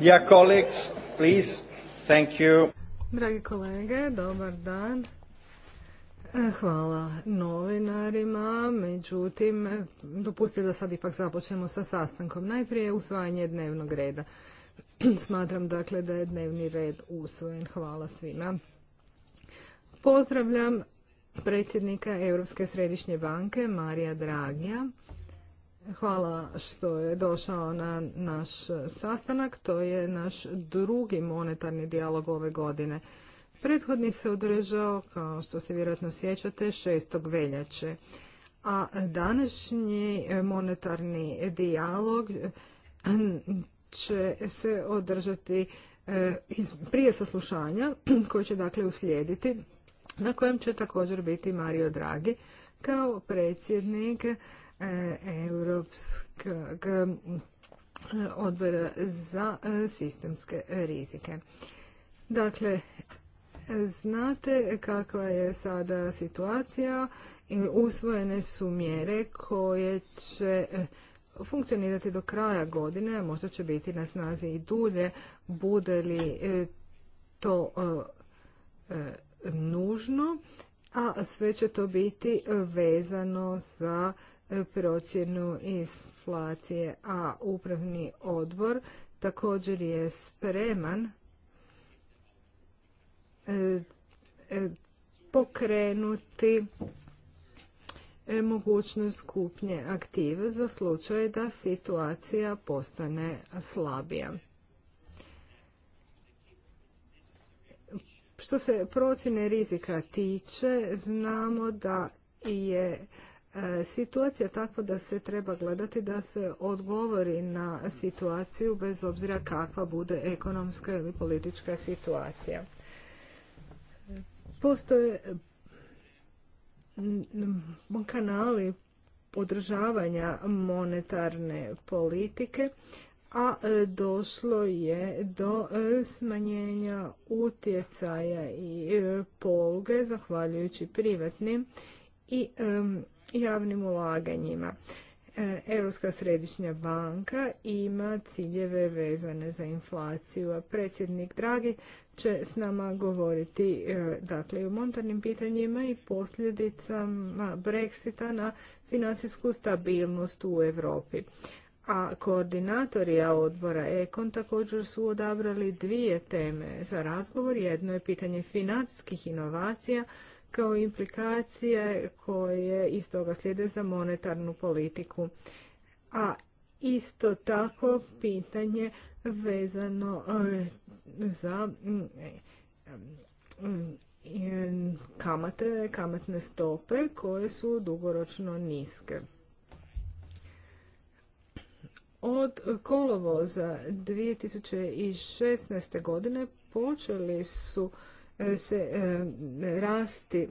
Yeah, colleagues, Dragi kolege, dobar dan. E, hvala novinarima, međutim, dopustite da sad ipak započnemo sa sastankom. Najprije usvajanje dnevnog reda. Smatram dakle da je dnevni red usvojen. Hvala svima. Pozdravljam predsjednika Europske središnje banke Marija Dragija Hvala što je došao na naš sastanak. To je naš drugi monetarni dijalog ove godine. Prethodni se održao, kao što se vjerojatno sjećate, 6. veljače. A današnji monetarni dijalog eh, će se održati eh, prije saslušanja, koje će dakle uslijediti, na kojem će također biti Mario Draghi kao predsjednik E, Europskog odbora za e, sistemske rizike. Dakle, znate kakva je sada situacija. i Usvojene su mjere koje će e, funkcionirati do kraja godine, možda će biti na snazi i dulje, bude li to nužno, a sve će to biti vezano za procjenu inflacije, a upravni odbor također je spreman e, e, pokrenuti e, mogućnost kupnje aktive za slučaj da situacija postane slabija. Što se procjene rizika tiče, znamo da je E, situacija takva da se treba gledati da se odgovori na situaciju bez obzira kakva bude ekonomska ili politička situacija. Postoje kanali podržavanja monetarne politike, a e, došlo je do e, smanjenja utjecaja i poluge zahvaljujući privatnim i javnim ulaganjima. E, Europska središnja banka ima ciljeve vezane za inflaciju, a predsjednik Dragi će s nama govoriti e, dakle, o montarnim pitanjima i posljedicama Brexita na financijsku stabilnost u Europi. A koordinatori odbora Ekon također su odabrali dvije teme za razgovor. Jedno je pitanje financijskih inovacija, kao implikacije koje iz toga slijede za monetarnu politiku. A isto tako pitanje vezano e, za e, kamate, kamatne stope koje su dugoročno niske. Od kolovoza 2016. godine počeli su se e, rasti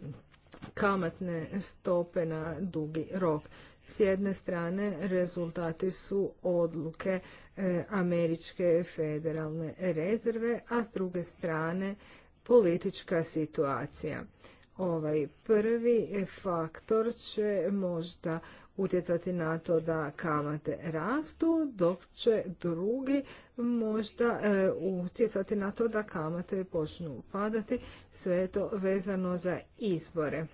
kamatne stope na dugi rok. S jedne strane rezultati su odluke e, Američke federalne rezerve, a s druge strane politička situacija. Ovaj prvi faktor će možda utjecati na to da kamate rastu, dok će drugi možda e, utjecati na to da kamate počnu upadati. Sve je to vezano za izbore.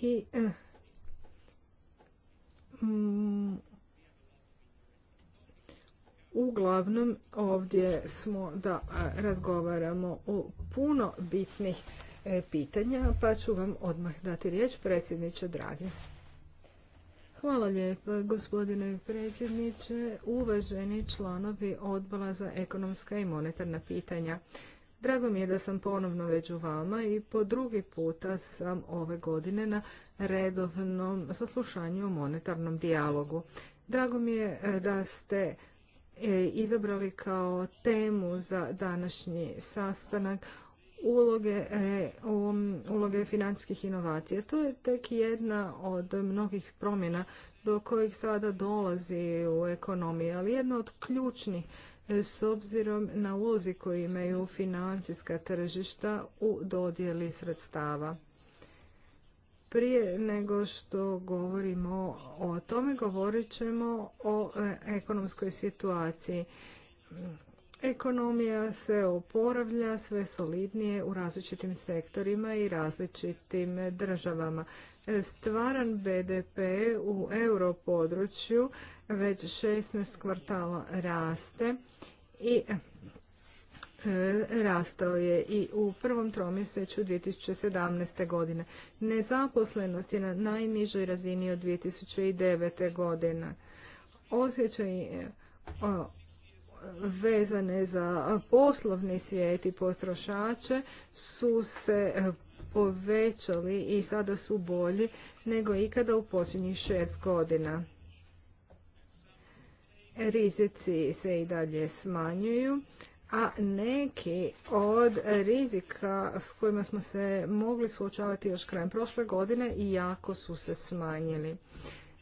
I e, uglavnom ovdje smo da e, razgovaramo o puno bitnih E, pitanja, pa ću vam odmah dati riječ, predsjedniče dragi. Hvala lijepa, gospodine predsjedniče, uvaženi članovi odbora za ekonomska i monetarna pitanja. Drago mi je da sam ponovno među vama i po drugi puta sam ove godine na redovnom saslušanju o monetarnom dijalogu. Drago mi je e, da ste e, izabrali kao temu za današnji sastanak uloge, e, uloge financijskih inovacija. To je tek jedna od mnogih promjena do kojih sada dolazi u ekonomiji, ali jedna od ključnih e, s obzirom na ulozi koji imaju financijska tržišta u dodjeli sredstava. Prije nego što govorimo o tome, govorit ćemo o e, ekonomskoj situaciji. Ekonomija se oporavlja sve solidnije u različitim sektorima i različitim državama. Stvaran BDP u europodručju već 16 kvartala raste i e, rastao je i u prvom tromjeseću 2017. godine. Nezaposlenost je na najnižoj razini od 2009. godine. Osjećaj e, vezane za poslovni svijet i potrošače su se povećali i sada su bolji nego ikada u posljednjih šest godina. Rizici se i dalje smanjuju, a neki od rizika s kojima smo se mogli suočavati još krajem prošle godine jako su se smanjili.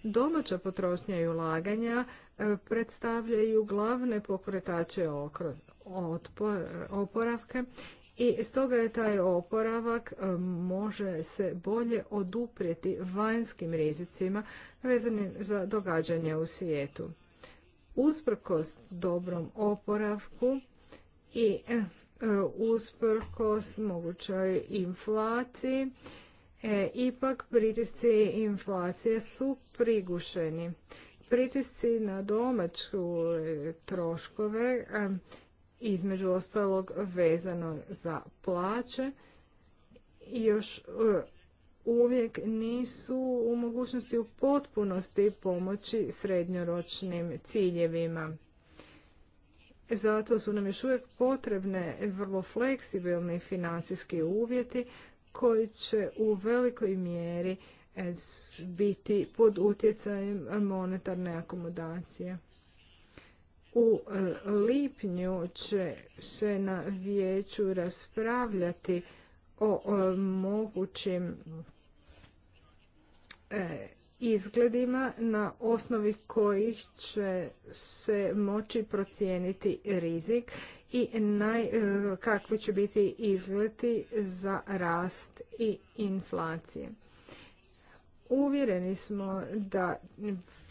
Domaća potrošnja i ulaganja e, predstavljaju glavne pokretače oporavke i stoga je taj oporavak e, može se bolje oduprijeti vanjskim rizicima vezanim za događanje u svijetu. Usprkos dobrom oporavku i e, usprkos mogućoj inflaciji E, ipak pritisci inflacije su prigušeni. Pritisci na domaću e, troškove, e, između ostalog vezano za plaće, još e, uvijek nisu u mogućnosti u potpunosti pomoći srednjoročnim ciljevima. Zato su nam još uvijek potrebne vrlo fleksibilni financijski uvjeti koji će u velikoj mjeri e, biti pod utjecajem monetarne akomodacije. U e, lipnju će se na vijeću raspravljati o e, mogućim izgledima na osnovi kojih će se moći procijeniti rizik i e, kakvi će biti izgledi za rast i inflacije. Uvjereni smo da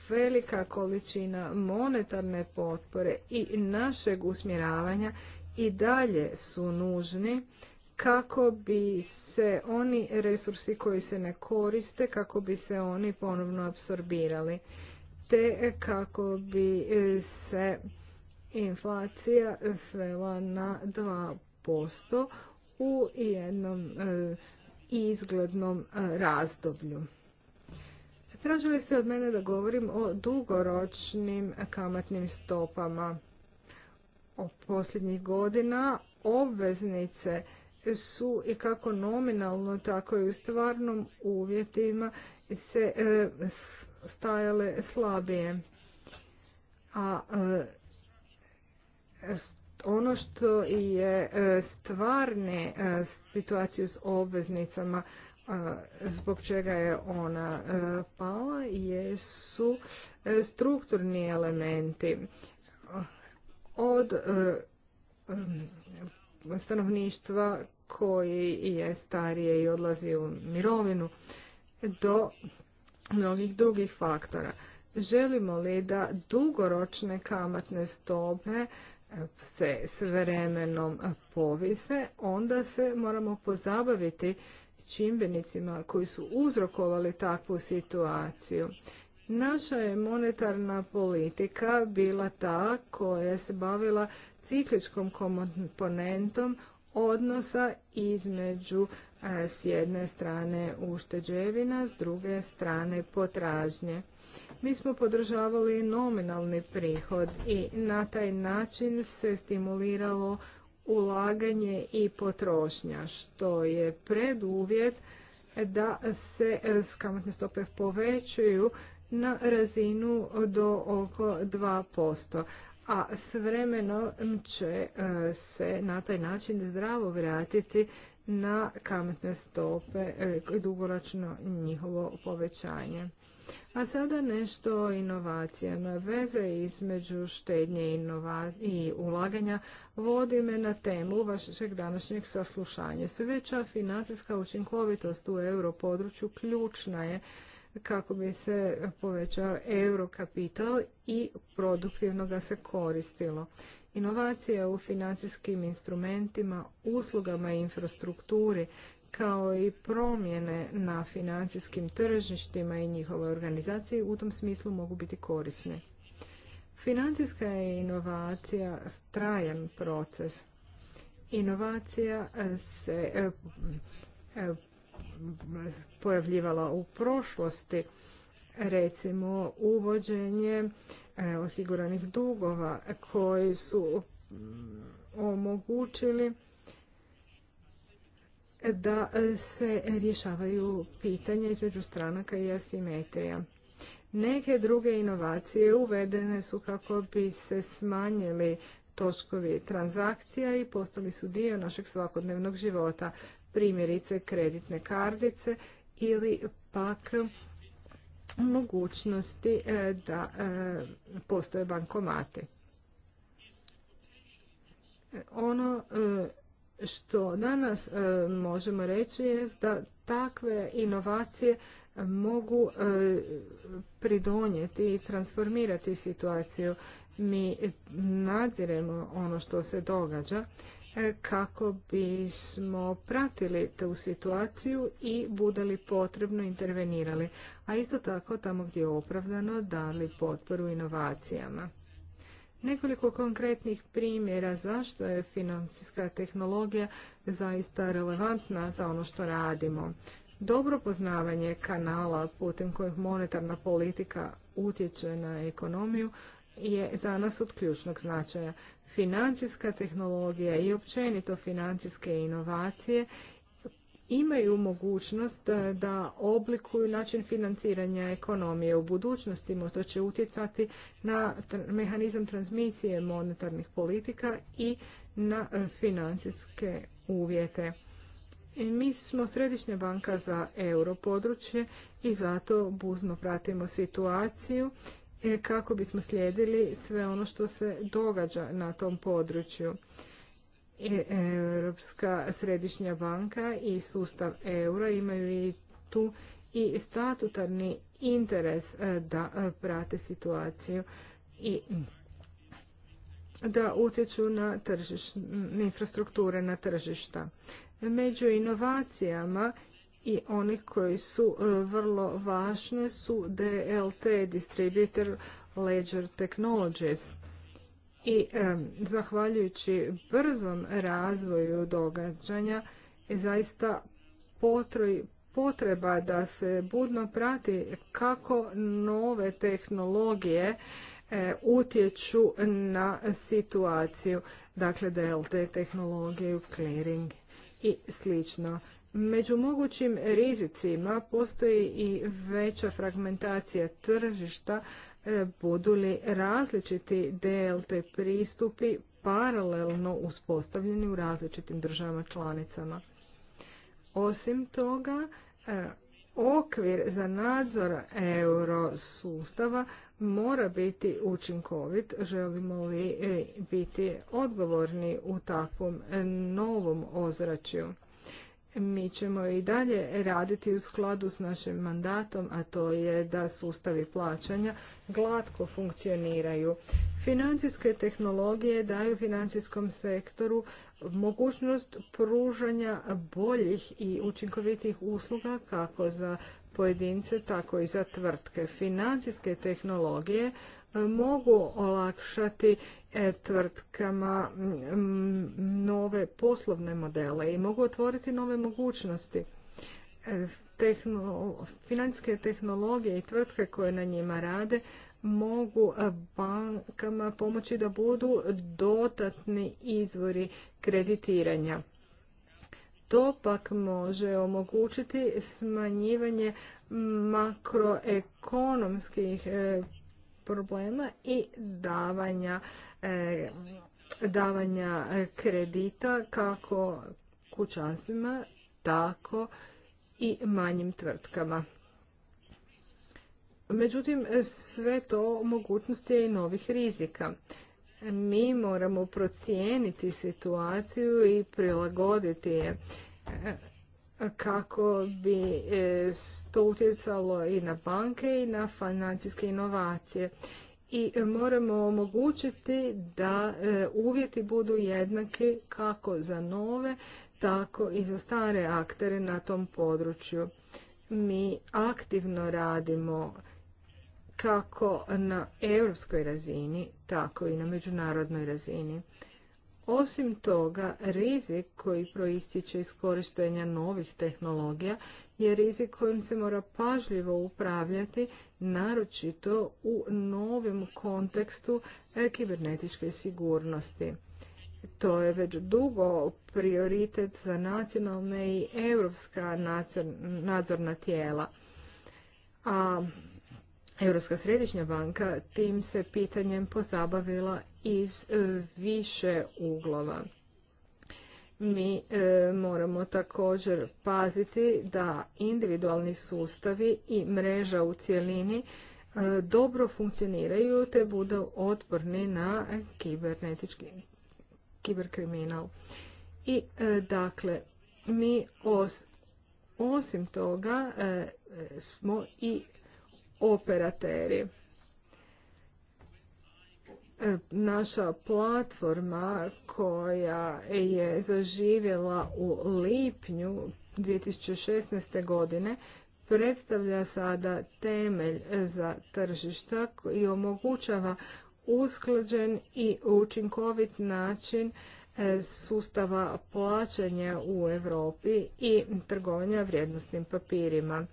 velika količina monetarne potpore i našeg usmjeravanja i dalje su nužni kako bi se oni resursi koji se ne koriste, kako bi se oni ponovno apsorbirali, te kako bi e, se inflacija svela na 2% u jednom e, izglednom e, razdoblju. Tražili ste od mene da govorim o dugoročnim kamatnim stopama. O posljednjih godina obveznice su i kako nominalno, tako i u stvarnom uvjetima se e, stajale slabije. A e, ono što je e, stvarne situaciju s obveznicama, zbog čega je ona pala, jesu strukturni elementi. Od stanovništva koji je starije i odlazi u mirovinu do mnogih drugih faktora. Želimo li da dugoročne kamatne stope se s vremenom povise, onda se moramo pozabaviti čimbenicima koji su uzrokovali takvu situaciju. Naša je monetarna politika bila ta koja se bavila cikličkom komponentom odnosa između e, s jedne strane ušteđevina, s druge strane potražnje. Mi smo podržavali nominalni prihod i na taj način se stimuliralo ulaganje i potrošnja, što je preduvjet da se e, kamatne stope povećuju na razinu do oko 2% a s vremenom će e, se na taj način zdravo vratiti na kamatne stope i e, dugoročno njihovo povećanje. A sada nešto o inovacijama. Veze između štednje i ulaganja vodi me na temu vašeg današnjeg saslušanja. Sveća financijska učinkovitost u europodručju ključna je kako bi se povećao eurokapital i produktivno ga se koristilo. Inovacija u financijskim instrumentima, uslugama i infrastrukturi kao i promjene na financijskim tržištima i njihovoj organizaciji u tom smislu mogu biti korisne. Financijska je inovacija trajan proces. Inovacija se pojavljivala u prošlosti recimo uvođenje e, osiguranih dugova koji su mm, omogućili da se rješavaju pitanja između stranaka i asimetrija. Neke druge inovacije uvedene su kako bi se smanjili toškovi transakcija i postali su dio našeg svakodnevnog života primjerice kreditne kartice ili pak mogućnosti e, da e, postoje bankomate. Ono e, što danas možemo reći je da takve inovacije mogu pridonijeti i transformirati situaciju. Mi nadziremo ono što se događa E, kako bismo pratili tu situaciju i budali potrebno intervenirali, a isto tako tamo gdje je opravdano dali potporu inovacijama. Nekoliko konkretnih primjera zašto je financijska tehnologija zaista relevantna za ono što radimo. Dobro poznavanje kanala putem kojih monetarna politika utječe na ekonomiju je za nas od ključnog značaja. Financijska tehnologija i općenito financijske inovacije imaju mogućnost da oblikuju način financiranja ekonomije u budućnosti, možda će utjecati na mehanizam transmisije monetarnih politika i na e, financijske uvjete. mi smo središnja banka za europodručje i zato buzno pratimo situaciju E, kako bismo slijedili sve ono što se događa na tom području. E, Europska središnja banka i sustav eura imaju tu i statutarni interes e, da prate situaciju i da utječu na, na infrastrukture na tržišta. Među inovacijama i onih koji su e, vrlo važne su DLT, Distributor Ledger Technologies. I e, zahvaljujući brzom razvoju događanja zaista potreba da se budno prati kako nove tehnologije e, utječu na situaciju, dakle DLT tehnologiju, clearing i slično. Među mogućim rizicima postoji i veća fragmentacija tržišta e, budu li različiti DLT pristupi paralelno uspostavljeni u različitim državama članicama. Osim toga, e, okvir za nadzor euro sustava mora biti učinkovit, želimo li e, biti odgovorni u takvom novom ozračju. Mi ćemo i dalje raditi u skladu s našim mandatom, a to je da sustavi plaćanja glatko funkcioniraju. Financijske tehnologije daju financijskom sektoru mogućnost pružanja boljih i učinkovitih usluga kako za pojedince, tako i za tvrtke. Financijske tehnologije e, mogu olakšati E, tvrtkama nove poslovne modele i mogu otvoriti nove mogućnosti. E, financijske tehnologije i tvrtke koje na njima rade mogu e, bankama pomoći da budu dodatni izvori kreditiranja. To pak može omogućiti smanjivanje makroekonomskih problema i davanja E, davanja kredita kako kućanstvima, tako i manjim tvrtkama. Međutim, sve to mogućnost je i novih rizika. Mi moramo procijeniti situaciju i prilagoditi je e, kako bi e, to utjecalo i na banke i na financijske inovacije i moramo omogućiti da e, uvjeti budu jednaki kako za nove, tako i za stare aktere na tom području. Mi aktivno radimo kako na europskoj razini, tako i na međunarodnoj razini. Osim toga, rizik koji proističe iz korištenja novih tehnologija je rizik kojim se mora pažljivo upravljati, naročito u novim kontekstu e, kibernetičke sigurnosti. To je već dugo prioritet za nacionalne i europska nadzorna tijela. A Europska središnja banka tim se pitanjem pozabavila iz više uglova mi e, moramo također paziti da individualni sustavi i mreža u cjelini e, dobro funkcioniraju te budu otporni na kibernetički kiberkriminal. I e, dakle, mi osim toga smo i operateri. E, naša platforma koja je zaživjela u lipnju 2016. godine predstavlja sada temelj za tržišta i omogućava usklađen i učinkovit način e, sustava plaćanja u Europi i trgovanja vrijednosnim papirima.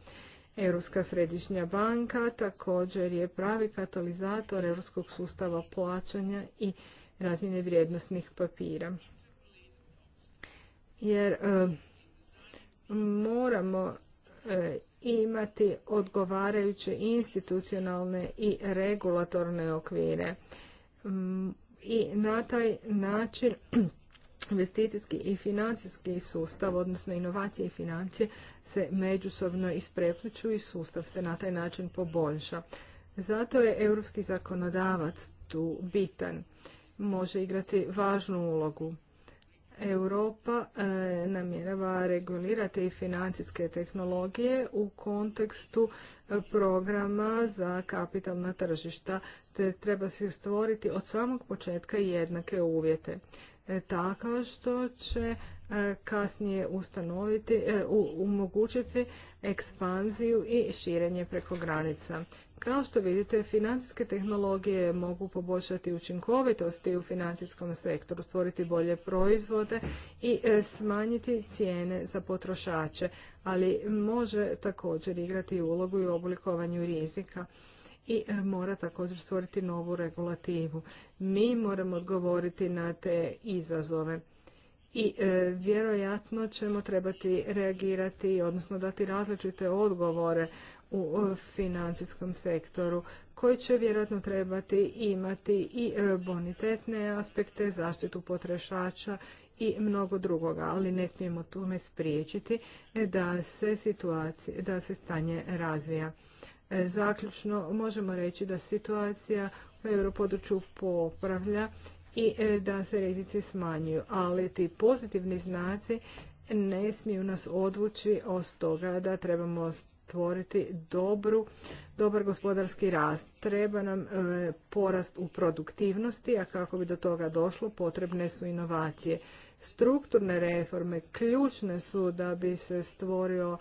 Europska središnja banka također je pravi katalizator europskog sustava plaćanja i razmjene vrijednosnih papira. Jer e, moramo e, imati odgovarajuće institucionalne i regulatorne okvire. I na taj način investicijski i financijski sustav, odnosno inovacije i financije se međusobno isprepliču i sustav se na taj način poboljša. Zato je europski zakonodavac tu bitan. Može igrati važnu ulogu. Europa e, namjerava regulirati i financijske tehnologije u kontekstu e, programa za kapitalna tržišta, te treba se stvoriti od samog početka jednake uvjete. E, takav što će e, kasnije ustanoviti, e, omogućiti ekspanziju i širenje preko granica. Kao što vidite, financijske tehnologije mogu poboljšati učinkovitosti u financijskom sektoru, stvoriti bolje proizvode i smanjiti cijene za potrošače, ali može također igrati ulogu i u oblikovanju rizika i e, mora također stvoriti novu regulativu. Mi moramo odgovoriti na te izazove i e, vjerojatno ćemo trebati reagirati, odnosno dati različite odgovore u e, financijskom sektoru koji će vjerojatno trebati imati i bonitetne aspekte, zaštitu potrošača i mnogo drugoga, ali ne smijemo tome spriječiti da se situacija, da se stanje razvija. E, zaključno možemo reći da situacija u europodručju popravlja i e, da se rizici smanjuju, ali ti pozitivni znaci ne smiju nas odvući od toga da trebamo stvoriti dobru, dobar gospodarski rast. Treba nam e, porast u produktivnosti, a kako bi do toga došlo potrebne su inovacije. Strukturne reforme ključne su da bi se stvorio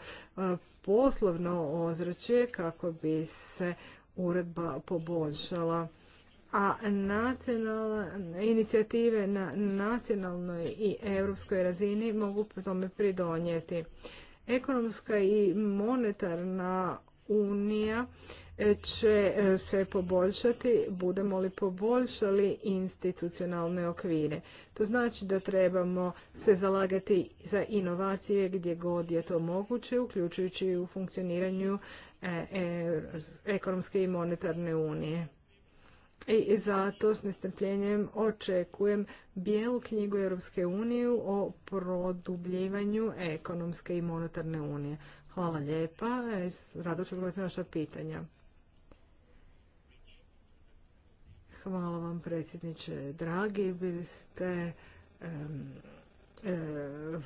poslovno ozračje kako bi se uredba poboljšala. A inicijative na nacionalnoj i europskoj razini mogu tome pridonijeti. Ekonomska i monetarna unija će e, se poboljšati budemo li poboljšali institucionalne okvire. To znači da trebamo se zalagati za inovacije gdje god je to moguće, uključujući u funkcioniranju e, e, ekonomske i monetarne unije. I zato s nestrpljenjem očekujem bijelu knjigu Europske unije o produbljivanju ekonomske i monetarne unije. Hvala lijepa, rado ću odgovoriti naša pitanja. Hvala vam predsjedniče dragi, bili ste e,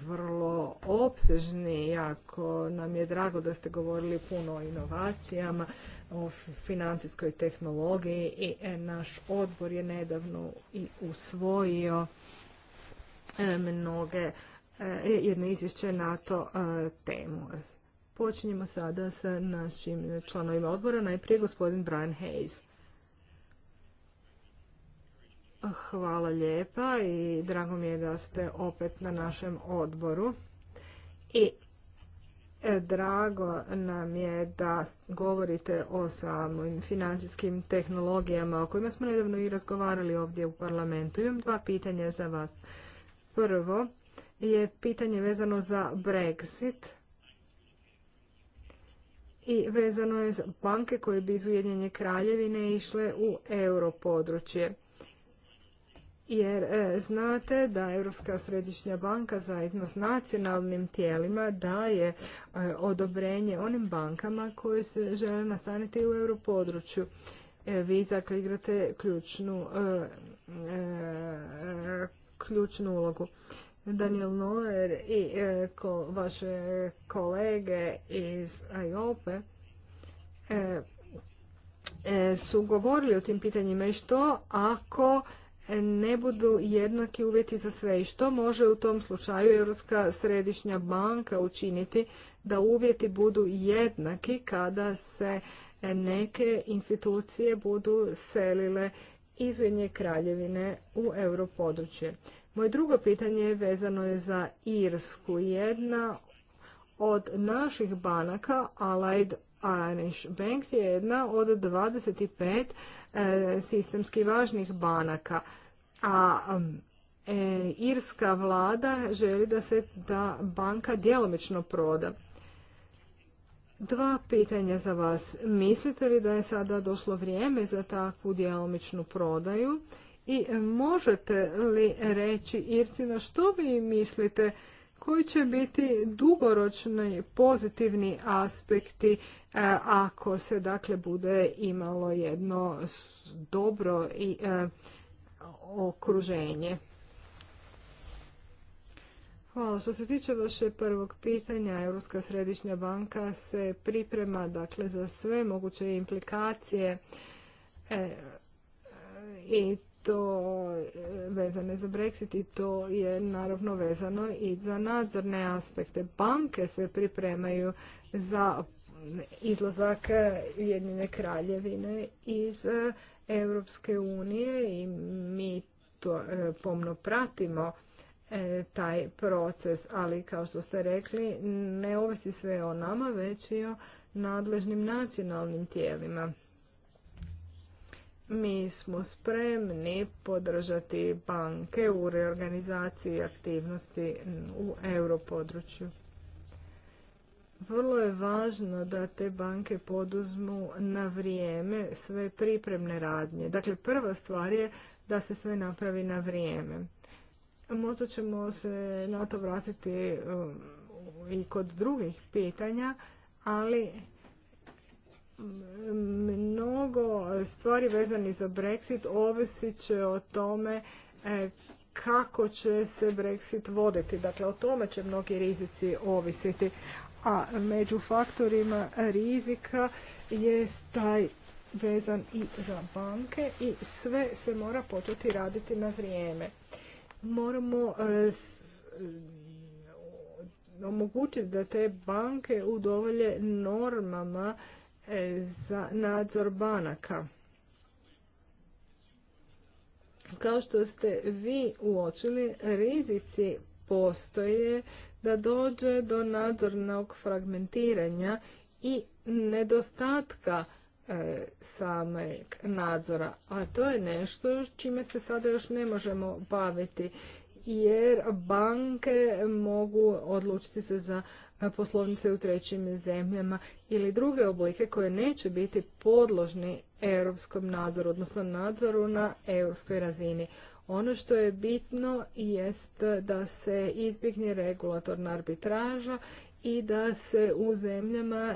vrlo opsežni, jako nam je drago da ste govorili puno o inovacijama, o financijskoj tehnologiji i e, naš odbor je nedavno i usvojio e, mnoge jedno izvješće na to temu. Počinjemo sada sa našim članovima odbora, najprije gospodin Brian Hayes. Hvala lijepa i drago mi je da ste opet na našem odboru. I e, drago nam je da govorite o samim financijskim tehnologijama o kojima smo nedavno i razgovarali ovdje u parlamentu. Imam dva pitanja za vas. Prvo je pitanje vezano za Brexit i vezano je za banke koje bi iz Ujedinjene kraljevine išle u europodručje jer e, znate da Europska središnja banka zajedno s nacionalnim tijelima daje e, odobrenje onim bankama koje se žele nastaniti u europodručju. E, vi dakle igrate ključnu, ključnu ulogu. Daniel Noer i vaše kolege iz IOPE su govorili o tim pitanjima i što ako ne budu jednaki uvjeti za sve i što može u tom slučaju Europska središnja banka učiniti da uvjeti budu jednaki kada se neke institucije budu selile iz kraljevine u europodručje. Moje drugo pitanje je vezano je za Irsku. Jedna od naših banaka, Allied Irish Banks je jedna od 25 e, sistemski važnih banaka, a e, irska vlada želi da se ta banka djelomično proda. Dva pitanja za vas. Mislite li da je sada došlo vrijeme za takvu djelomičnu prodaju? I možete li reći Ircima što vi mislite koji će biti dugoročni pozitivni aspekti e, ako se dakle bude imalo jedno dobro i e, okruženje. Hvala. Što se tiče vaše prvog pitanja, Europska središnja banka se priprema dakle za sve moguće implikacije e, i to e, vezane za Brexit i to je naravno vezano i za nadzorne aspekte. Banke se pripremaju za izlazak Ujedinjene kraljevine iz e, Europske unije i mi to e, pomno pratimo taj proces, ali kao što ste rekli, ne ovisi sve o nama, već i o nadležnim nacionalnim tijelima. Mi smo spremni podržati banke u reorganizaciji aktivnosti u europodručju. Vrlo je važno da te banke poduzmu na vrijeme sve pripremne radnje. Dakle, prva stvar je da se sve napravi na vrijeme. Možda ćemo se na to vratiti um, i kod drugih pitanja, ali mnogo stvari vezani za Brexit ovisit će o tome e, kako će se Brexit voditi. Dakle, o tome će mnogi rizici ovisiti. A među faktorima rizika je taj vezan i za banke i sve se mora početi raditi na vrijeme. Moramo e, omogućiti da te banke udovolje normama E, za nadzor banaka. Kao što ste vi uočili, rizici postoje da dođe do nadzornog fragmentiranja i nedostatka e, same nadzora, a to je nešto čime se sada još ne možemo baviti jer banke mogu odlučiti se za poslovnice u trećim zemljama ili druge oblike koje neće biti podložni europskom nadzoru, odnosno nadzoru na europskoj razini. Ono što je bitno jest da se izbjegne regulatorna arbitraža i da se u zemljama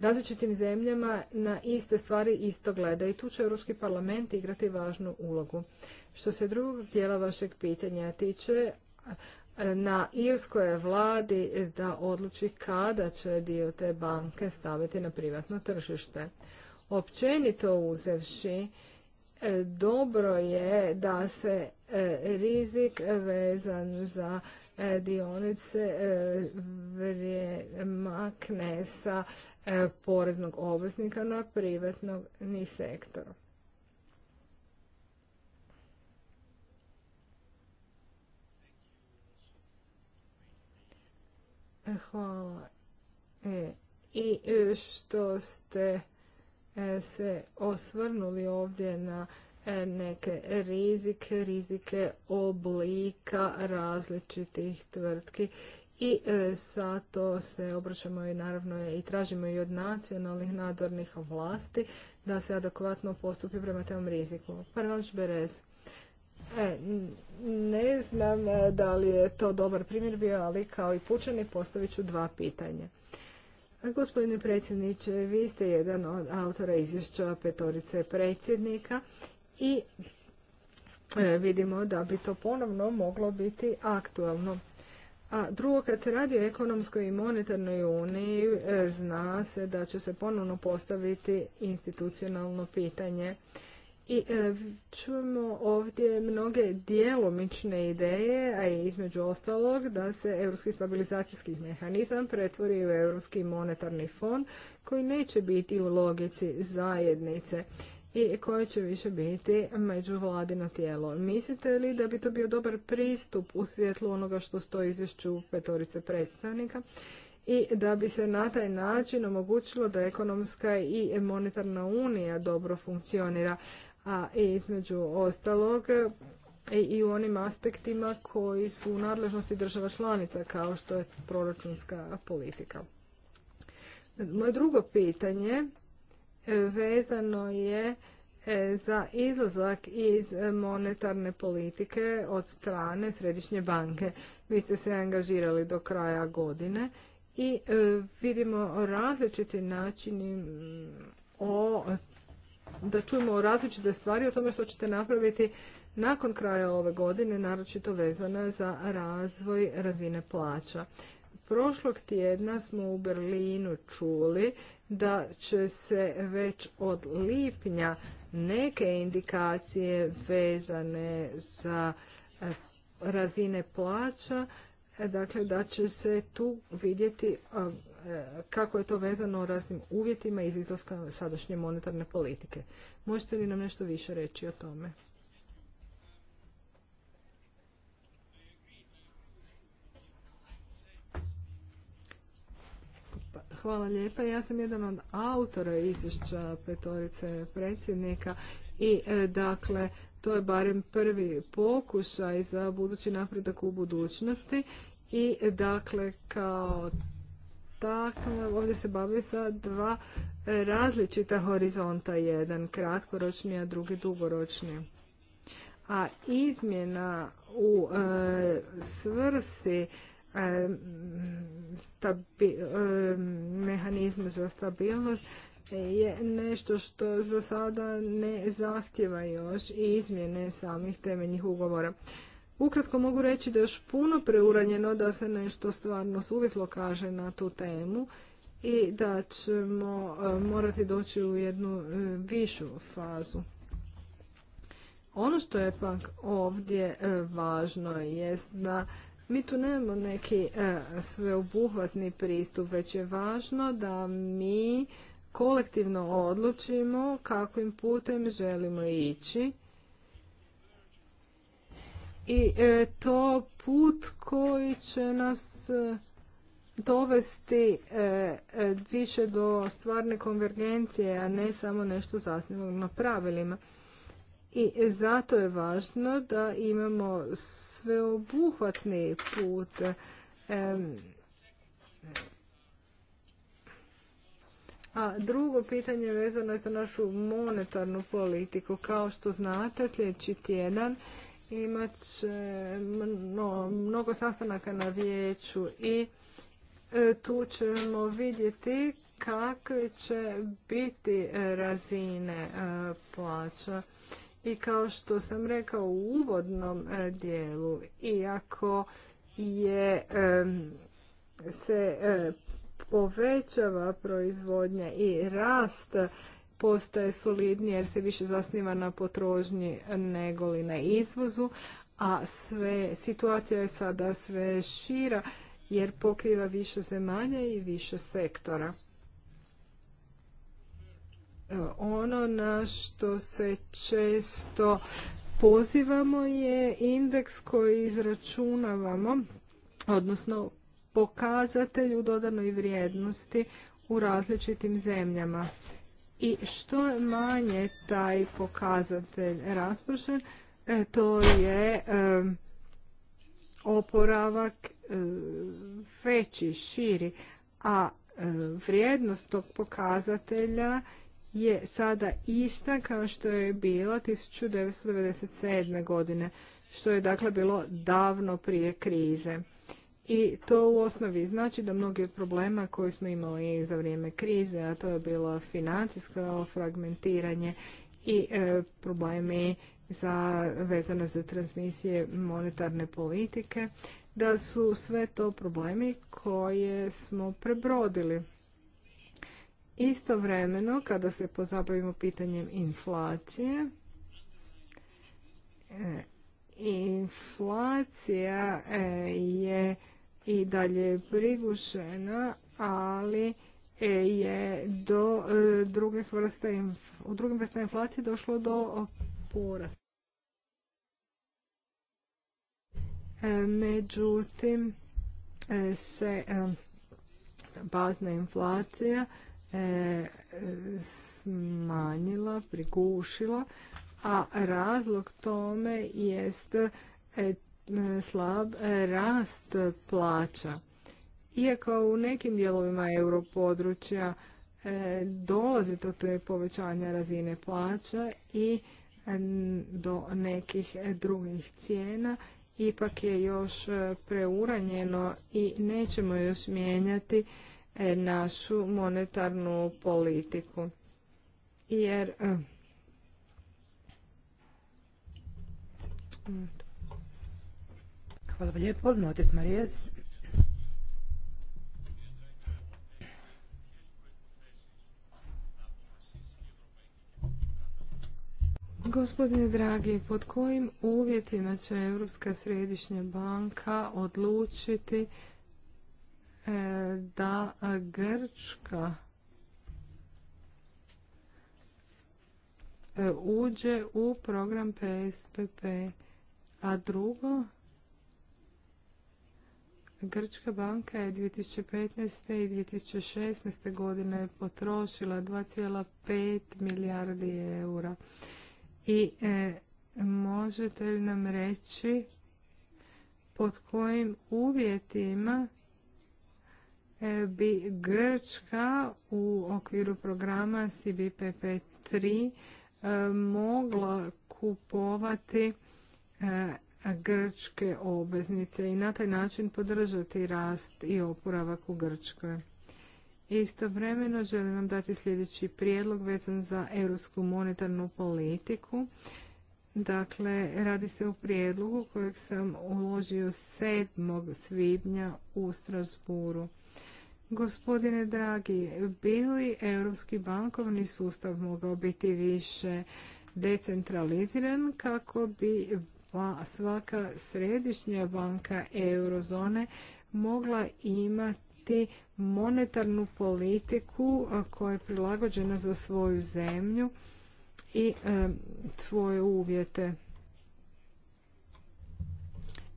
različitim zemljama na iste stvari isto gleda i tu će Europski parlament igrati važnu ulogu. Što se drugog dijela vašeg pitanja tiče, na Irskoj vladi da odluči kada će dio te banke staviti na privatno tržište. Općenito uzevši, e, dobro je da se e, rizik vezan za e, dionice makne sa poreznog obveznika na privatni sektor. Hvala. E, I e, što ste e, se osvrnuli ovdje na neke rizike, rizike oblika različitih tvrtki i zato se obraćamo i naravno i tražimo i od nacionalnih nadzornih vlasti da se adekvatno postupi prema tom riziku. Prvaš Berez. E, ne znam e, da li je to dobar primjer bio, ali kao i pučani postavit ću dva pitanja. Gospodine predsjedniče, vi ste jedan od autora izvješća petorice predsjednika i e, vidimo da bi to ponovno moglo biti aktualno. A drugo, kad se radi o ekonomskoj i monetarnoj uniji, zna se da će se ponovno postaviti institucionalno pitanje. I e, čujemo ovdje mnoge dijelomične ideje, a i između ostalog da se Europski stabilizacijski mehanizam pretvori u Europski monetarni fond koji neće biti u logici zajednice i koje će više biti vladino tijelo. Mislite li da bi to bio dobar pristup u svjetlu onoga što stoji izvješću petorice predstavnika i da bi se na taj način omogućilo da ekonomska i monetarna unija dobro funkcionira a između ostalog e, i u onim aspektima koji su u nadležnosti država članica kao što je proračunska politika. Moje drugo pitanje e, vezano je e, za izlazak iz monetarne politike od strane Središnje banke. Vi ste se angažirali do kraja godine i vidimo različiti načini o da čujemo različite stvari o tome što ćete napraviti nakon kraja ove godine, naročito vezana za razvoj razine plaća. Prošlog tjedna smo u Berlinu čuli da će se već od lipnja neke indikacije vezane za e, razine plaća, e, dakle da će se tu vidjeti kako je to vezano o raznim uvjetima iz izlaska sadašnje monetarne politike. Možete li nam nešto više reći o tome? Pa, hvala lijepa. Ja sam jedan od autora izvješća petorice predsjednika i e, dakle to je barem prvi pokušaj za budući napredak u budućnosti i dakle kao dakle ovdje se bavi sa dva različita horizonta, jedan kratkoročni, a drugi dugoročni. A izmjena u e, svrsi e, e, mehanizma za stabilnost je nešto što za sada ne zahtjeva još izmjene samih temeljnih ugovora. Ukratko mogu reći da je još puno preuranjeno da se nešto stvarno suvislo kaže na tu temu i da ćemo e, morati doći u jednu e, višu fazu. Ono što je pak ovdje e, važno jest da mi tu nemamo neki sveobuhvatni pristup, već je važno da mi kolektivno odlučimo kakvim putem želimo ići i e, to put koji će nas e, dovesti e, više do stvarne konvergencije, a ne samo nešto zasnivano na pravilima. I zato je važno da imamo sveobuhvatni put. A drugo pitanje vezano je za našu monetarnu politiku. Kao što znate, sljedeći tjedan imat će mnogo sastanaka na vijeću i e, tu ćemo vidjeti kakve će biti razine e, plaća. I kao što sam rekao u uvodnom e, dijelu, iako je se povećava proizvodnja i rast postaje solidnije jer se više zasniva na potrožnji nego li na izvozu, a sve, situacija je sada sve šira jer pokriva više zemalja i više sektora. E, ono na što se često pozivamo je indeks koji izračunavamo, odnosno pokazatelj dodanoj vrijednosti u različitim zemljama i što je manje taj pokazatelj raspršen, e, to je oporavak e, veći, širi, a e, vrijednost tog pokazatelja je sada ista kao što je bila 1997. godine, što je dakle bilo davno prije krize. I to u osnovi znači da mnogi od problema koje smo imali za vrijeme krize, a to je bilo financijsko fragmentiranje i e, problemi za, vezano za transmisije monetarne politike, da su sve to problemi koje smo prebrodili. Istovremeno, kada se pozabavimo pitanjem inflacije, e, inflacija e, je i dalje prigušena, ali e, je do e, drugih vrsta, u drugim vrsta inflacije došlo do porasta. E, međutim, se bazna inflacija smanjila, prigušila, a razlog tome jest E, slab rast plaća. Iako u nekim dijelovima europodručja e, dolazi do te povećanja razine plaća i e, do nekih drugih cijena, ipak je još preuranjeno i nećemo još mijenjati našu monetarnu politiku. Jer... Hvala lijepo. Notis Marijes. Gospodine dragi, pod kojim uvjetima će Europska središnja banka odlučiti e, da Grčka e, uđe u program PSPP? A drugo, Grčka banka je 2015. i 2016. godine potrošila 2,5 milijardi eura. I e, možete li nam reći pod kojim uvjetima e, bi Grčka u okviru programa CBPP3 e, mogla kupovati grčke obveznice i na taj način podržati rast i oporavak u Grčkoj. Istovremeno želim vam dati sljedeći prijedlog vezan za europsku monetarnu politiku. Dakle, radi se o prijedlogu kojeg sam uložio 7. svibnja u Strasburu. Gospodine dragi, bili europski bankovni sustav mogao biti više decentraliziran kako bi svaka središnja banka eurozone mogla imati monetarnu politiku koja je prilagođena za svoju zemlju i e, svoje uvjete.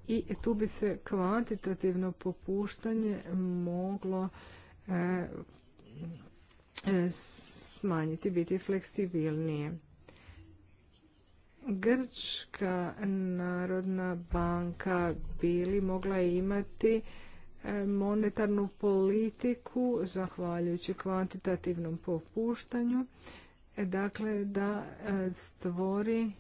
I tu bi se kvantitativno popuštanje moglo e, e, smanjiti, biti fleksibilnije. Grčka narodna banka bili mogla imati e, monetarnu politiku zahvaljujući kvantitativnom popuštanju, e, dakle da e, stvori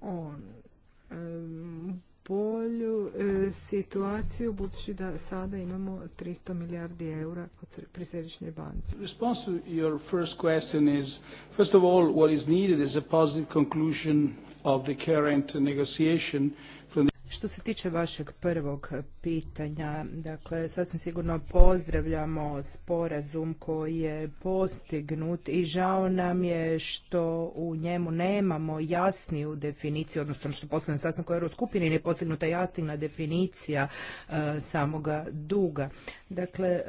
on bolju e, situaciju budući da sada imamo 300 milijardi eura pri središnjoj banci. Response to your first question is first of all what is needed is a positive conclusion of the current negotiation što se tiče vašeg prvog pitanja, dakle, sasvim sigurno pozdravljamo sporazum koji je postignut i žao nam je što u njemu nemamo jasniju definiciju, odnosno što u sastanku skupini nije postignuta jasna definicija e, samoga duga. Dakle, e,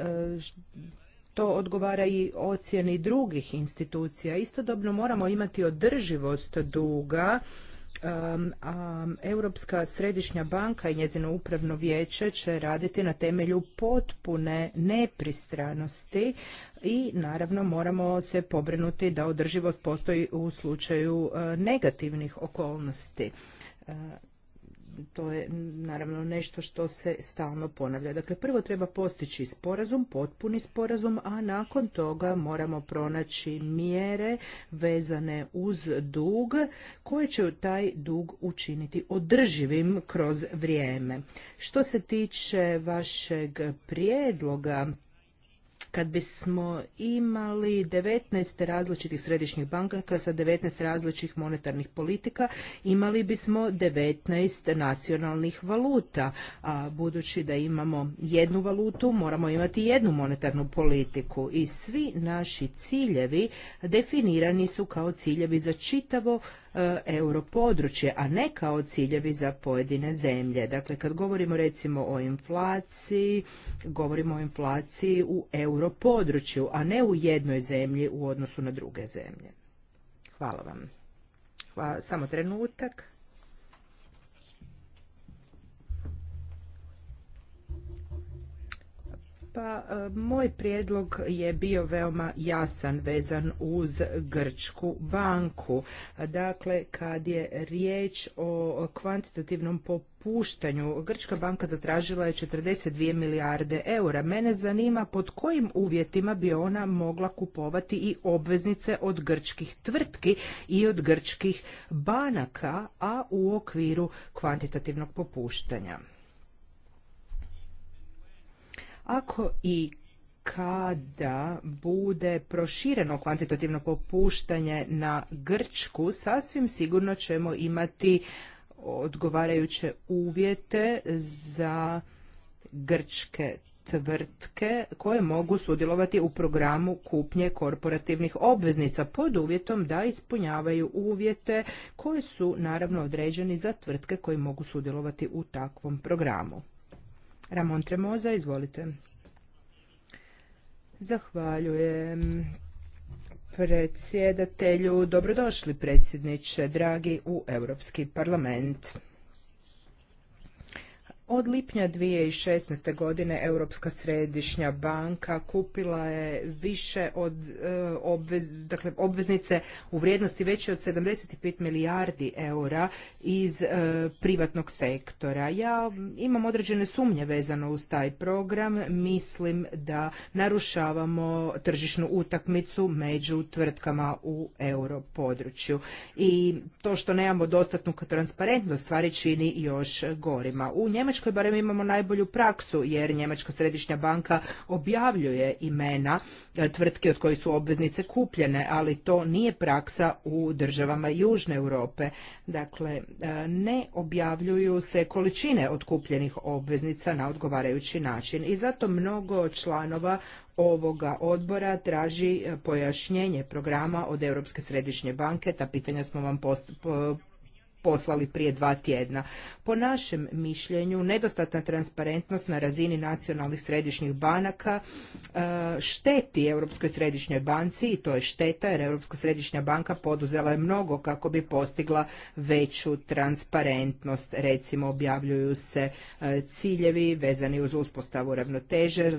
to odgovara i ocjeni drugih institucija. Istodobno moramo imati održivost duga, Um, um, Europska središnja banka i njezino upravno vijeće će raditi na temelju potpune nepristranosti i naravno moramo se pobrinuti da održivost postoji u slučaju uh, negativnih okolnosti. Uh, to je naravno nešto što se stalno ponavlja. Dakle, prvo treba postići sporazum, potpuni sporazum, a nakon toga moramo pronaći mjere vezane uz dug koje će taj dug učiniti održivim kroz vrijeme. Što se tiče vašeg prijedloga kad bismo imali 19 različitih središnjih banaka sa 19 različitih monetarnih politika, imali bismo 19 nacionalnih valuta. A budući da imamo jednu valutu, moramo imati jednu monetarnu politiku i svi naši ciljevi definirani su kao ciljevi za čitavo E, europodručje, a ne kao ciljevi za pojedine zemlje. Dakle, kad govorimo recimo o inflaciji, govorimo o inflaciji u europodručju, a ne u jednoj zemlji u odnosu na druge zemlje. Hvala vam. samo trenutak. Pa e, moj prijedlog je bio veoma jasan vezan uz Grčku banku. Dakle, kad je riječ o kvantitativnom popuštanju, Grčka banka zatražila je 42 milijarde eura. Mene zanima pod kojim uvjetima bi ona mogla kupovati i obveznice od grčkih tvrtki i od grčkih banaka, a u okviru kvantitativnog popuštanja. Ako i kada bude prošireno kvantitativno popuštanje na Grčku, sasvim sigurno ćemo imati odgovarajuće uvjete za grčke tvrtke koje mogu sudjelovati u programu kupnje korporativnih obveznica pod uvjetom da ispunjavaju uvjete koji su naravno određeni za tvrtke koji mogu sudjelovati u takvom programu. Ramon Tremoza, izvolite. Zahvaljujem predsjedatelju. Dobrodošli predsjedniče, dragi u Europski parlament. Od lipnja 2016. godine Europska središnja banka kupila je više od e, obvez, dakle, obveznice u vrijednosti veće od 75 milijardi eura iz e, privatnog sektora. Ja imam određene sumnje vezano uz taj program. Mislim da narušavamo tržišnu utakmicu među tvrtkama u europodručju. I to što nemamo dostatnu transparentnost stvari čini još gorima. U Njemačkoj Njemačkoj barem imamo najbolju praksu jer Njemačka središnja banka objavljuje imena e, tvrtke od kojih su obveznice kupljene, ali to nije praksa u državama Južne Europe. Dakle, e, ne objavljuju se količine otkupljenih obveznica na odgovarajući način i zato mnogo članova ovoga odbora traži e, pojašnjenje programa od Europske središnje banke. Ta pitanja smo vam post, poslali prije dva tjedna. Po našem mišljenju, nedostatna transparentnost na razini nacionalnih središnjih banaka e, šteti Europskoj središnjoj banci i to je šteta jer Europska središnja banka poduzela je mnogo kako bi postigla veću transparentnost. Recimo, objavljuju se e, ciljevi vezani uz uspostavu ravnoteže, e,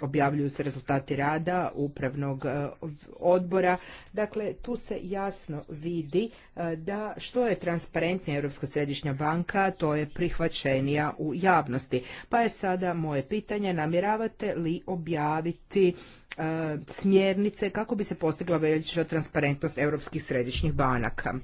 objavljuju se rezultati rada upravnog odbora. Dakle, tu se jasno vidi da što je je transparentnija Europska središnja banka, to je prihvaćenija u javnosti. Pa je sada moje pitanje, namjeravate li objaviti e, smjernice kako bi se postigla veća transparentnost europskih središnjih banaka?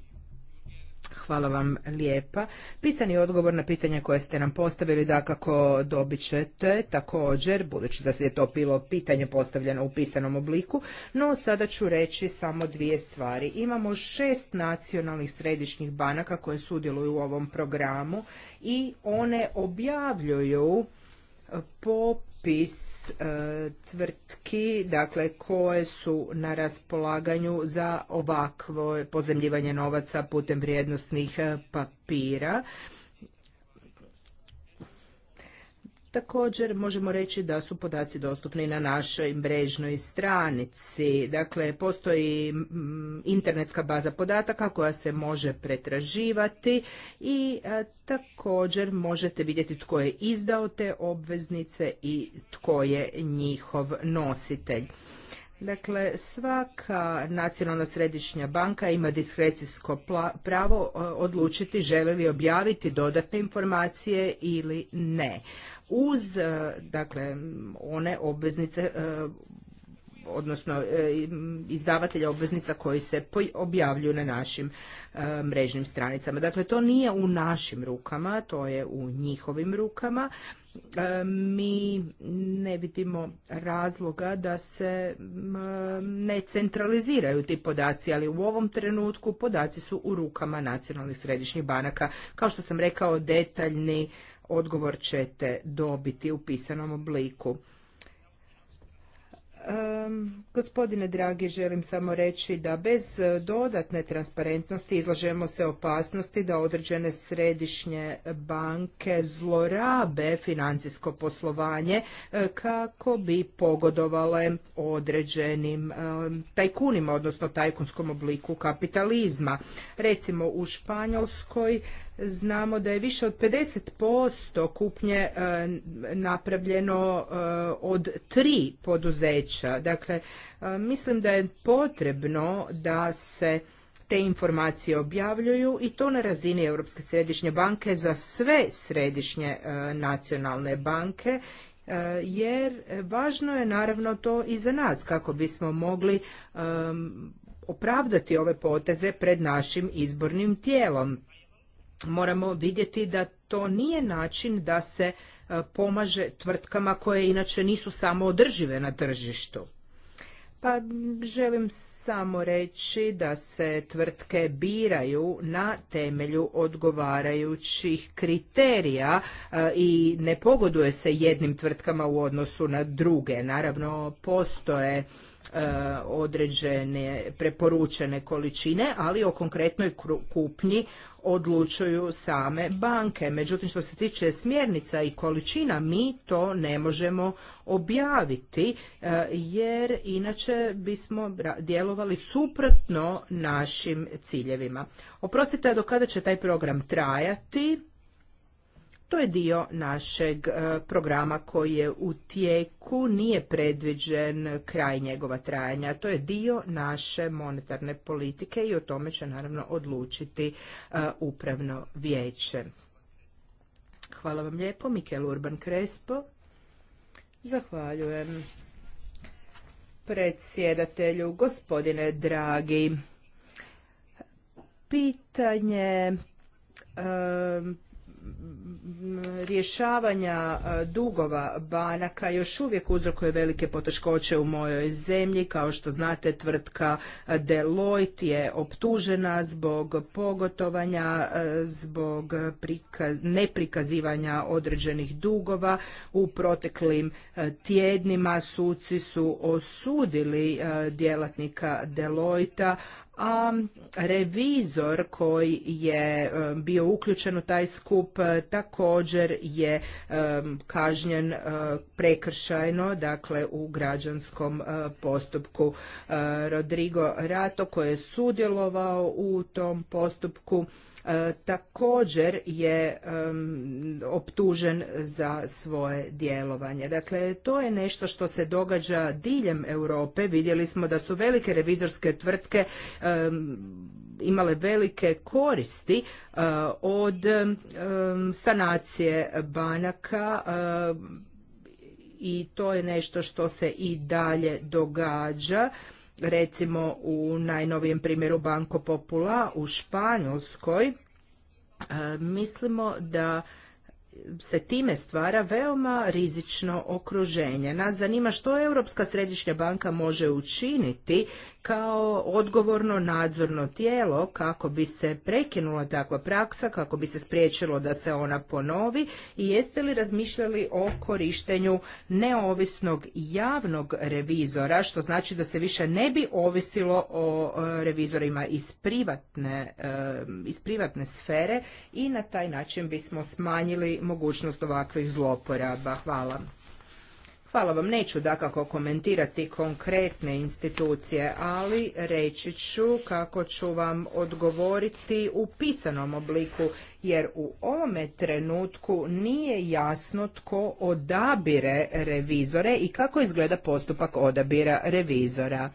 Hvala vam lijepa. Pisani odgovor na pitanje koje ste nam postavili da kako dobit ćete također, budući da je to bilo pitanje postavljeno u pisanom obliku, no sada ću reći samo dvije stvari. Imamo šest nacionalnih središnjih banaka koje sudjeluju u ovom programu i one objavljuju po popis e, tvrtki dakle koje su na raspolaganju za ovakvo pozemljivanje novaca putem vrijednosnih e, papira Također možemo reći da su podaci dostupni na našoj mrežnoj stranici. Dakle, postoji internetska baza podataka koja se može pretraživati i e, također možete vidjeti tko je izdao te obveznice i tko je njihov nositelj. Dakle, svaka nacionalna središnja banka ima diskrecijsko pravo e, odlučiti želi li objaviti dodatne informacije ili ne uz e, dakle one obveznice e, odnosno e, izdavatelja obveznica koji se objavljuju na našim mrežnim stranicama. Dakle, to nije u našim rukama, to je u njihovim rukama. Mi ne vidimo razloga da se ne centraliziraju ti podaci, ali u ovom trenutku podaci su u rukama nacionalnih središnjih banaka. Kao što sam rekao, detaljni Odgovor ćete dobiti u pisanom obliku. gospodine dragi, želim samo reći da bez dodatne transparentnosti izlažemo se opasnosti da određene središnje banke zlorabe financijsko poslovanje e, kako bi pogodovale određenim e, tajkunima, odnosno tajkunskom obliku kapitalizma. Recimo u Španjolskoj znamo da je više od 50% kupnje e, napravljeno e, od tri poduzeća. Dakle, e, mislim da je potrebno da se te informacije objavljuju i to na razini Europske središnje banke za sve središnje nacionalne banke jer važno je naravno to i za nas kako bismo mogli opravdati ove poteze pred našim izbornim tijelom moramo vidjeti da to nije način da se e, pomaže tvrtkama koje inače nisu samo održive na tržištu. Pa želim samo reći da se tvrtke biraju na temelju odgovarajućih kriterija e, i ne pogoduje se jednim tvrtkama u odnosu na druge. Naravno, postoje E, određene preporučene količine, ali o konkretnoj kupnji odlučuju same banke. Međutim, što se tiče smjernica i količina, mi to ne možemo objaviti, e, jer inače bismo djelovali suprotno našim ciljevima. Oprostite, do kada će taj program trajati? To je dio našeg e, programa koji je u tijeku, nije predviđen kraj njegova trajanja. To je dio naše monetarne politike i o tome će naravno odlučiti e, upravno vijeće. Hvala vam lijepo, Mikel Urban Krespo. Zahvaljujem predsjedatelju, gospodine dragi. Pitanje e, rješavanja e, dugova banaka još uvijek uzrokuje velike poteškoće u mojoj zemlji. Kao što znate, tvrtka e, Deloitte je optužena zbog pogotovanja, e, zbog neprikazivanja određenih dugova. U proteklim tjednima suci su osudili djelatnika Deloita, a revizor koji je um, bio uključen u taj skup uh, također je um, kažnjen uh, prekršajno, dakle u građanskom uh, postupku. Rodrigo Rato koji je sudjelovao u tom postupku E, također je optužen za svoje djelovanje. Dakle, to je nešto što se događa diljem Europe. Vidjeli smo da su velike revizorske tvrtke imale velike koristi e, od sanacije banaka e, i to je nešto što se i dalje događa recimo u najnovijem primjeru Banco Popula u Španjolskoj, e, mislimo da se time stvara veoma rizično okruženje. Nas zanima što Europska središnja banka može učiniti kao odgovorno nadzorno tijelo kako bi se prekinula takva praksa, kako bi se spriječilo da se ona ponovi i jeste li razmišljali o korištenju neovisnog javnog revizora, što znači da se više ne bi ovisilo o e, revizorima iz privatne, e, iz privatne sfere i na taj način bismo smanjili mogućnost ovakvih zloporaba. Hvala. Hvala vam, neću dakako komentirati konkretne institucije, ali reći ću kako ću vam odgovoriti u pisanom obliku, jer u ovome trenutku nije jasno tko odabire revizore i kako izgleda postupak odabira revizora.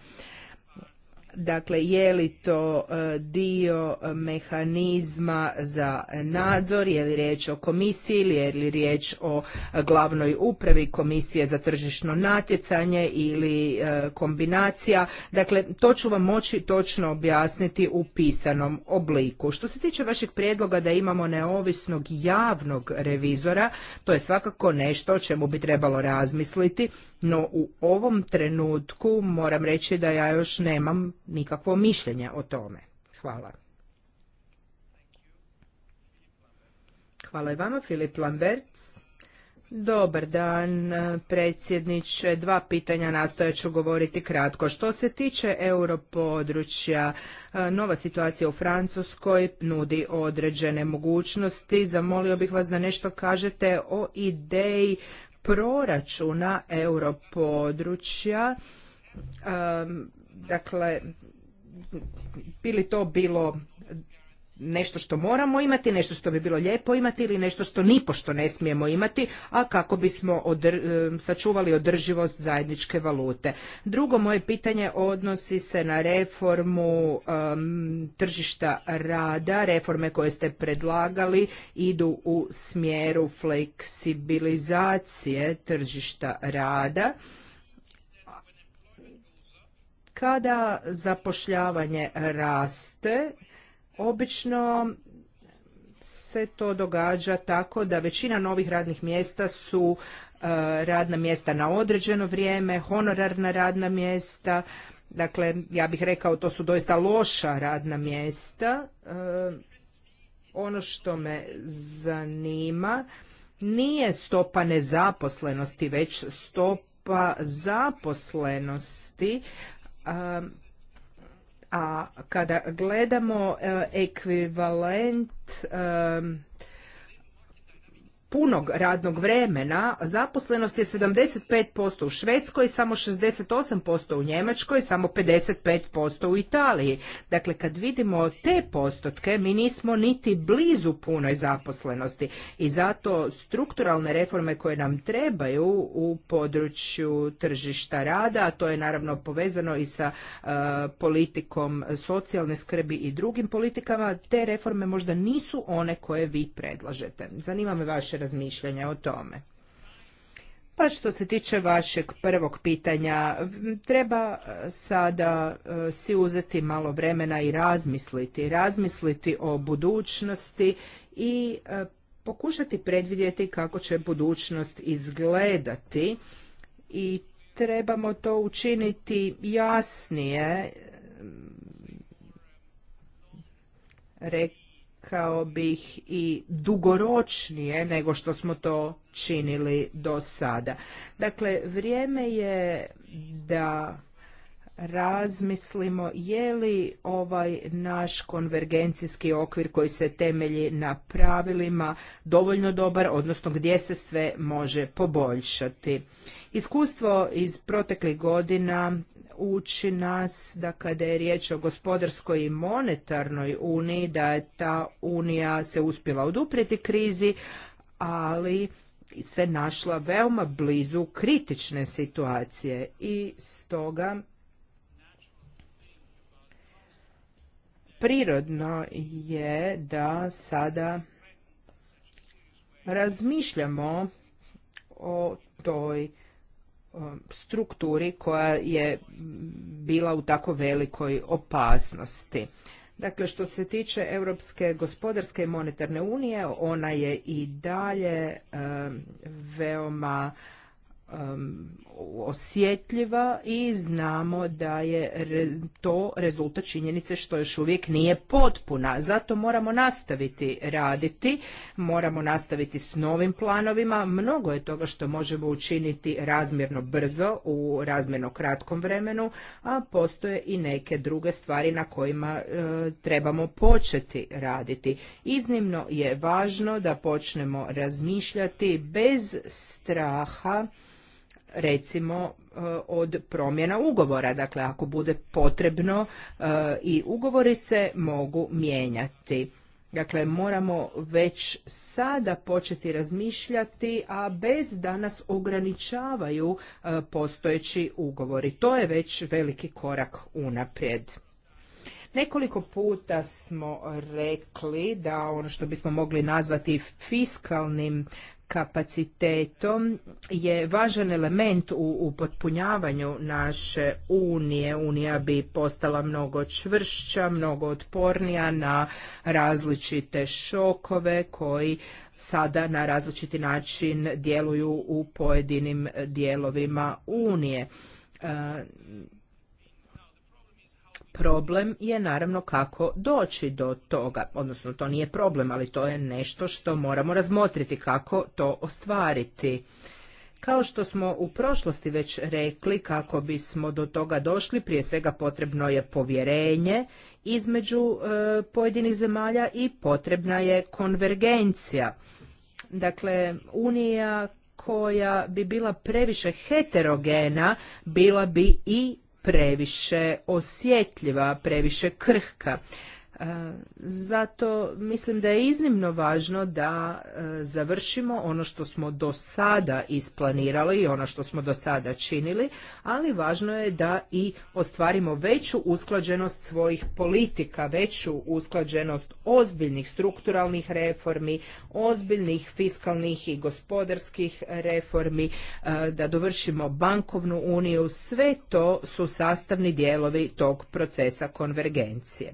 Dakle, je li to e, dio mehanizma za nadzor, je li riječ o komisiji ili je li riječ o glavnoj upravi komisije za tržišno natjecanje ili e, kombinacija. Dakle, to ću vam moći točno objasniti u pisanom obliku. Što se tiče vašeg prijedloga da imamo neovisnog javnog revizora, to je svakako nešto o čemu bi trebalo razmisliti, no u ovom trenutku moram reći da ja još nemam nikakvo mišljenje o tome. Hvala. Hvala i vama, Filip Lamberts. Dobar dan, predsjedniče. Dva pitanja nastojeću govoriti kratko. Što se tiče europodručja, nova situacija u Francuskoj nudi određene mogućnosti. Zamolio bih vas da nešto kažete o ideji proračuna europodručja. Dakle, bili to bilo nešto što moramo imati, nešto što bi bilo lijepo imati ili nešto što nipošto ne smijemo imati, a kako bismo e, sačuvali održivost zajedničke valute. Drugo moje pitanje odnosi se na reformu tržišta rada, reforme koje ste predlagali idu u smjeru fleksibilizacije tržišta rada kada zapošljavanje raste, obično se to događa tako da većina novih radnih mjesta su e, radna mjesta na određeno vrijeme, honorarna radna mjesta, dakle ja bih rekao to su doista loša radna mjesta. E, ono što me zanima nije stopa nezaposlenosti, već stopa zaposlenosti a kada gledamo e, ekvivalent punog radnog vremena zaposlenost je 75% u Švedskoj, samo 68% u Njemačkoj, samo 55% u Italiji. Dakle, kad vidimo te postotke, mi nismo niti blizu punoj zaposlenosti i zato strukturalne reforme koje nam trebaju u području tržišta rada, a to je naravno povezano i sa e, politikom socijalne skrbi i drugim politikama, te reforme možda nisu one koje vi predlažete. Zanima me vaše razmišljanja o tome. Pa što se tiče vašeg prvog pitanja, treba e, sada e, si uzeti malo vremena i razmisliti, razmisliti o budućnosti i e, pokušati predvidjeti kako će budućnost izgledati i trebamo to učiniti jasnije. reći rekao bih i dugoročnije nego što smo to činili do sada. Dakle, vrijeme je da razmislimo je li ovaj naš konvergencijski okvir koji se temelji na pravilima dovoljno dobar, odnosno gdje se sve može poboljšati. Iskustvo iz proteklih godina uči nas da kada je riječ o gospodarskoj i monetarnoj uniji, da je ta unija se uspjela oduprijeti krizi, ali se našla veoma blizu kritične situacije i stoga prirodno je da sada razmišljamo o toj strukturi koja je bila u tako velikoj opasnosti. Dakle, što se tiče Europske gospodarske i monetarne unije, ona je i dalje e, veoma Um, osjetljiva i znamo da je to rezultat činjenice što još uvijek nije potpuna. Zato moramo nastaviti raditi, moramo nastaviti s novim planovima. Mnogo je toga što možemo učiniti razmjerno brzo u razmjerno kratkom vremenu, a postoje i neke druge stvari na kojima e, trebamo početi raditi. Iznimno je važno da počnemo razmišljati bez straha recimo e, od promjena ugovora. Dakle, ako bude potrebno e, i ugovori se mogu mijenjati. Dakle, moramo već sada početi razmišljati, a bez da nas ograničavaju e, postojeći ugovori. To je već veliki korak unaprijed. Nekoliko puta smo rekli da ono što bismo mogli nazvati fiskalnim kapacitetom je važan element u upotpunjavanju naše unije. Unija bi postala mnogo čvršća, mnogo otpornija na različite šokove koji sada na različiti način djeluju u pojedinim dijelovima unije. E, Problem je naravno kako doći do toga, odnosno to nije problem, ali to je nešto što moramo razmotriti kako to ostvariti. Kao što smo u prošlosti već rekli, kako bismo do toga došli, prije svega potrebno je povjerenje između e, pojedinih zemalja i potrebna je konvergencija. Dakle, unija koja bi bila previše heterogena, bila bi i previše osjetljiva, previše krhka. E, zato mislim da je iznimno važno da e, završimo ono što smo do sada isplanirali i ono što smo do sada činili, ali važno je da i ostvarimo veću usklađenost svojih politika, veću usklađenost ozbiljnih strukturalnih reformi, ozbiljnih fiskalnih i gospodarskih reformi, e, da dovršimo bankovnu uniju, sve to su sastavni dijelovi tog procesa konvergencije.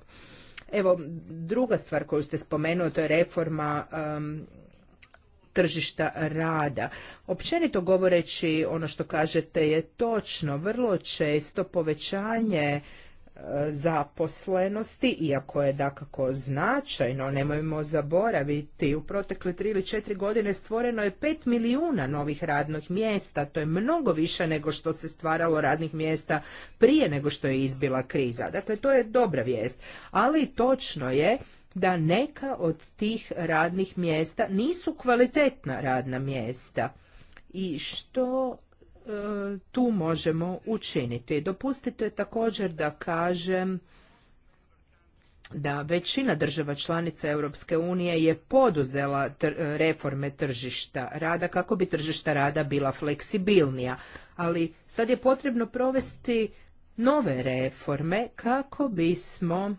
Evo, druga stvar koju ste spomenuli, to je reforma tržišta rada. Općenito govoreći, ono što kažete je točno, vrlo često povećanje zaposlenosti, iako je dakako značajno, nemojmo zaboraviti, u protekle tri ili četiri godine stvoreno je pet milijuna novih radnih mjesta, to je mnogo više nego što se stvaralo radnih mjesta prije nego što je izbila kriza. Dakle, to je dobra vijest, ali točno je da neka od tih radnih mjesta nisu kvalitetna radna mjesta. I što tu možemo učiniti. Dopustite također da kažem da većina država članica Europske unije je poduzela reforme tržišta rada kako bi tržišta rada bila fleksibilnija, ali sad je potrebno provesti nove reforme kako bismo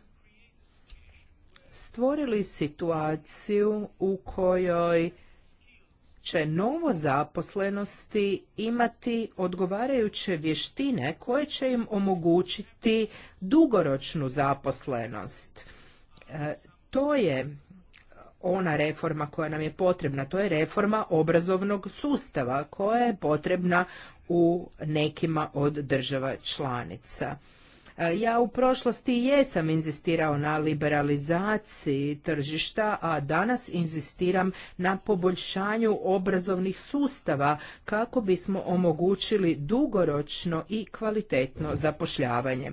stvorili situaciju u kojoj će novo zaposlenosti imati odgovarajuće vještine koje će im omogućiti dugoročnu zaposlenost. E, to je ona reforma koja nam je potrebna, to je reforma obrazovnog sustava koja je potrebna u nekima od država članica. Ja u prošlosti jesam inzistirao na liberalizaciji tržišta, a danas inzistiram na poboljšanju obrazovnih sustava kako bismo omogućili dugoročno i kvalitetno zapošljavanje.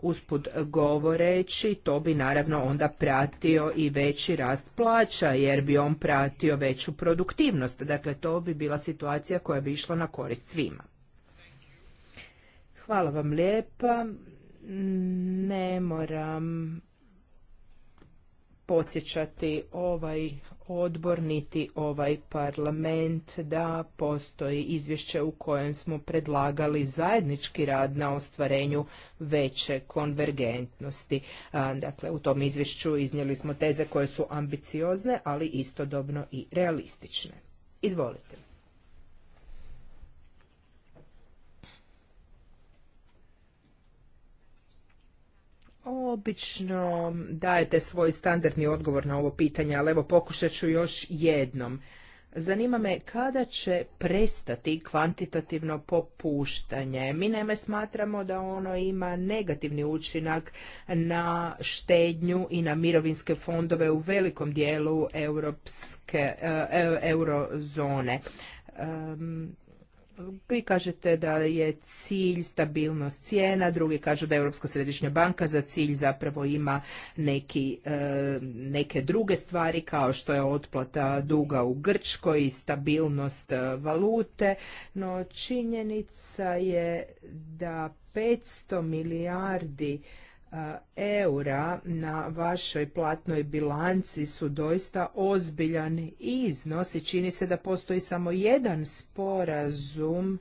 Usput govoreći, to bi naravno onda pratio i veći rast plaća, jer bi on pratio veću produktivnost. Dakle, to bi bila situacija koja bi išla na korist svima. Hvala vam lijepa ne moram podsjećati ovaj odbor niti ovaj parlament da postoji izvješće u kojem smo predlagali zajednički rad na ostvarenju veće konvergentnosti. Dakle, u tom izvješću iznijeli smo teze koje su ambiciozne, ali istodobno i realistične. Izvolite. Obično dajete svoj standardni odgovor na ovo pitanje, ali evo pokušat ću još jednom. Zanima me kada će prestati kvantitativno popuštanje. Mi naime smatramo da ono ima negativni učinak na štednju i na mirovinske fondove u velikom dijelu e, e, eurozone. Vi kažete da je cilj stabilnost cijena, drugi kažu da Europska središnja banka za cilj zapravo ima neki, e, neke druge stvari kao što je otplata duga u Grčkoj i stabilnost e, valute, no činjenica je da 500 milijardi eura na vašoj platnoj bilanci su doista ozbiljan iznos i čini se da postoji samo jedan sporazum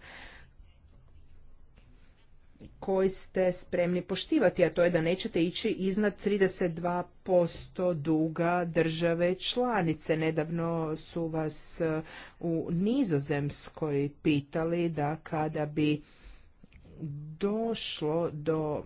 koji ste spremni poštivati, a to je da nećete ići iznad 32% duga države članice. Nedavno su vas u Nizozemskoj pitali da kada bi došlo do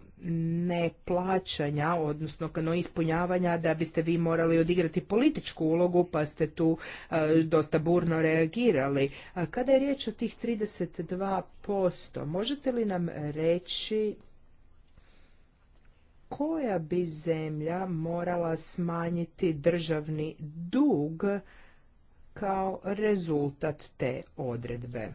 neplaćanja, odnosno no ispunjavanja da biste vi morali odigrati političku ulogu pa ste tu e, dosta burno reagirali. A kada je riječ o tih 32%, možete li nam reći koja bi zemlja morala smanjiti državni dug kao rezultat te odredbe?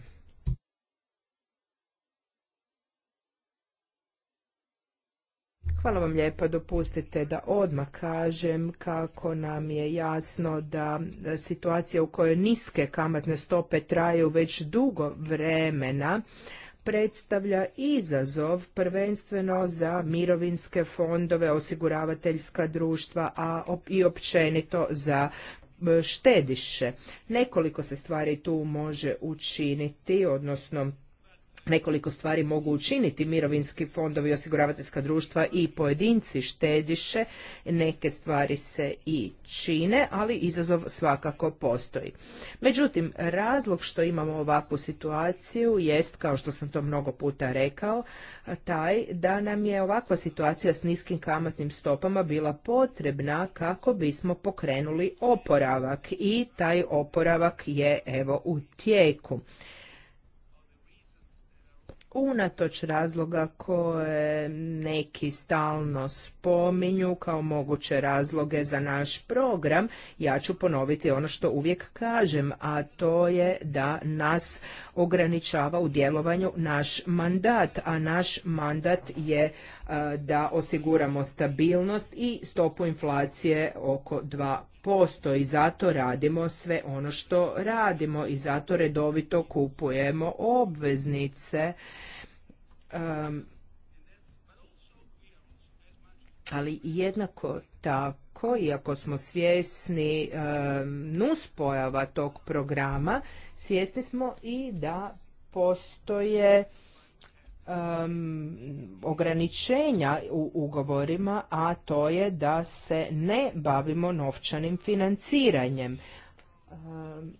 Hvala vam lijepa. Dopustite da odmah kažem kako nam je jasno da situacija u kojoj niske kamatne stope traju već dugo vremena predstavlja izazov prvenstveno za mirovinske fondove, osiguravateljska društva a i općenito za štediše. Nekoliko se stvari tu može učiniti, odnosno nekoliko stvari mogu učiniti mirovinski fondovi, osiguravateljska društva i pojedinci štediše, neke stvari se i čine, ali izazov svakako postoji. Međutim, razlog što imamo ovakvu situaciju jest, kao što sam to mnogo puta rekao, taj da nam je ovakva situacija s niskim kamatnim stopama bila potrebna kako bismo pokrenuli oporavak i taj oporavak je evo u tijeku unatoč razloga koje neki stalno spominju kao moguće razloge za naš program, ja ću ponoviti ono što uvijek kažem, a to je da nas ograničava u djelovanju naš mandat, a naš mandat je e, da osiguramo stabilnost i stopu inflacije oko 2%. I zato radimo sve ono što radimo i zato redovito kupujemo obveznice. ali jednako tako, iako smo svjesni nuspojava tog programa, svjesni smo i da postoje um, ograničenja u ugovorima, a to je da se ne bavimo novčanim financiranjem. Um,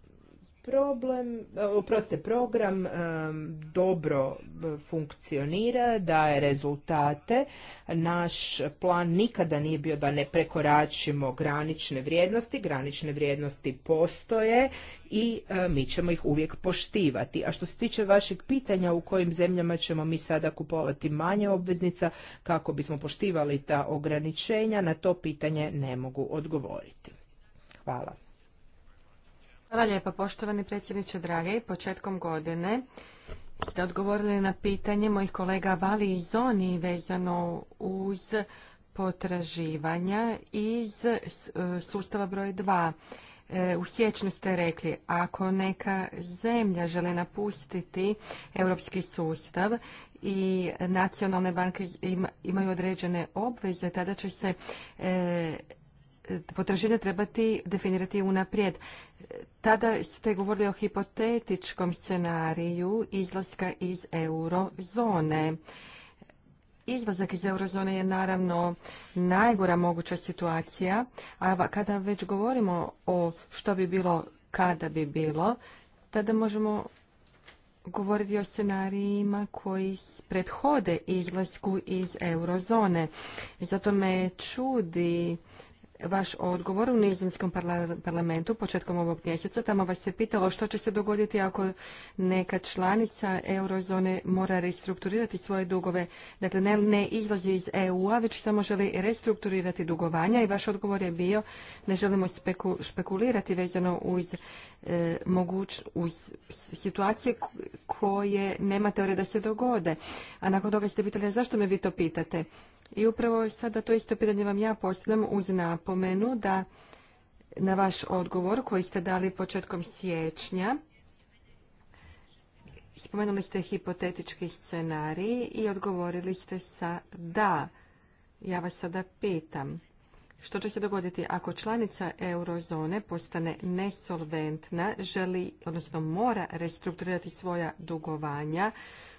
problem, e, oprostite, program e, dobro funkcionira, daje rezultate. Naš plan nikada nije bio da ne prekoračimo granične vrijednosti. Granične vrijednosti postoje i e, mi ćemo ih uvijek poštivati. A što se tiče vašeg pitanja u kojim zemljama ćemo mi sada kupovati manje obveznica kako bismo poštivali ta ograničenja, na to pitanje ne mogu odgovoriti. Hvala. Hvala lijepa, poštovani predsjedniče Drage. Početkom godine ste odgovorili na pitanje mojih kolega Vali i Zoni vezano uz potraživanja iz e, sustava broj 2. E, u siječnju ste rekli, ako neka zemlja žele napustiti europski sustav i nacionalne banke imaju određene obveze, tada će se e, potraživanja trebati definirati unaprijed. Tada ste govorili o hipotetičkom scenariju izlaska iz eurozone. Izlazak iz eurozone je naravno najgora moguća situacija, a kada već govorimo o što bi bilo kada bi bilo, tada možemo govoriti o scenarijima koji prethode izlasku iz eurozone. Zato me čudi vaš odgovor u Nizinskom parlamentu početkom ovog mjeseca. Tamo vas se pitalo što će se dogoditi ako neka članica eurozone mora restrukturirati svoje dugove. Dakle, ne, ne izlazi iz EU-a, već samo želi restrukturirati dugovanja i vaš odgovor je bio ne želimo speku, špekulirati vezano uz E, moguć, u situacije koje nema teore da se dogode. A nakon toga ste pitali zašto me vi to pitate? I upravo sada to isto pitanje vam ja postavljam uz napomenu da na vaš odgovor koji ste dali početkom siječnja spomenuli ste hipotetički scenarij i odgovorili ste sa da. Ja vas sada pitam. Što će se dogoditi ako članica eurozone postane nesolventna, želi, odnosno mora restrukturirati svoja dugovanja,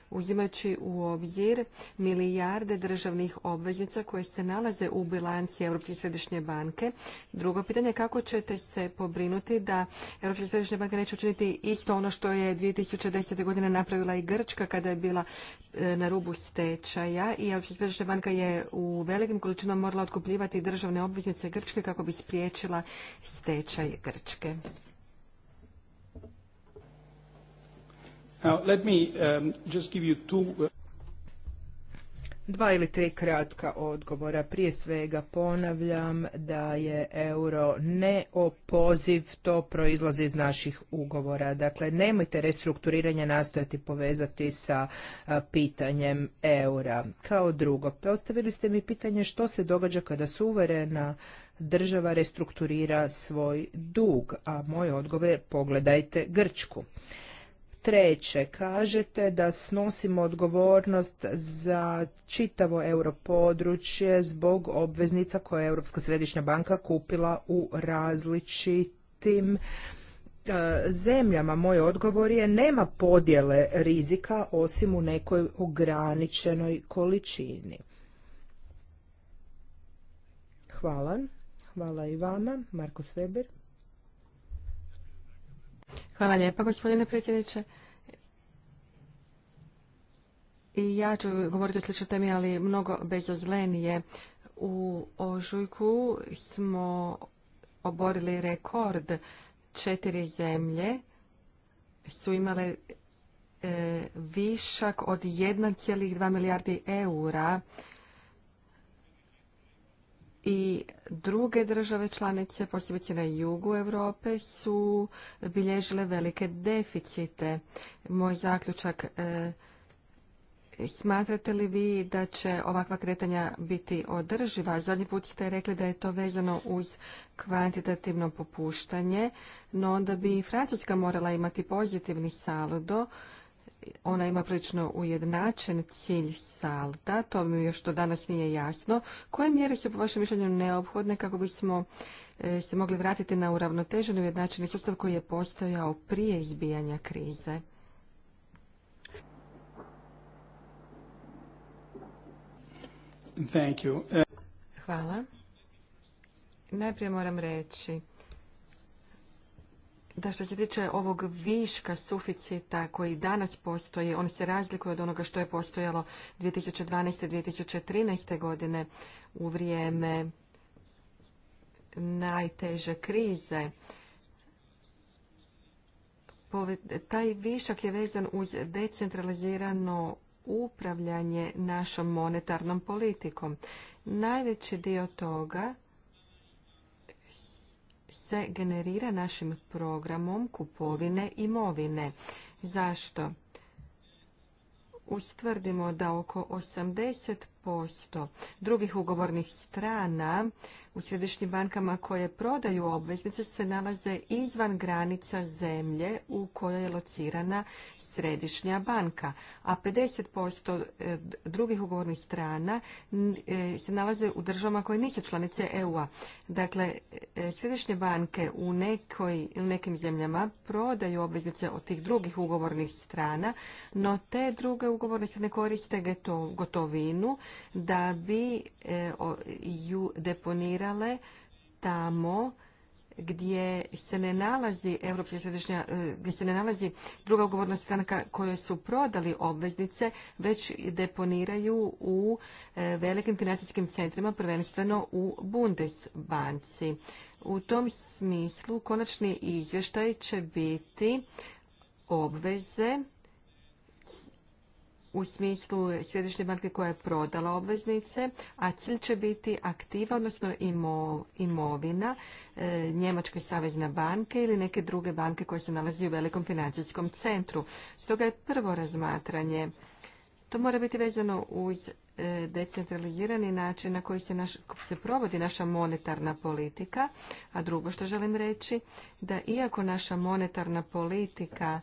uzimajući u obzir milijarde državnih obveznica koje se nalaze u bilanci Europske središnje banke. Drugo pitanje je kako ćete se pobrinuti da Europske središnje banke neće učiniti isto ono što je 2010. godine napravila i Grčka kada je bila e, na rubu stečaja i Europska središnja banka je u velikim količinama morala otkupljivati državne obveznice Grčke kako bi spriječila stečaj Grčke. Now, let um, uh, Dva ili tri kratka odgovora. Prije svega ponavljam da je euro neopoziv, to proizlazi iz naših ugovora. Dakle, nemojte restrukturiranje nastojati povezati sa pitanjem eura. Kao drugo, postavili ste mi pitanje što se događa kada suverena država restrukturira svoj dug, a moj odgovor je pogledajte Grčku. Treće, kažete da snosimo odgovornost za čitavo europodručje zbog obveznica koje je Europska središnja banka kupila u različitim e, zemljama moj odgovor je nema podjele rizika osim u nekoj ograničenoj količini. Hvala. Hvala i vama, Marko Sveber. Hvala lijepa, gospodine predsjedniče. I ja ću govoriti o sličnoj temi, ali mnogo bezozlenije. U Ožujku smo oborili rekord. Četiri zemlje su imale e, višak od 1,2 milijardi eura i druge države članice, posebice na jugu Europe, su bilježile velike deficite. Moj zaključak, e, smatrate li vi da će ovakva kretanja biti održiva? Zadnji put ste rekli da je to vezano uz kvantitativno popuštanje, no onda bi Francuska morala imati pozitivni saludo ona ima prilično ujednačen cilj salda, to mi još to danas nije jasno. Koje mjere su po vašem mišljenju neophodne kako bismo e, se mogli vratiti na uravnotežen ujednačeni sustav koji je postojao prije izbijanja krize? Hvala. Najprije moram reći da što se tiče ovog viška suficita koji danas postoji, on se razlikuje od onoga što je postojalo 2012. 2013. godine u vrijeme najteže krize. Taj višak je vezan uz decentralizirano upravljanje našom monetarnom politikom. Najveći dio toga se generira našim programom kupovine imovine. Zašto? Ustvrdimo da oko 80% drugih ugovornih strana u središnjim bankama koje prodaju obveznice se nalaze izvan granica zemlje u kojoj je locirana središnja banka, a 50% e, drugih ugovornih strana e, se nalaze u državama koje nisu članice EU-a. Dakle, e, središnje banke u, nekoj, nekim zemljama prodaju obveznice od tih drugih ugovornih strana, no te druge ugovorne strane koriste gotovinu da bi ju deponirali tamo gdje se ne nalazi Europska središnja, e, gdje se ne nalazi druga ugovorna stranka koje su prodali obveznice, već deponiraju u e, velikim financijskim centrima, prvenstveno u Bundesbanci. U tom smislu konačni izvještaj će biti obveze u smislu središnje banke koja je prodala obveznice, a cilj će biti aktiva, odnosno imovina e, Njemačke savezne banke ili neke druge banke koje se nalazi u velikom financijskom centru. Stoga je prvo razmatranje. To mora biti vezano uz e, decentralizirani način na koji se, naš, se provodi naša monetarna politika. A drugo što želim reći, da iako naša monetarna politika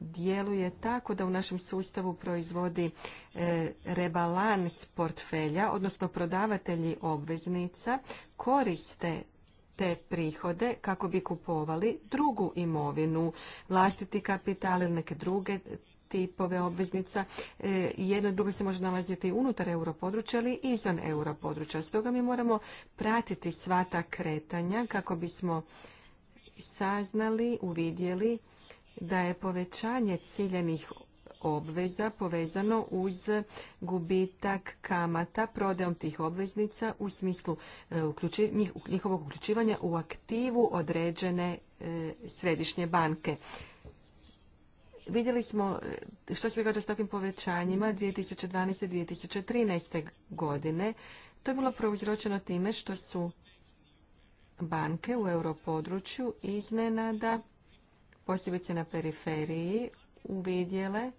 djeluje tako da u našem sustavu proizvodi e, rebalans portfelja, odnosno prodavatelji obveznica koriste te prihode kako bi kupovali drugu imovinu, vlastiti kapital ili neke druge tipove obveznica. E, jedno i drugo se može nalaziti unutar europodručja ili izvan europodručja. Stoga mi moramo pratiti sva ta kretanja kako bismo saznali, uvidjeli da je povećanje ciljenih obveza povezano uz gubitak kamata prodajom tih obveznica u smislu e, njihovog uključivanja u aktivu određene e, središnje banke. Vidjeli smo e, što se događa s takvim povećanjima 2012. i 2013. godine. To je bilo prouzročeno time što su banke u europodručju iznenada posebice na periferiji, uvidjele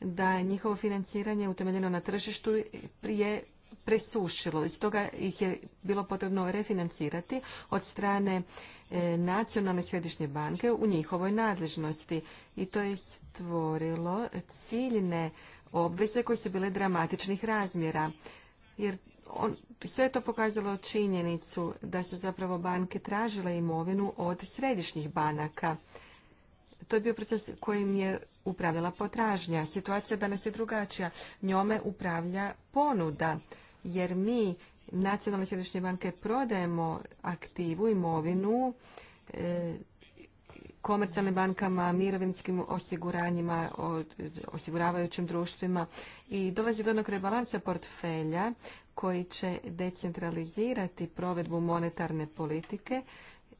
da je njihovo financiranje utemeljeno na tržištu prije presušilo. Iz stoga ih je bilo potrebno refinancirati od strane e, nacionalne središnje banke u njihovoj nadležnosti. I to je stvorilo ciljne obveze koje su bile dramatičnih razmjera. Jer on, sve je to pokazalo činjenicu da su zapravo banke tražile imovinu od središnjih banaka to je bio proces kojim je upravljala potražnja. Situacija danas je drugačija. Njome upravlja ponuda, jer mi nacionalne središnje banke prodajemo aktivu, imovinu, e, komercijalnim bankama, mirovinskim osiguranjima, osiguravajućim društvima i dolazi do jednog rebalansa portfelja koji će decentralizirati provedbu monetarne politike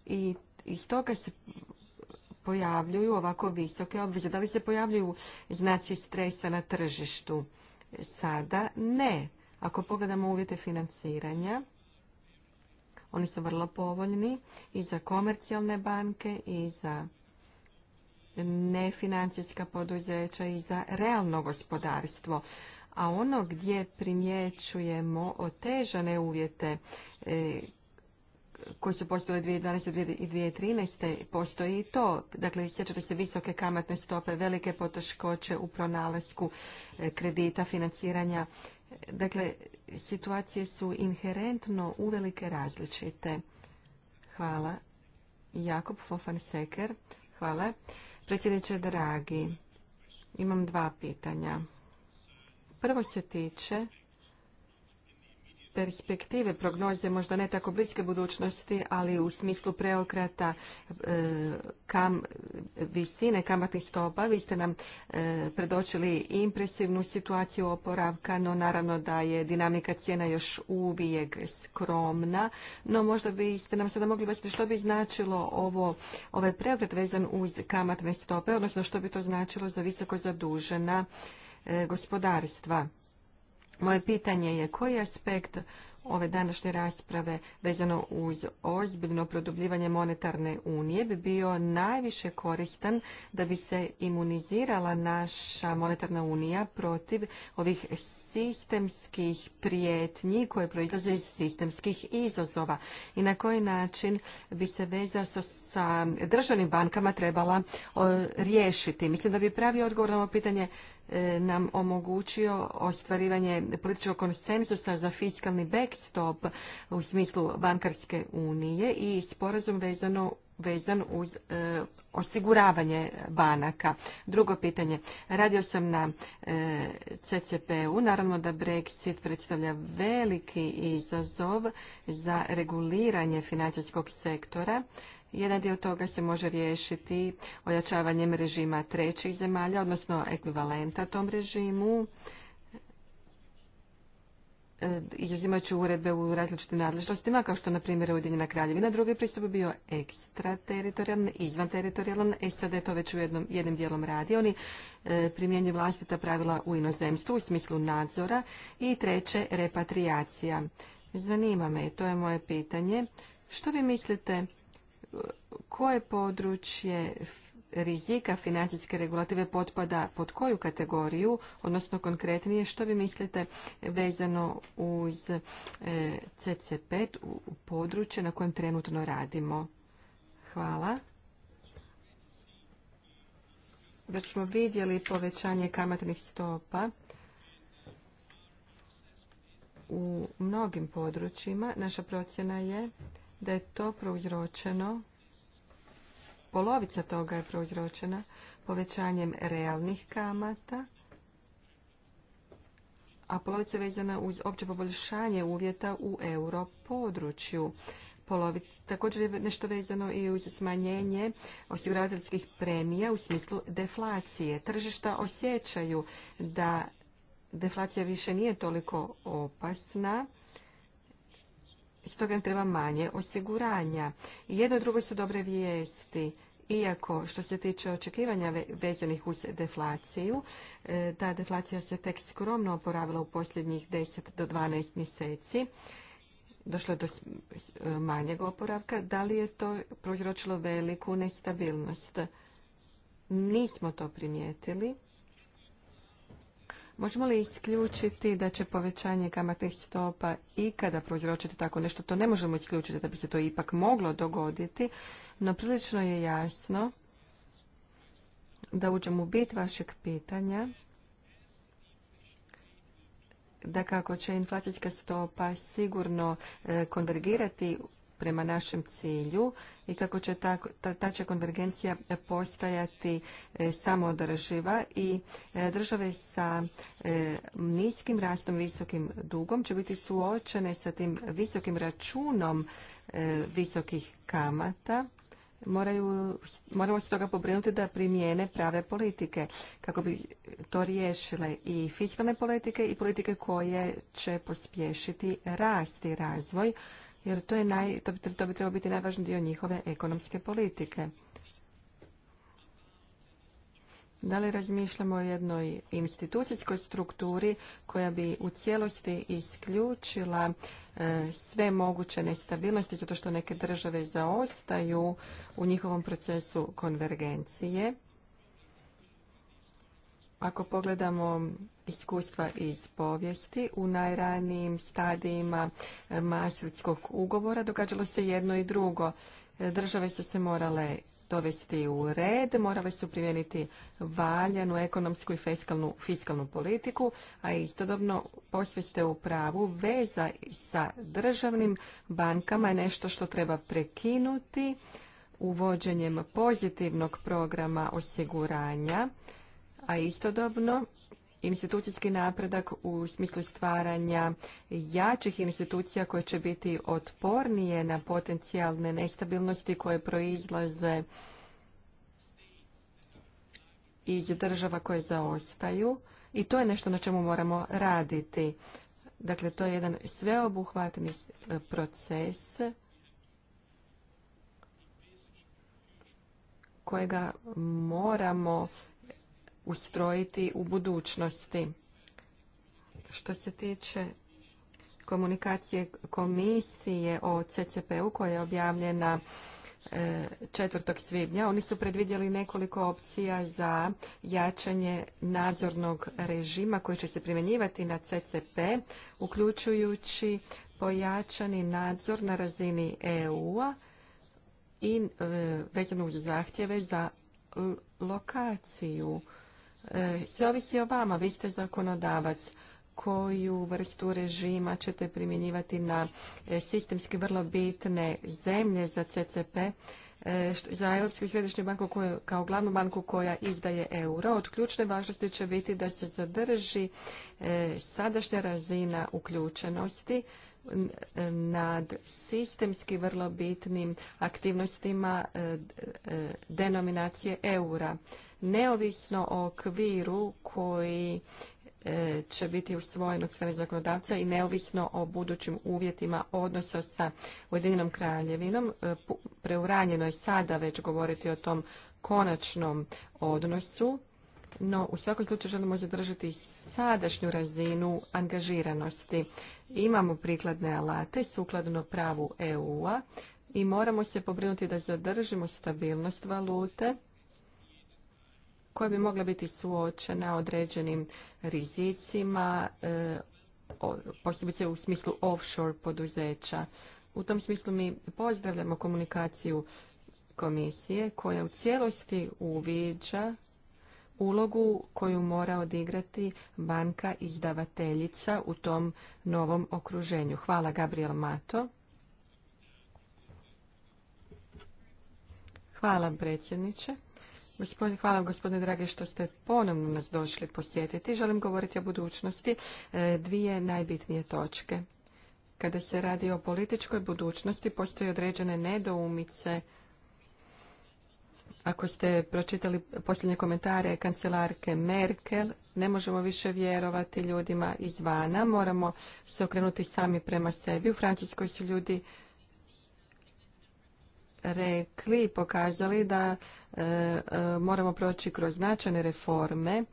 i iz toga se pojavljuju ovako visoke obveze? Da li se pojavljuju znaci stresa na tržištu? Sada ne. Ako pogledamo uvjete financiranja, oni su vrlo povoljni i za komercijalne banke i za nefinancijska poduzeća i za realno gospodarstvo. A ono gdje primjećujemo otežane uvjete e, koji su postojali 2012. i 2013. postoji i to. Dakle, sjećate se visoke kamatne stope, velike poteškoće u pronalasku e, kredita, financiranja. Dakle, situacije su inherentno uvelike različite. Hvala. Jakob Fofan Seker. Hvala. Predsjedniče dragi, imam dva pitanja. Prvo se tiče perspektive, prognoze možda ne tako bliske budućnosti, ali u smislu preokrata e, visine kamatnih stopa, vi ste nam e, predočili impresivnu situaciju oporavka, no naravno da je dinamika cijena još uvijek skromna, no možda biste nam sada mogli baciti što bi značilo ovo, ovaj preokret vezan uz kamatne stope, odnosno što bi to značilo za visoko zadužena e, gospodarstva. Moje pitanje je koji aspekt ove današnje rasprave vezano uz ozbiljno produbljivanje monetarne unije bi bio najviše koristan da bi se imunizirala naša monetarna unija protiv ovih sistemskih prijetnji koje proizlaze iz sistemskih izazova i na koji način bi se veza sa, državnim bankama trebala riješiti. Mislim da bi pravi odgovor na ovo pitanje E, nam omogućio ostvarivanje političkog konsenzusa za fiskalni backstop u smislu bankarske unije i sporazum vezano vezan uz e, osiguravanje banaka. Drugo pitanje, radio sam na e, CCPU. naravno da Brexit predstavlja veliki izazov za reguliranje financijskog sektora. Jedan dio toga se može riješiti ojačavanjem režima trećih zemalja, odnosno ekvivalenta tom režimu. E, izuzimajući uredbe u različitim nadležnostima, kao što na primjer Ujedinjena kraljevina. Drugi pristup je bio ekstrateritorijalan, teritorijalan, E sad je to već u jednom, jednim dijelom radi. Oni e, primjenjuju vlastita pravila u inozemstvu u smislu nadzora. I treće, repatriacija. Zanima me, to je moje pitanje. Što vi mislite koje područje rizika financijske regulative potpada pod koju kategoriju, odnosno konkretnije što vi mislite vezano uz e, CCP, u područje na kojem trenutno radimo? Hvala. Već smo vidjeli povećanje kamatnih stopa u mnogim područjima. Naša procjena je da je to prouzročeno, polovica toga je prouzročena povećanjem realnih kamata, a polovica je vezana uz opće poboljšanje uvjeta u euro području. također je nešto vezano i uz smanjenje osiguravateljskih premija u smislu deflacije. Tržišta osjećaju da deflacija više nije toliko opasna stoga treba manje osiguranja. Jedno drugo su dobre vijesti. Iako što se tiče očekivanja vezanih uz deflaciju, e, ta deflacija se tek skromno oporavila u posljednjih 10 do 12 mjeseci, došlo je do manjeg oporavka, da li je to prouzročilo veliku nestabilnost? Nismo to primijetili. Možemo li isključiti da će povećanje kamatnih stopa ikada prouzročiti tako nešto? To ne možemo isključiti da bi se to ipak moglo dogoditi, no prilično je jasno da uđem u bit vašeg pitanja da kako će inflacijska stopa sigurno e, konvergirati prema našem cilju i kako će ta, ta, će konvergencija postajati e, samoodrživa i e, države sa e, niskim rastom, visokim dugom će biti suočene sa tim visokim računom visokih kamata moraju, moramo se toga pobrinuti da primijene prave politike kako bi to riješile i fiskalne politike i politike koje će pospješiti rast i razvoj jer to, je naj, to, bi, to trebao biti najvažniji dio njihove ekonomske politike. Da li razmišljamo o jednoj institucijskoj strukturi koja bi u cijelosti isključila e, sve moguće nestabilnosti zato što neke države zaostaju u njihovom procesu konvergencije? Ako pogledamo iskustva iz povijesti, u najranijim stadijima e, Maastrichtskog ugovora događalo se jedno i drugo. E, države su se morale dovesti u red, morale su primijeniti valjanu ekonomsku i fiskalnu, fiskalnu politiku, a istodobno posve u pravu, veza sa državnim bankama je nešto što treba prekinuti uvođenjem pozitivnog programa osiguranja a istodobno institucijski napredak u smislu stvaranja jačih institucija koje će biti otpornije na potencijalne nestabilnosti koje proizlaze iz država koje zaostaju i to je nešto na čemu moramo raditi. Dakle, to je jedan sveobuhvatni proces kojega moramo ustrojiti u budućnosti. Što se tiče komunikacije komisije o CCP-u koja je objavljena 4. E, svibnja, oni su predvidjeli nekoliko opcija za jačanje nadzornog režima koji će se primjenjivati na CCP, uključujući pojačani nadzor na razini EU-a i e, vezano uz zahtjeve za lokaciju se ovisi o vama, vi ste zakonodavac koju vrstu režima ćete primjenjivati na e, sistemski vrlo bitne zemlje za CCP, e, za Europsku središnju banku kao glavnu banku koja izdaje euro. Od ključne važnosti će biti da se zadrži e, sadašnja razina uključenosti nad sistemski vrlo bitnim aktivnostima denominacije eura neovisno o okviru koji e, će biti usvojen od strane zakonodavca i neovisno o budućim uvjetima odnosa sa Ujedinjenom kraljevinom. E, preuranjeno je sada već govoriti o tom konačnom odnosu, no u svakom slučaju želimo zadržati sadašnju razinu angažiranosti. Imamo prikladne alate sukladno pravu EU-a i moramo se pobrinuti da zadržimo stabilnost valute koja bi mogla biti suočena određenim rizicima, e, posebice u smislu offshore poduzeća. U tom smislu mi pozdravljamo komunikaciju komisije koja u cijelosti uviđa ulogu koju mora odigrati banka izdavateljica u tom novom okruženju. Hvala Gabriel Mato. Hvala predsjedniče hvala vam gospodine drage, što ste ponovno nas došli posjetiti. Želim govoriti o budućnosti e, dvije najbitnije točke. Kada se radi o političkoj budućnosti, postoje određene nedoumice. Ako ste pročitali posljednje komentare kancelarke Merkel, ne možemo više vjerovati ljudima izvana, moramo se okrenuti sami prema sebi. U Francuskoj su ljudi rekli i pokazali da e, e, moramo proći kroz značajne reforme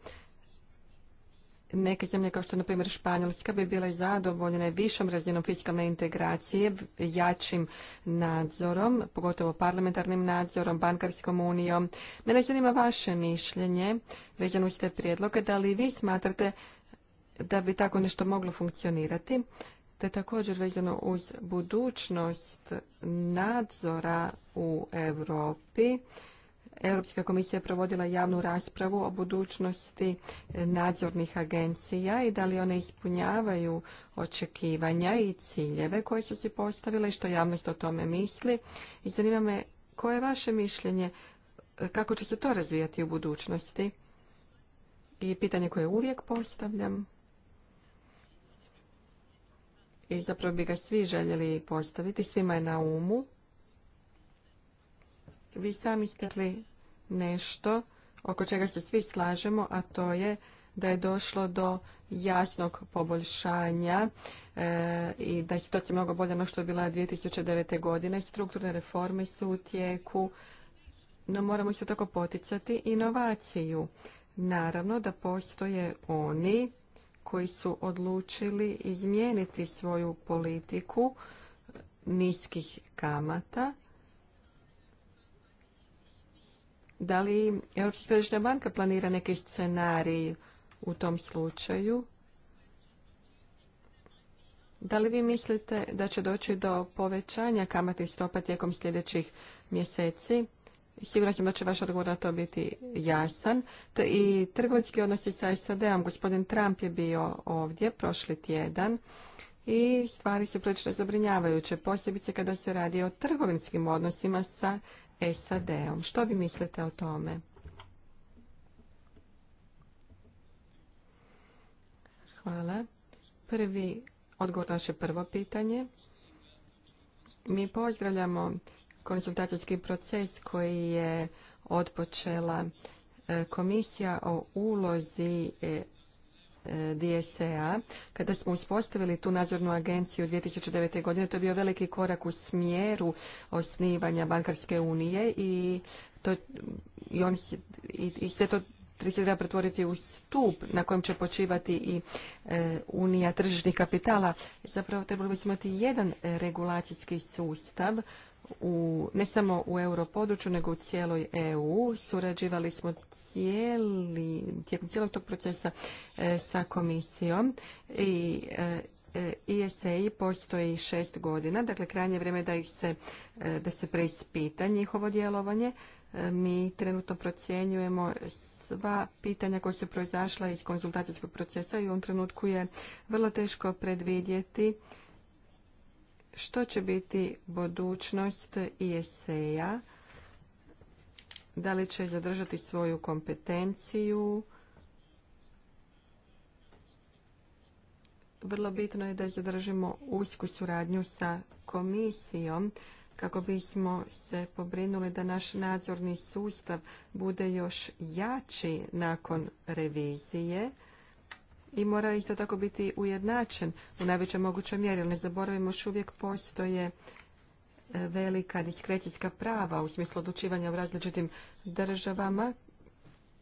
neke zemlje kao što je na primjer Španjolska bi bile zadovoljene višom razinom fiskalne integracije, jačim nadzorom, pogotovo parlamentarnim nadzorom, bankarskom unijom. Mene zanima vaše mišljenje vezano uz te prijedloge, da li vi smatrate da bi tako nešto moglo funkcionirati? te također vezano uz budućnost nadzora u Europi. Europska komisija je provodila javnu raspravu o budućnosti nadzornih agencija i da li one ispunjavaju očekivanja i ciljeve koje su si postavile i što javnost o tome misli. I zanima me koje je vaše mišljenje, kako će se to razvijati u budućnosti? I pitanje koje uvijek postavljam i zapravo bi ga svi željeli postaviti, svima je na umu. Vi sami ste nešto oko čega se svi slažemo, a to je da je došlo do jasnog poboljšanja e, i da je situacija mnogo bolje no što je bila 2009. godine. Strukturne reforme su u tijeku, no moramo isto tako poticati inovaciju. Naravno da postoje oni koji su odlučili izmijeniti svoju politiku niskih kamata. Da li Europska središnja banka planira neki scenarij u tom slučaju? Da li vi mislite da će doći do povećanja kamatnih stopa tijekom sljedećih mjeseci? Sigurno sam da će vaš odgovor na to biti jasan. I trgovinski odnosi sa SAD-om. Gospodin Trump je bio ovdje prošli tjedan i stvari su prilično zabrinjavajuće, posebice kada se radi o trgovinskim odnosima sa SAD-om. Što vi mislite o tome? Hvala. Prvi odgovor na naše prvo pitanje. Mi pozdravljamo konsultacijski proces koji je odpočela e, komisija o ulozi e, e, DSA. Kada smo uspostavili tu nadzornu agenciju 2009. godine, to je bio veliki korak u smjeru osnivanja bankarske unije i to, i, on, i, sve to treba pretvoriti u stup na kojem će počivati i unija tržišnih kapitala. Zapravo trebali bismo imati jedan regulacijski sustav u, ne samo u europodručju, nego u cijeloj EU. Surađivali smo cijeli, tijekom cijelog tog procesa e, sa komisijom i e, ISA e, e postoji šest godina, dakle krajnje vrijeme da, ih se, da se preispita njihovo djelovanje. Mi trenutno procjenjujemo sva pitanja koja su proizašla iz konzultacijskog procesa i u ovom trenutku je vrlo teško predvidjeti što će biti budućnost ISE-a, da li će zadržati svoju kompetenciju. Vrlo bitno je da zadržimo usku suradnju sa komisijom kako bismo se pobrinuli da naš nadzorni sustav bude još jači nakon revizije i mora isto tako biti ujednačen u najvećoj mogućoj mjeri. Ne zaboravimo još uvijek postoje e, velika diskrecijska prava u smislu odlučivanja u različitim državama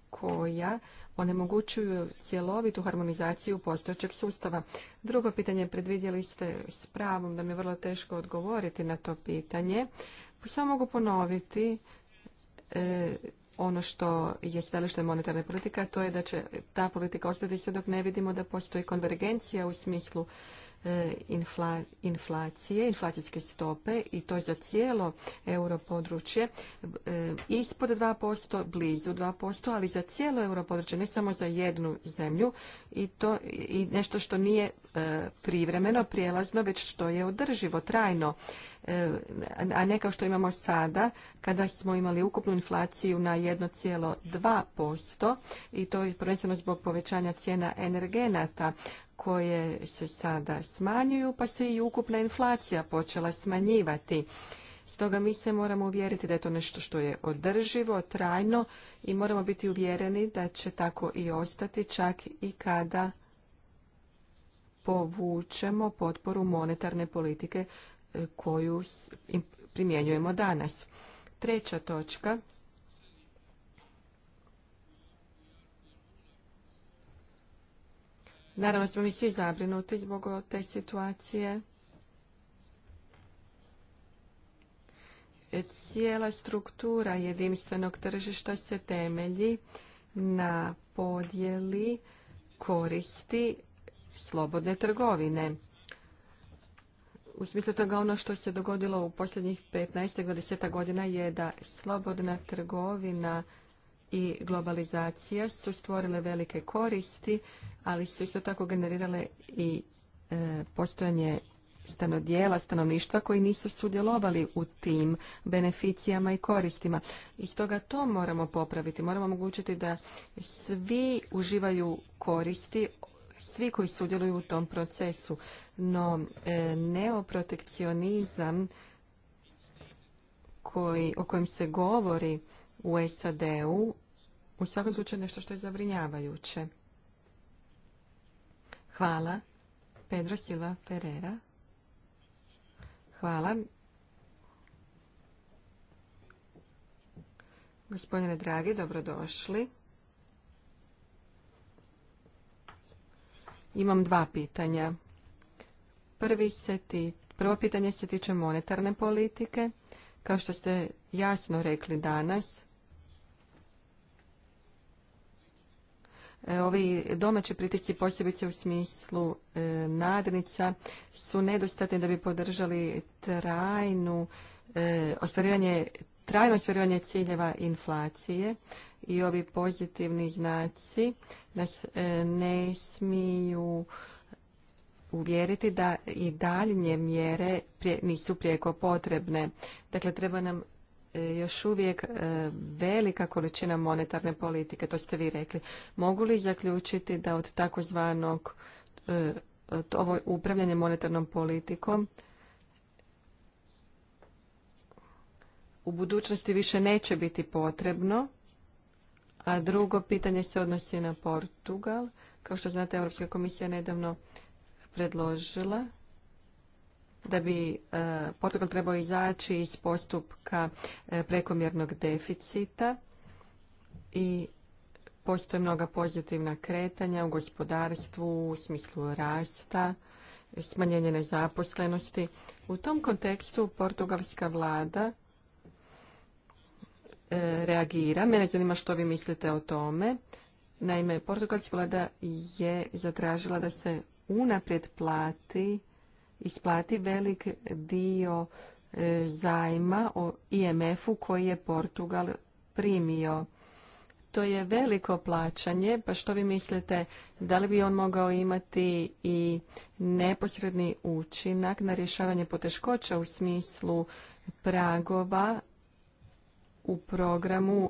koja onemogućuju cjelovitu harmonizaciju postojećeg sustava. Drugo pitanje predvidjeli ste s pravom da mi je vrlo teško odgovoriti na to pitanje. Samo mogu ponoviti e, ono što je stalište monetarne politika, to je da će ta politika ostati sve dok ne vidimo da postoji konvergencija u smislu e, inflacije, inflacijske stope i to za cijelo europodručje e, ispod 2%, blizu 2%, ali za cijelo europodručje, ne samo za jednu zemlju i to i nešto što nije e, privremeno, prijelazno, već što je održivo, trajno. E, a ne kao što imamo sada, kada smo imali ukupnu inflaciju na 1,2% i to je prvenstveno zbog povećanja cijena energenata koje se sada smanjuju, pa se i ukupna inflacija počela smanjivati. Stoga mi se moramo uvjeriti da je to nešto što je održivo, trajno i moramo biti uvjereni da će tako i ostati čak i kada povučemo potporu monetarne politike koju primjenjujemo danas. Treća točka. Naravno smo mi svi zabrinuti zbog te situacije. Cijela struktura jedinstvenog tržišta se temelji na podjeli koristi slobodne trgovine. U smislu toga ono što se dogodilo u posljednjih 15-20 godina je da slobodna trgovina i globalizacija su stvorile velike koristi, ali su isto tako generirale i e, postojanje stanodjela, stanovništva koji nisu sudjelovali u tim beneficijama i koristima. I stoga to moramo popraviti. Moramo omogućiti da svi uživaju koristi svi koji sudjeluju u tom procesu. No, e, neoprotekcionizam koji, o kojem se govori u SAD-u u svakom slučaju nešto što je zabrinjavajuće. Hvala. Pedro Silva Ferreira. Hvala. Gospodine dragi, dobrodošli. Imam dva pitanja. Prvi se ti, prvo pitanje se tiče monetarne politike. Kao što ste jasno rekli danas, e, ovi domaći pritisci posebice u smislu e, nadnica su nedostatni da bi podržali trajnu e, ostvarivanje trajno ostvarivanje ciljeva inflacije i ovi pozitivni znaci nas e, ne smiju uvjeriti da i daljnje mjere nisu prijeko potrebne. Dakle, treba nam e, još uvijek e, velika količina monetarne politike, to ste vi rekli. Mogu li zaključiti da od takozvanog ovo upravljanje monetarnom politikom u budućnosti više neće biti potrebno a drugo pitanje se odnosi na Portugal. Kao što znate, Europska komisija nedavno predložila da bi e, Portugal trebao izaći iz postupka e, prekomjernog deficita i postoje mnoga pozitivna kretanja u gospodarstvu, u smislu rasta, smanjenje nezaposlenosti. U tom kontekstu portugalska vlada E, reagira. Mene zanima što vi mislite o tome. Naime, portugalska vlada je zatražila da se unaprijed plati, isplati velik dio e, zajma o IMF-u koji je Portugal primio. To je veliko plaćanje, pa što vi mislite, da li bi on mogao imati i neposredni učinak na rješavanje poteškoća u smislu pragova u programu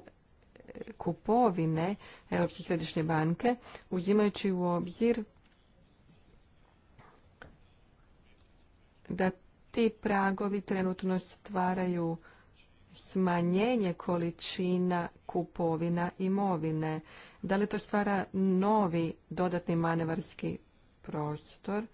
e, kupovine Europske središnje banke, uzimajući u obzir da ti pragovi trenutno stvaraju smanjenje količina kupovina imovine. Da li to stvara novi dodatni manevarski prostor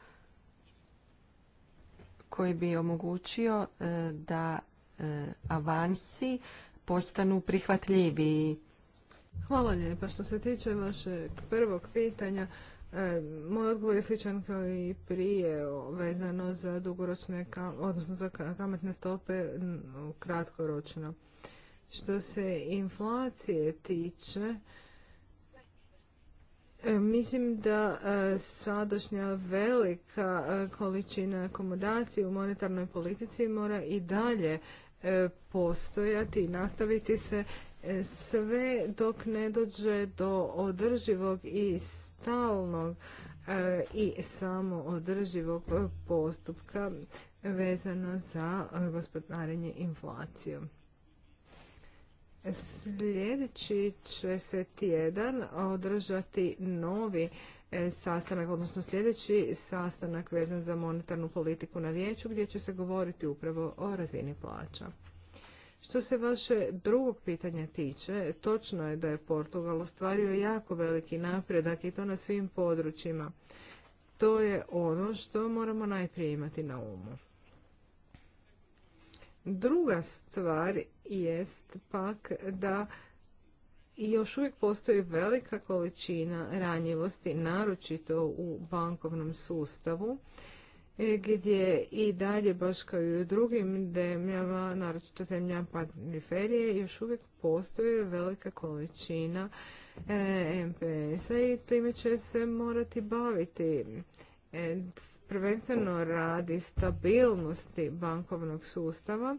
koji bi omogućio e, da e, avansi postanu prihvatljiviji. Hvala lijepa. Što se tiče vašeg prvog pitanja, e, moj odgovor je sličan kao i prije vezano za dugoročne, odnosno za kamatne stope kratkoročno. Što se inflacije tiče, e, Mislim da e, sadašnja velika količina akomodacije u monetarnoj politici mora i dalje E, postojati i nastaviti se e, sve dok ne dođe do održivog i stalnog e, i samo održivog postupka vezano za gospodarenje inflacijom. Sljedeći će se tjedan održati novi E, sastanak, odnosno sljedeći sastanak vezan za monetarnu politiku na vijeću gdje će se govoriti upravo o razini plaća. Što se vaše drugog pitanja tiče, točno je da je Portugal ostvario jako veliki napredak i to na svim područjima. To je ono što moramo najprije imati na umu. Druga stvar jest pak da i još uvijek postoji velika količina ranjivosti, naročito u bankovnom sustavu, e, gdje i dalje, baš kao i u drugim zemljama, naročito zemljama periferije, još uvijek postoji velika količina e, MPS-a i time će se morati baviti. E, prvenstveno radi stabilnosti bankovnog sustava,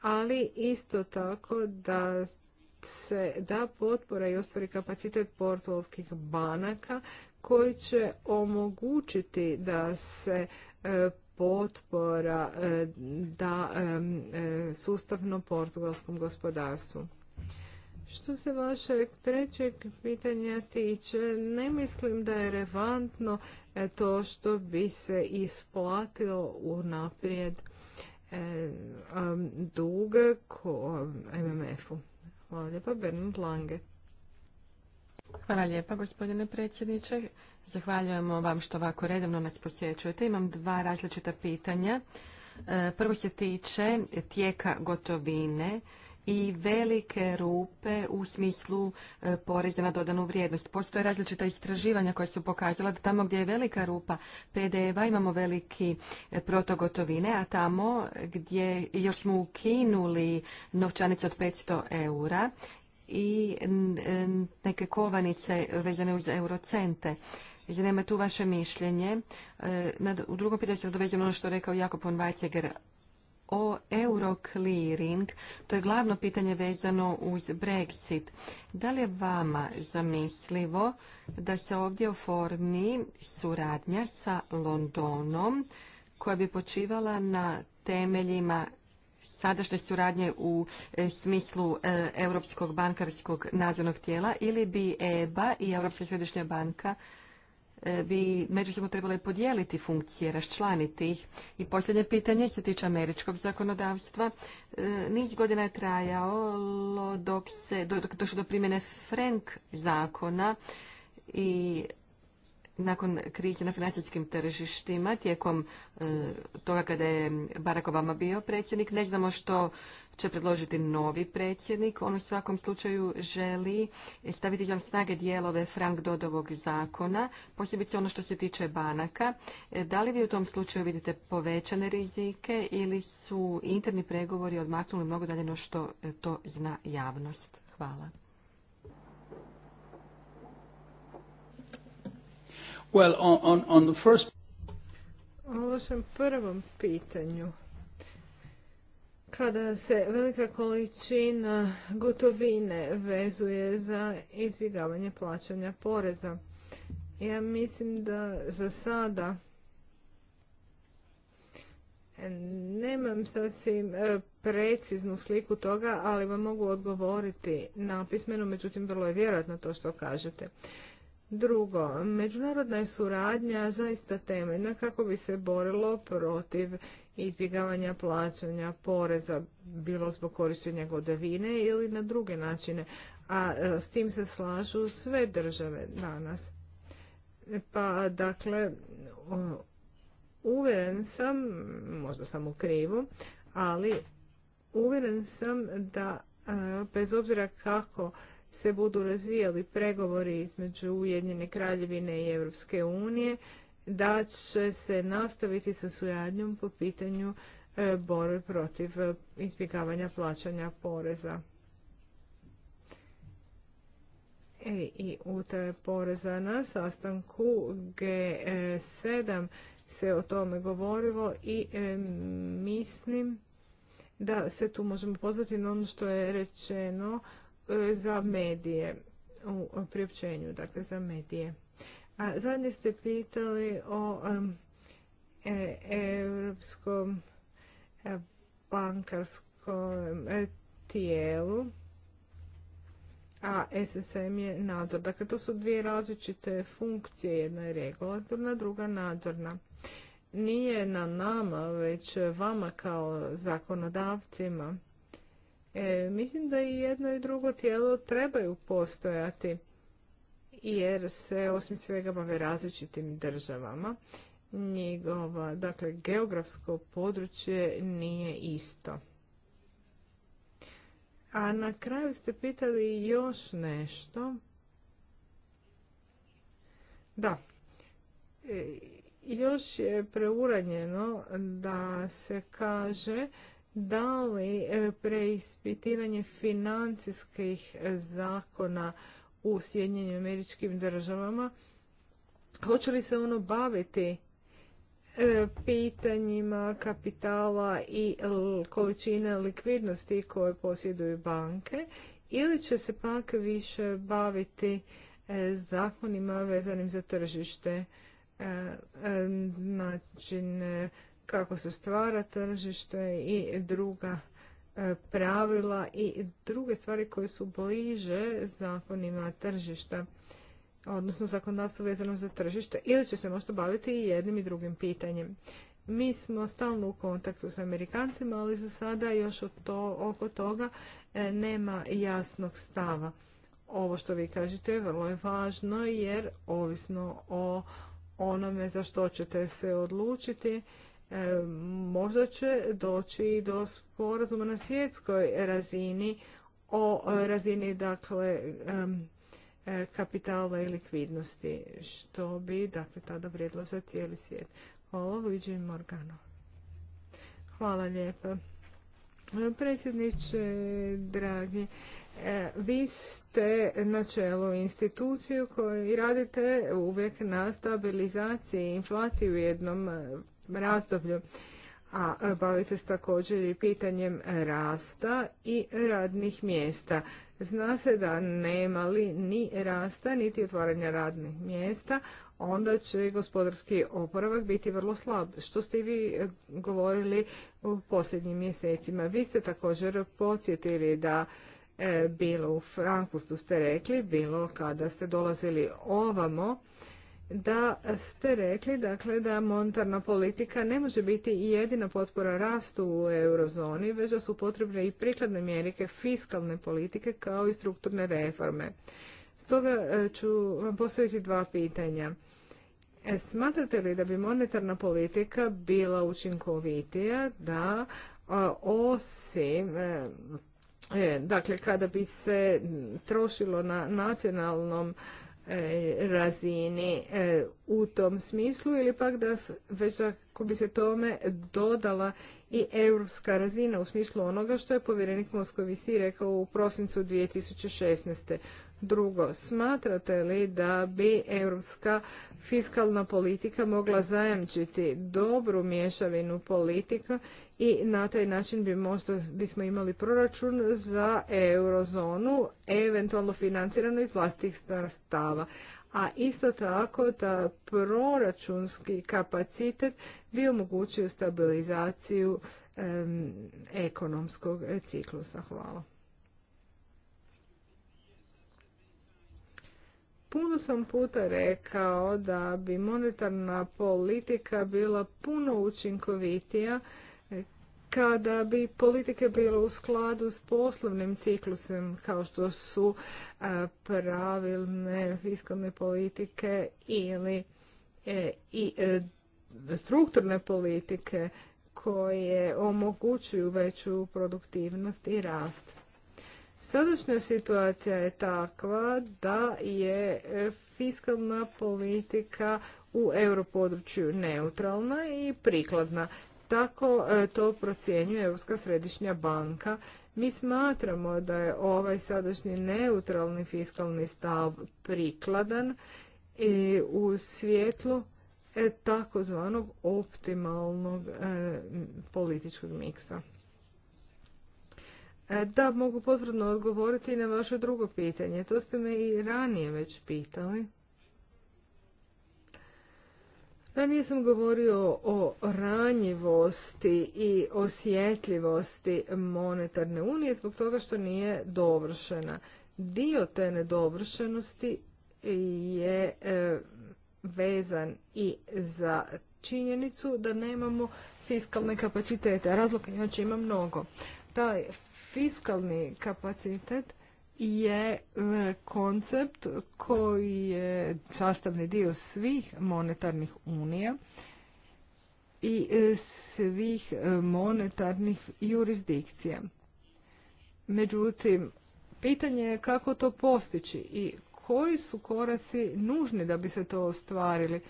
ali isto tako da se da potpora i ostvari kapacitet portugalskih banaka koji će omogućiti da se e, potpora e, da e, sustavno portugalskom gospodarstvu. Što se vašeg trećeg pitanja tiče, ne mislim da je relevantno to što bi se isplatilo unaprijed dug MMF-u. Hvala lijepa, Bernard Lange. Hvala lijepa, gospodine predsjedniče. Zahvaljujemo vam što ovako redovno nas posjećujete. Imam dva različita pitanja. E, prvo se tiče tijeka gotovine i velike rupe u smislu e, poreza na dodanu vrijednost. Postoje različita istraživanja koja su pokazala da tamo gdje je velika rupa PDV-a imamo veliki e, protogotovine, a tamo gdje još smo ukinuli novčanice od 500 eura i e, neke kovanice vezane uz eurocente. Zanima znači, tu vaše mišljenje. U drugom pitanju se dovezim ono što rekao Jakob von o clearing. to je glavno pitanje vezano uz Brexit. Da li je vama zamislivo da se ovdje oformi suradnja sa Londonom koja bi počivala na temeljima sadašnje suradnje u e, smislu e, Europskog bankarskog nadzornog tijela ili bi EBA i Europska središnja banka E, bi međusobno trebale podijeliti funkcije, raščlaniti ih. I posljednje pitanje se tiče američkog zakonodavstva. E, niz godina je trajao dok se, došlo do primjene Frank zakona i nakon krize na financijskim tržištima tijekom e, toga kada je Barack Obama bio predsjednik. Ne znamo što će predložiti novi predsjednik. On u svakom slučaju želi staviti izvan snage dijelove Frank Dodovog zakona, posebice ono što se tiče banaka. E, da li vi u tom slučaju vidite povećane rizike ili su interni pregovori odmaknuli mnogo dalje no što e, to zna javnost? Hvala. Well, on, on, on vašem prvom pitanju, kada se velika količina gotovine vezuje za izbjegavanje plaćanja poreza, ja mislim da za sada nemam sasvim e, preciznu sliku toga, ali vam mogu odgovoriti napismeno, međutim vrlo je vjerojatno to što kažete. Drugo, međunarodna je suradnja zaista temeljna kako bi se borilo protiv izbjegavanja plaćanja poreza, bilo zbog korištenja godovine ili na druge načine, a e, s tim se slažu sve države danas. Pa dakle, uvjeren sam, možda sam u krivu, ali uvjeren sam da e, bez obzira kako se budu razvijali pregovori između Ujedinjene kraljevine i Europske unije, da će se nastaviti sa suradnjom po pitanju e, borbe protiv e, izbjegavanja plaćanja poreza e, i utaje poreza na sastanku G7 se o tome govorilo i mislim da se tu možemo pozvati na ono što je rečeno E, za medije u priopćenju, dakle za medije. A zadnje ste pitali o e, europskom e, bankarskom tijelu, a SSM je nadzor. Dakle, to su dvije različite funkcije, jedna je regulatorna, druga nadzorna. Nije na nama, već vama kao zakonodavcima E, mislim da i jedno i drugo tijelo trebaju postojati jer se osim svega bave različitim državama. Njegova, dakle, geografsko područje nije isto. A na kraju ste pitali još nešto. Da, e, još je preuranjeno da se kaže da li e, preispitivanje financijskih zakona u Sjedinjenim američkim državama, hoće li se ono baviti e, pitanjima kapitala i količine likvidnosti koje posjeduju banke ili će se pak više baviti e, zakonima vezanim za tržište način kako se stvara tržište i druga e, pravila i druge stvari koje su bliže zakonima tržišta, odnosno zakonodavstvo vezano za tržište, ili će se možda baviti i jednim i drugim pitanjem. Mi smo stalno u kontaktu s Amerikancima, ali za sada još to, oko toga e, nema jasnog stava. Ovo što vi kažete vrlo je važno jer ovisno o onome za što ćete se odlučiti, E, možda će doći do sporazuma na svjetskoj razini o razini dakle e, kapitala i likvidnosti što bi dakle tada vrijedilo za cijeli svijet. Hvala Luigi Morgano. Hvala lijepa. E, predsjedniče, dragi, vi ste na čelu instituciju koji radite uvijek na stabilizaciji inflacije u jednom razdoblju. A e, bavite se također i pitanjem rasta i radnih mjesta. Zna se da nema li ni rasta, niti otvaranja radnih mjesta, onda će gospodarski oporavak biti vrlo slab, što ste i vi e, govorili u posljednjim mjesecima. Vi ste također podsjetili da e, bilo u Frankfurtu ste rekli, bilo kada ste dolazili ovamo, da ste rekli dakle, da monetarna politika ne može biti i jedina potpora rastu u eurozoni, već da su potrebne i prikladne mjerike fiskalne politike kao i strukturne reforme. Stoga e, ću vam postaviti dva pitanja. E, smatrate li da bi monetarna politika bila učinkovitija da osim e, dakle kada bi se trošilo na nacionalnom E, razini e, u tom smislu ili pak da već ako bi se tome dodala i europska razina u smislu onoga što je povjerenik si rekao u prosincu 2016. Drugo, smatrate li da bi europska fiskalna politika mogla zajamčiti dobru mješavinu politika i na taj način bi možda bismo imali proračun za eurozonu, eventualno financirano iz vlastitih sredstava. A isto tako da proračunski kapacitet bi omogućio stabilizaciju ekonomskog ciklusa. Hvala. Puno sam puta rekao da bi monetarna politika bila puno učinkovitija e, kada bi politike bila u skladu s poslovnim ciklusem kao što su e, pravilne fiskalne politike ili e, i strukturne politike koje omogućuju veću produktivnost i rast. Sadašnja situacija je takva da je fiskalna politika u europodručju neutralna i prikladna. Tako e, to procjenjuje Europska središnja banka. Mi smatramo da je ovaj sadašnji neutralni fiskalni stav prikladan i u svjetlu e, takozvanog optimalnog e, političkog miksa. E, da, mogu potvrdno odgovoriti i na vaše drugo pitanje. To ste me i ranije već pitali. Ranije sam govorio o ranjivosti i osjetljivosti monetarne unije zbog toga što nije dovršena. Dio te nedovršenosti je e, vezan i za činjenicu da nemamo fiskalne kapacitete. Razlog znači ima mnogo. Taj fiskalni kapacitet je e, koncept koji je sastavni dio svih monetarnih unija i e, svih e, monetarnih jurisdikcija. Međutim, pitanje je kako to postići i koji su koraci nužni da bi se to ostvarili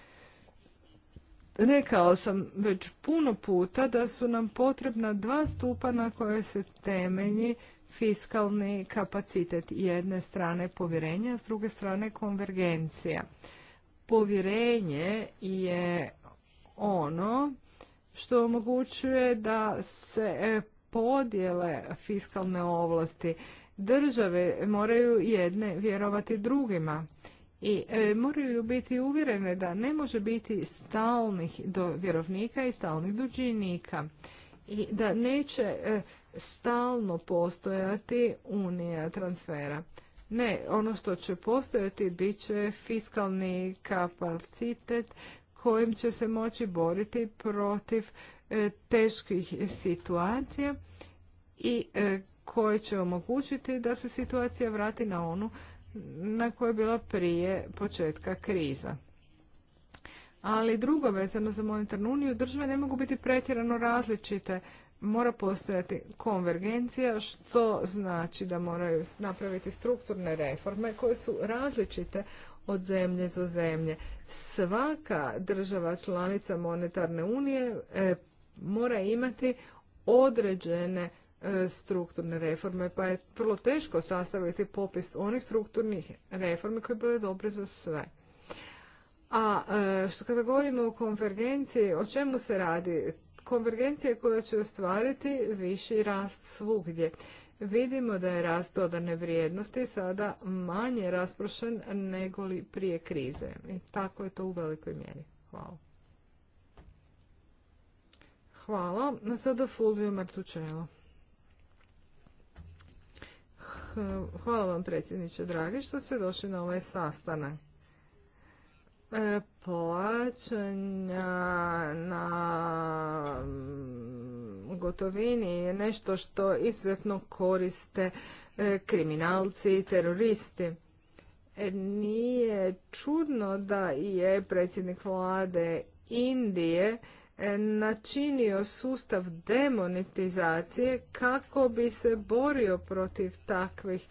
Rekao sam već puno puta da su nam potrebna dva stupa na koje se temelji fiskalni kapacitet jedne strane povjerenja, a s druge strane konvergencija. Povjerenje je ono što omogućuje da se podjele fiskalne ovlasti. Države moraju jedne vjerovati drugima i e, moraju biti uvjerene da ne može biti stalnih do vjerovnika i stalnih duđinika i da neće e, stalno postojati unija transfera. Ne, ono što će postojati bit će fiskalni kapacitet kojim će se moći boriti protiv e, teških situacija i e, koje će omogućiti da se situacija vrati na onu na koje je bila prije početka kriza. Ali drugo vezano za monetarnu uniju, države ne mogu biti pretjerano različite. Mora postojati konvergencija, što znači da moraju napraviti strukturne reforme koje su različite od zemlje do zemlje. Svaka država članica monetarne unije e, mora imati određene E, strukturne reforme, pa je vrlo teško sastaviti popis onih strukturnih reformi koje bile dobre za sve. A e, što kada govorimo o konvergenciji, o čemu se radi? Konvergencija koja će ostvariti viši rast svugdje. Vidimo da je rast dodane vrijednosti sada manje rasprošen nego li prije krize. I tako je to u velikoj mjeri. Hvala. Hvala. Sada Fulvio Martučelo. Eh, hvala vam predsjedniče dragi što ste došli na ovaj sastanak. Eh, plaćanja na mm, gotovini je nešto što izuzetno koriste eh, kriminalci i teroristi. E, nije čudno da je predsjednik vlade Indije načinio sustav demonetizacije kako bi se borio protiv takvih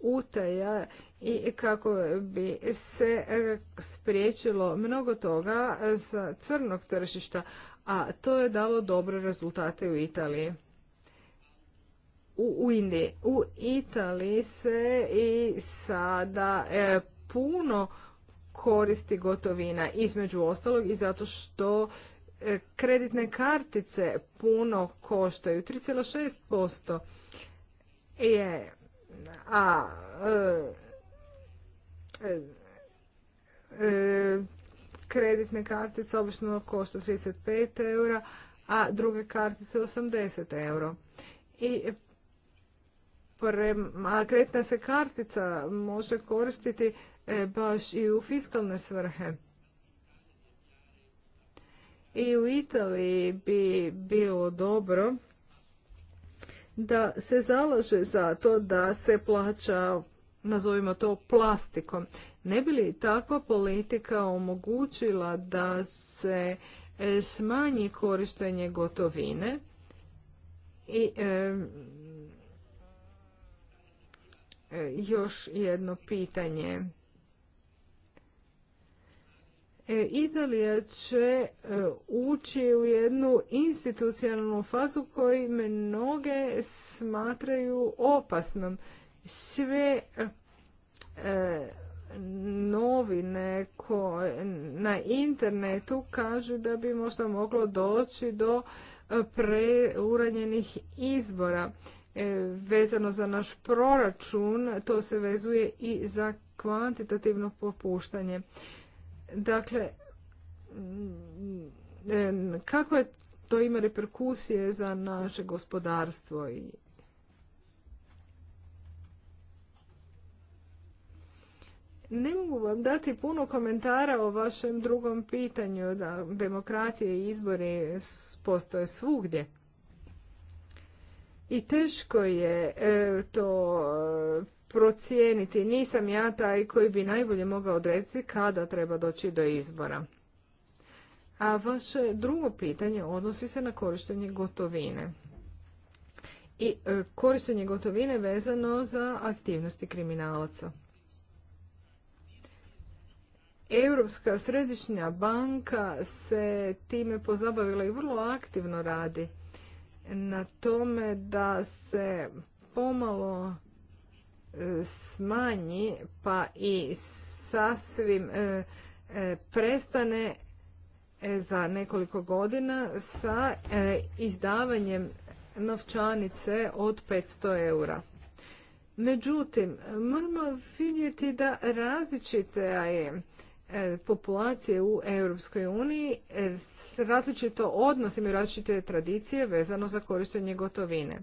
utaja i kako bi se e, spriječilo mnogo toga sa crnog tržišta, a to je dalo dobre rezultate u Italiji. U, Indiji. U Italiji se i sada e, puno koristi gotovina, između ostalog i zato što kreditne kartice puno koštaju, 3,6% je, a e, e, kreditne kartice obično košta 35 eura, a druge kartice 80 euro. I prema, kreditna se kartica može koristiti e, baš i u fiskalne svrhe i u Italiji bi bilo dobro da se zalaže za to da se plaća, nazovimo to plastikom. Ne bi li takva politika omogućila da se e, smanji korištenje gotovine i e, e, još jedno pitanje. E, Italija će e, ući u jednu institucionalnu fazu koju mnoge smatraju opasnom. Sve e, novine na internetu kažu da bi možda moglo doći do preuranjenih izbora. Vezano za naš proračun, to se vezuje i za kvantitativno popuštanje. Dakle, kako je to ima reperkusije za naše gospodarstvo i Ne mogu vam dati puno komentara o vašem drugom pitanju, da demokracije i izbori postoje svugdje. I teško je e, to procijeniti. Nisam ja taj koji bi najbolje mogao odrediti kada treba doći do izbora. A vaše drugo pitanje odnosi se na korištenje gotovine. I e, korištenje gotovine vezano za aktivnosti kriminalaca. Europska središnja banka se time pozabavila i vrlo aktivno radi na tome da se pomalo E, smanji pa i sasvim e, e, prestane za nekoliko godina sa izdavanjem novčanice od 500 eura. Međutim, moramo vidjeti da različite je populacije u Europskoj uniji različito odnos i različite tradicije vezano za korištenje gotovine.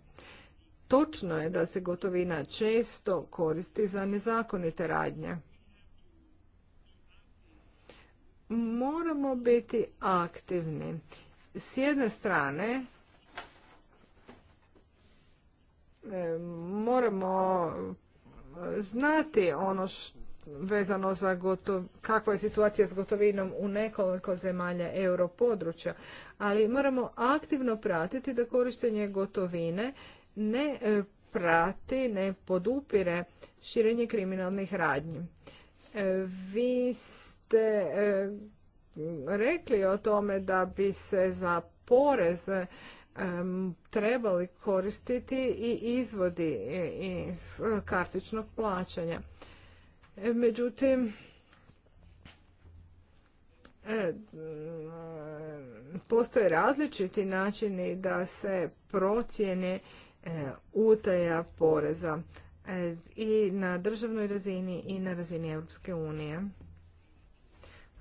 Točno je da se gotovina često koristi za nezakonite radnje. Moramo biti aktivni. S jedne strane, e, moramo e, znati ono vezano za kakva je situacija s gotovinom u nekoliko zemalja europodručja, ali moramo aktivno pratiti da korištenje gotovine ne e, prati, ne podupire širenje kriminalnih radnji. E, vi ste e, rekli o tome da bi se za porez trebali koristiti i izvodi iz kartičnog plaćanja. Međutim, postoje različiti načini da se procijene E, utaja poreza e, i na državnoj razini i na razini Europske unije.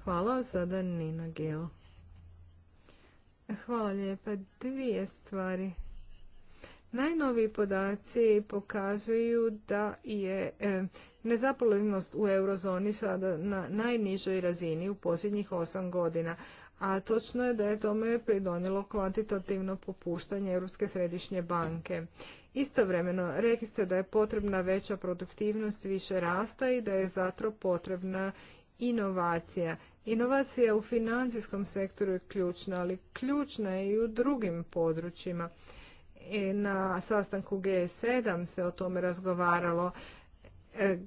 Hvala, sada Nina Gil. Hvala lijepa. Dvije stvari. Najnoviji podaci pokazuju da je e, nezaposlenost u eurozoni sada na najnižoj razini u posljednjih osam godina, a točno je da je tome pridonilo kvantitativno popuštanje Europske središnje banke. Istovremeno, rekli ste da je potrebna veća produktivnost, više rasta i da je zato potrebna inovacija. Inovacija u financijskom sektoru je ključna, ali ključna je i u drugim područjima. E, na sastanku G7 se o tome razgovaralo. E,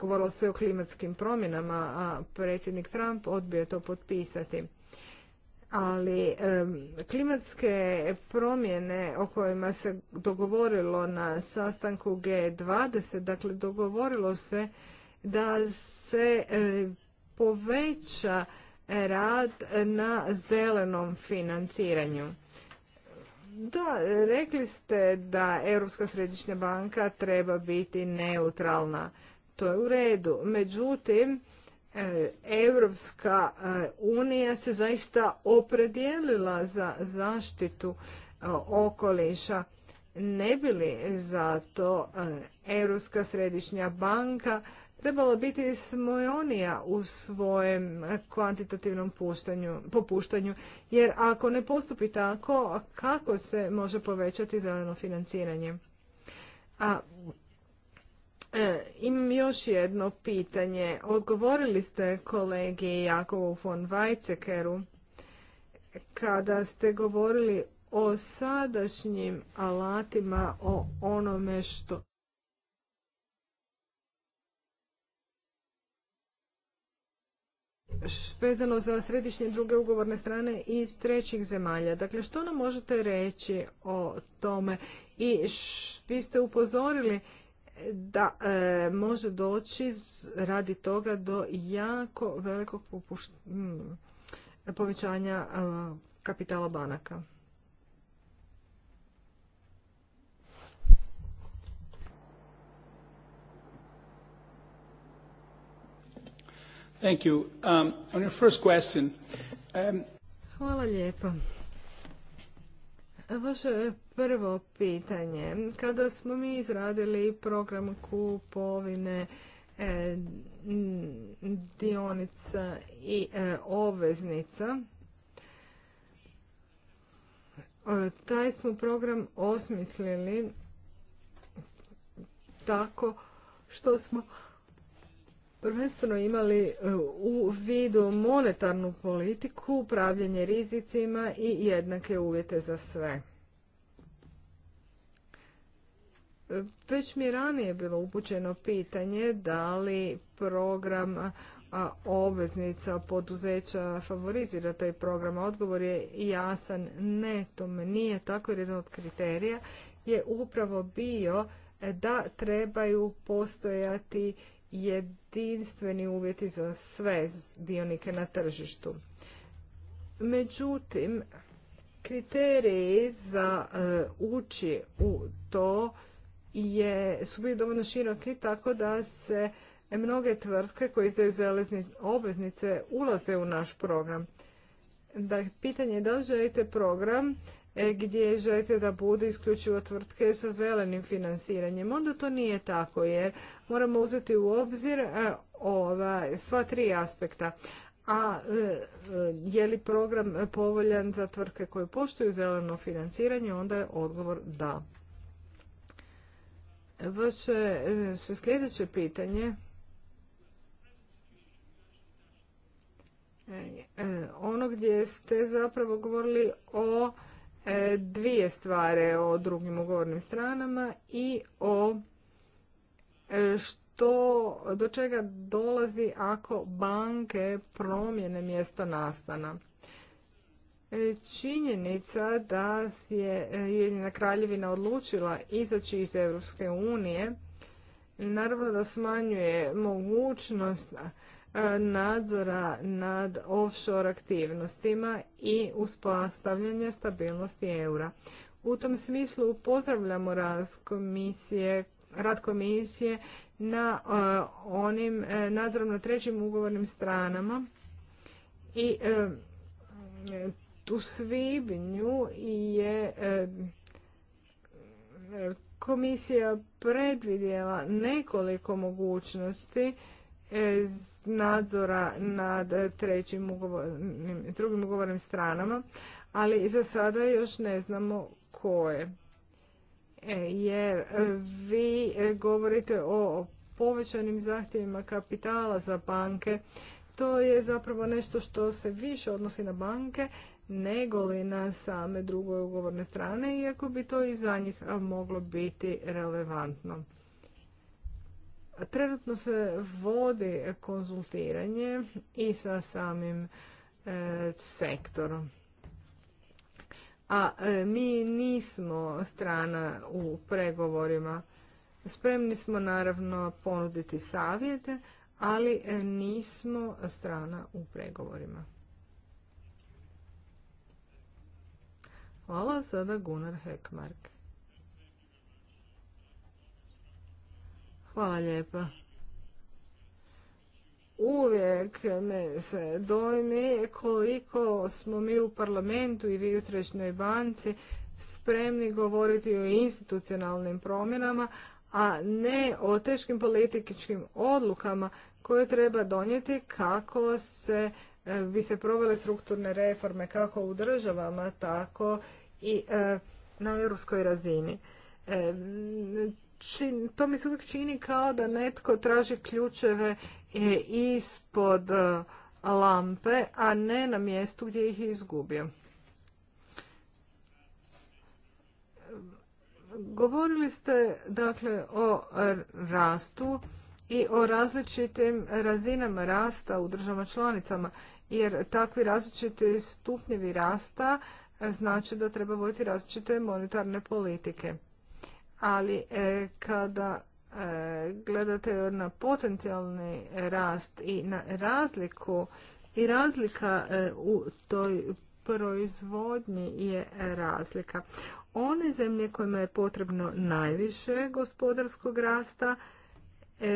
govorilo se o klimatskim promjenama, a predsjednik Trump odbio to potpisati. Ali e, klimatske promjene o kojima se dogovorilo na sastanku G20, dakle dogovorilo se da se e, poveća rad na zelenom financiranju. Da, rekli ste da Europska središnja banka treba biti neutralna. To je u redu. Međutim, e, Europska e, unija se zaista opredijelila za zaštitu e, okoliša. Ne bi li zato Europska središnja banka Trebalo biti smojonija u svojem kvantitativnom puštanju, popuštanju, jer ako ne postupi tako, kako se može povećati zeleno financiranje? A e, imam još jedno pitanje. Odgovorili ste kolegi Jakovu von Weizsäckeru kada ste govorili o sadašnjim alatima, o onome što vezano za središnje druge ugovorne strane iz trećih zemalja. Dakle, što nam možete reći o tome? I vi ste upozorili da e, može doći radi toga do jako velikog povećanja e, kapitala banaka. Thank you. Um, um, Hvala lijepo. Vaše prvo pitanje. Kada smo mi izradili program kupovine e, dionica i e, obveznica, e, taj smo program osmislili tako što smo prvenstveno imali e, u vidu monetarnu politiku, upravljanje rizicima i jednake uvjete za sve. E, već mi je ranije bilo upućeno pitanje da li program obveznica poduzeća favorizira taj program. Odgovor je jasan ne, tome nije tako jer jedan od kriterija je upravo bio da trebaju postojati jedinstveni uvjeti za sve dionike na tržištu. Međutim, kriteriji za e, ući u to je, su bili dovoljno široki tako da se mnoge tvrtke koje izdaju obveznice ulaze u naš program. Da, dakle, pitanje je da li želite program E, gdje želite da bude isključivo tvrtke sa zelenim financiranjem. Onda to nije tako jer moramo uzeti u obzir e, sva tri aspekta. A e, je li program povoljan za tvrtke koje poštuju zeleno financiranje, onda je odgovor da. Vaše sljedeće pitanje ono gdje ste zapravo govorili o E, dvije stvari o drugim ugovornim stranama i o e, što, do čega dolazi ako banke promjene mjesto nastana. E, činjenica da je Jedina kraljevina odlučila izaći iz Europske unije, naravno da smanjuje mogućnost E, nadzora nad offshore aktivnostima i uspostavljanje stabilnosti eura. U tom smislu pozdravljamo raz komisije, rad komisije na e, onim e, nadzorom na trećim ugovornim stranama i u svibnju je komisija predvidjela nekoliko mogućnosti nadzora nad trećim drugim ugovornim stranama, ali za sada još ne znamo koje. E, jer vi govorite o povećanim zahtjevima kapitala za banke. To je zapravo nešto što se više odnosi na banke nego li na same druge ugovorne strane, iako bi to i za njih moglo biti relevantno. Trenutno se vodi konzultiranje i sa samim e, sektorom. A e, mi nismo strana u pregovorima. Spremni smo naravno ponuditi savjete, ali e, nismo strana u pregovorima. Hvala sada Gunnar Hekmark. Hvala lijepa. Uvijek me se dojmi koliko smo mi u parlamentu i vi u Srećnoj banci spremni govoriti o institucionalnim promjenama, a ne o teškim političkim odlukama koje treba donijeti kako se e, bi se provele strukturne reforme kako u državama, tako i e, na europskoj razini. E, čin, to mi se uvijek čini kao da netko traži ključeve e, ispod e, lampe, a ne na mjestu gdje ih je izgubio. Govorili ste dakle o rastu i o različitim razinama rasta u državama članicama, jer takvi različiti stupnjevi rasta znači da treba voditi različite monetarne politike ali e, kada e, gledate na potencijalni rast i na razliku i razlika e, u toj proizvodnji je razlika. One zemlje kojima je potrebno najviše gospodarskog rasta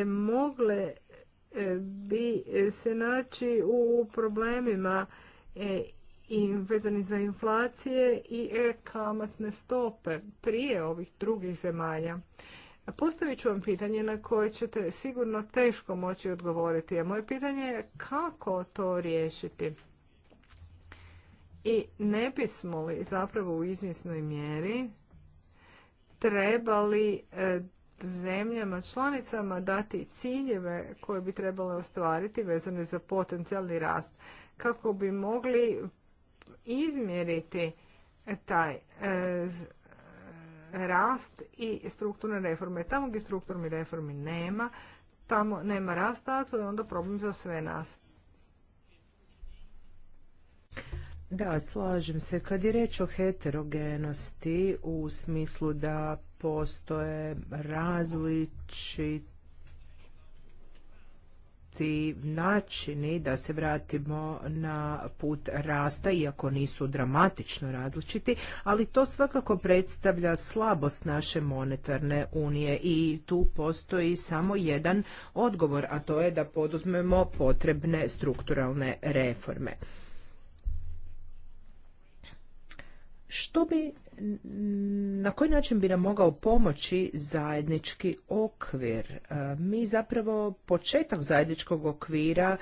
mogle bi se naći u problemima i vezani za inflacije i kamatne stope prije ovih drugih zemalja. Postavit ću vam pitanje na koje ćete sigurno teško moći odgovoriti, a moje pitanje je kako to riješiti. I ne bismo li zapravo u izvjesnoj mjeri trebali e, zemljama članicama dati ciljeve koje bi trebale ostvariti vezane za potencijalni rast kako bi mogli izmjeriti taj e, e, rast i strukturne reforme. Tamo gdje strukturni reformi nema, tamo nema rasta, to je onda problem za sve nas. Da, slažem se. Kad je reč o heterogenosti u smislu da postoje različiti načini da se vratimo na put rasta, iako nisu dramatično različiti, ali to svakako predstavlja slabost naše monetarne unije i tu postoji samo jedan odgovor, a to je da poduzmemo potrebne strukturalne reforme. Što bi na koji način bi nam mogao pomoći zajednički okvir? E, mi zapravo početak zajedničkog okvira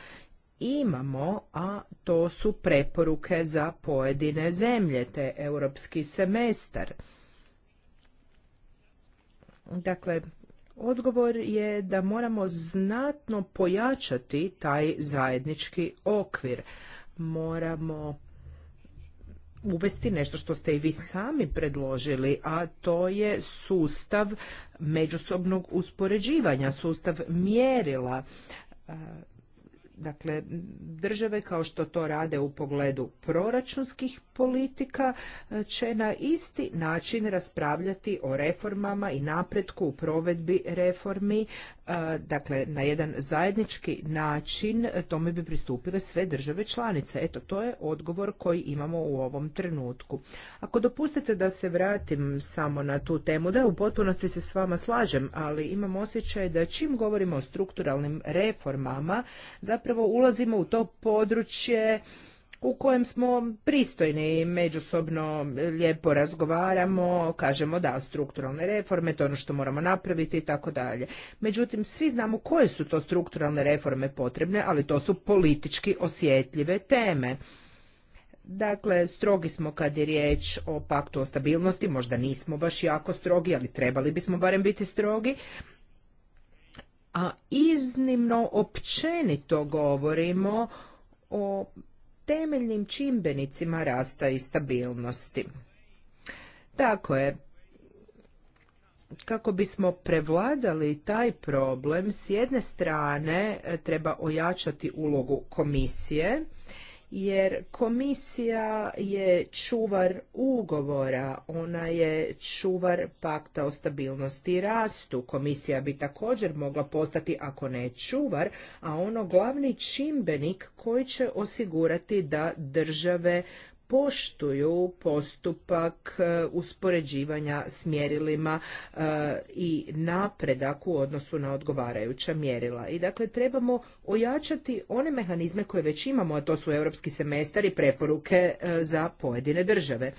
imamo, a to su preporuke za pojedine zemlje, te europski semestar. Dakle, odgovor je da moramo znatno pojačati taj zajednički okvir. Moramo uvesti nešto što ste i vi sami predložili, a to je sustav međusobnog uspoređivanja, sustav mjerila. E, dakle, države kao što to rade u pogledu proračunskih politika e, će na isti način raspravljati o reformama i napretku u provedbi reformi dakle na jedan zajednički način tome bi pristupile sve države članice. Eto, to je odgovor koji imamo u ovom trenutku. Ako dopustite da se vratim samo na tu temu, da u potpunosti se s vama slažem, ali imam osjećaj da čim govorimo o strukturalnim reformama, zapravo ulazimo u to područje u kojem smo pristojni i međusobno lijepo razgovaramo, kažemo da, strukturalne reforme, to je ono što moramo napraviti i tako dalje. Međutim, svi znamo koje su to strukturalne reforme potrebne, ali to su politički osjetljive teme. Dakle, strogi smo kad je riječ o paktu o stabilnosti, možda nismo baš jako strogi, ali trebali bismo barem biti strogi a iznimno općenito govorimo o temeljnim čimbenicima rasta i stabilnosti. Tako je, kako bismo prevladali taj problem, s jedne strane e, treba ojačati ulogu komisije jer komisija je čuvar ugovora, ona je čuvar pakta o stabilnosti i rastu. Komisija bi također mogla postati, ako ne čuvar, a ono glavni čimbenik koji će osigurati da države poštuju postupak e, uspoređivanja s mjerilima e, i napredak u odnosu na odgovarajuća mjerila. I dakle, trebamo ojačati one mehanizme koje već imamo, a to su europski semestar i preporuke e, za pojedine države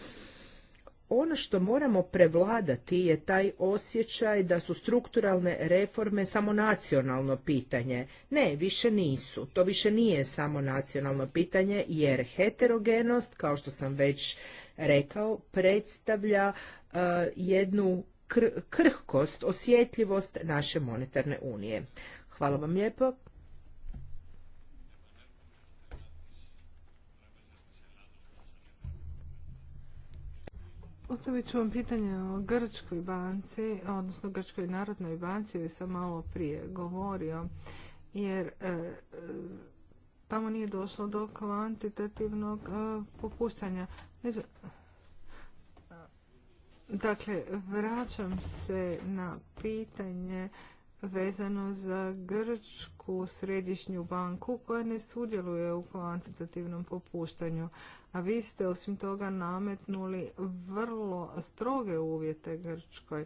ono što moramo prevladati je taj osjećaj da su strukturalne reforme samo nacionalno pitanje. Ne, više nisu. To više nije samo nacionalno pitanje jer heterogenost, kao što sam već rekao, predstavlja e, jednu krhkost, osjetljivost naše monetarne unije. Hvala vam lijepo. Postavit ću vam pitanje o Grčkoj banci, odnosno Grčkoj narodnoj banci, joj sam malo prije govorio, jer e, tamo nije došlo do kvantitativnog e, popuštanja. E, dakle, vraćam se na pitanje vezano za Grčku središnju banku koja ne sudjeluje u kvantitativnom popuštanju. A vi ste osim toga nametnuli vrlo stroge uvjete Grčkoj.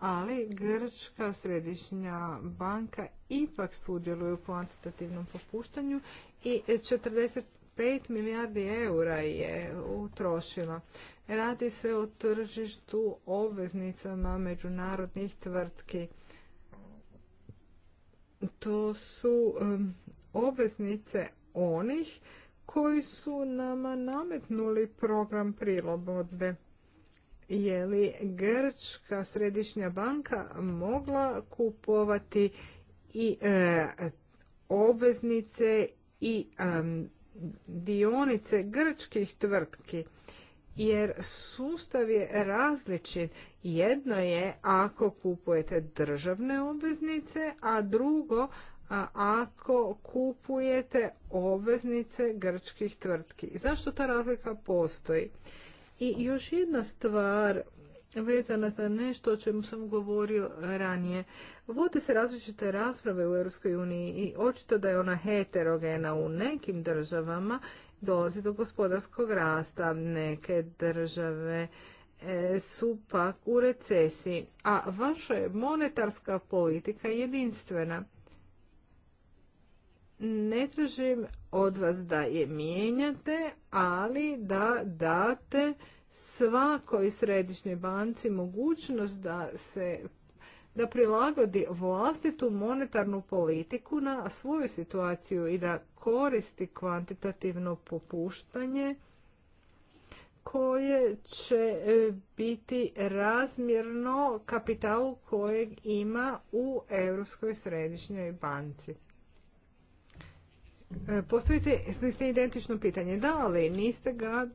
Ali Grčka središnja banka ipak sudjeluje u kvantitativnom popuštanju i 40 5 milijardi eura je utrošila. Radi se o tržištu obveznicama međunarodnih tvrtki to su obveznice onih koji su nama nametnuli program prilobodbe. Je li Grčka središnja banka mogla kupovati i e, obveznice i dionice grčkih tvrtki? jer sustav je različit. Jedno je ako kupujete državne obveznice, a drugo ako kupujete obveznice grčkih tvrtki. Zašto ta razlika postoji? I još jedna stvar vezana za nešto o čemu sam govorio ranije. Vode se različite rasprave u EU i očito da je ona heterogena u nekim državama dolazi do gospodarskog rasta. Neke države e, su pak u recesiji, a vaša je monetarska politika jedinstvena. Ne tražim od vas da je mijenjate, ali da date svakoj središnjoj banci mogućnost da se da prilagodi vlastitu monetarnu politiku na svoju situaciju i da koristi kvantitativno popuštanje koje će e, biti razmjerno kapitalu kojeg ima u Europskoj središnjoj banci. E, postavite ste identično pitanje. Da, ali niste ga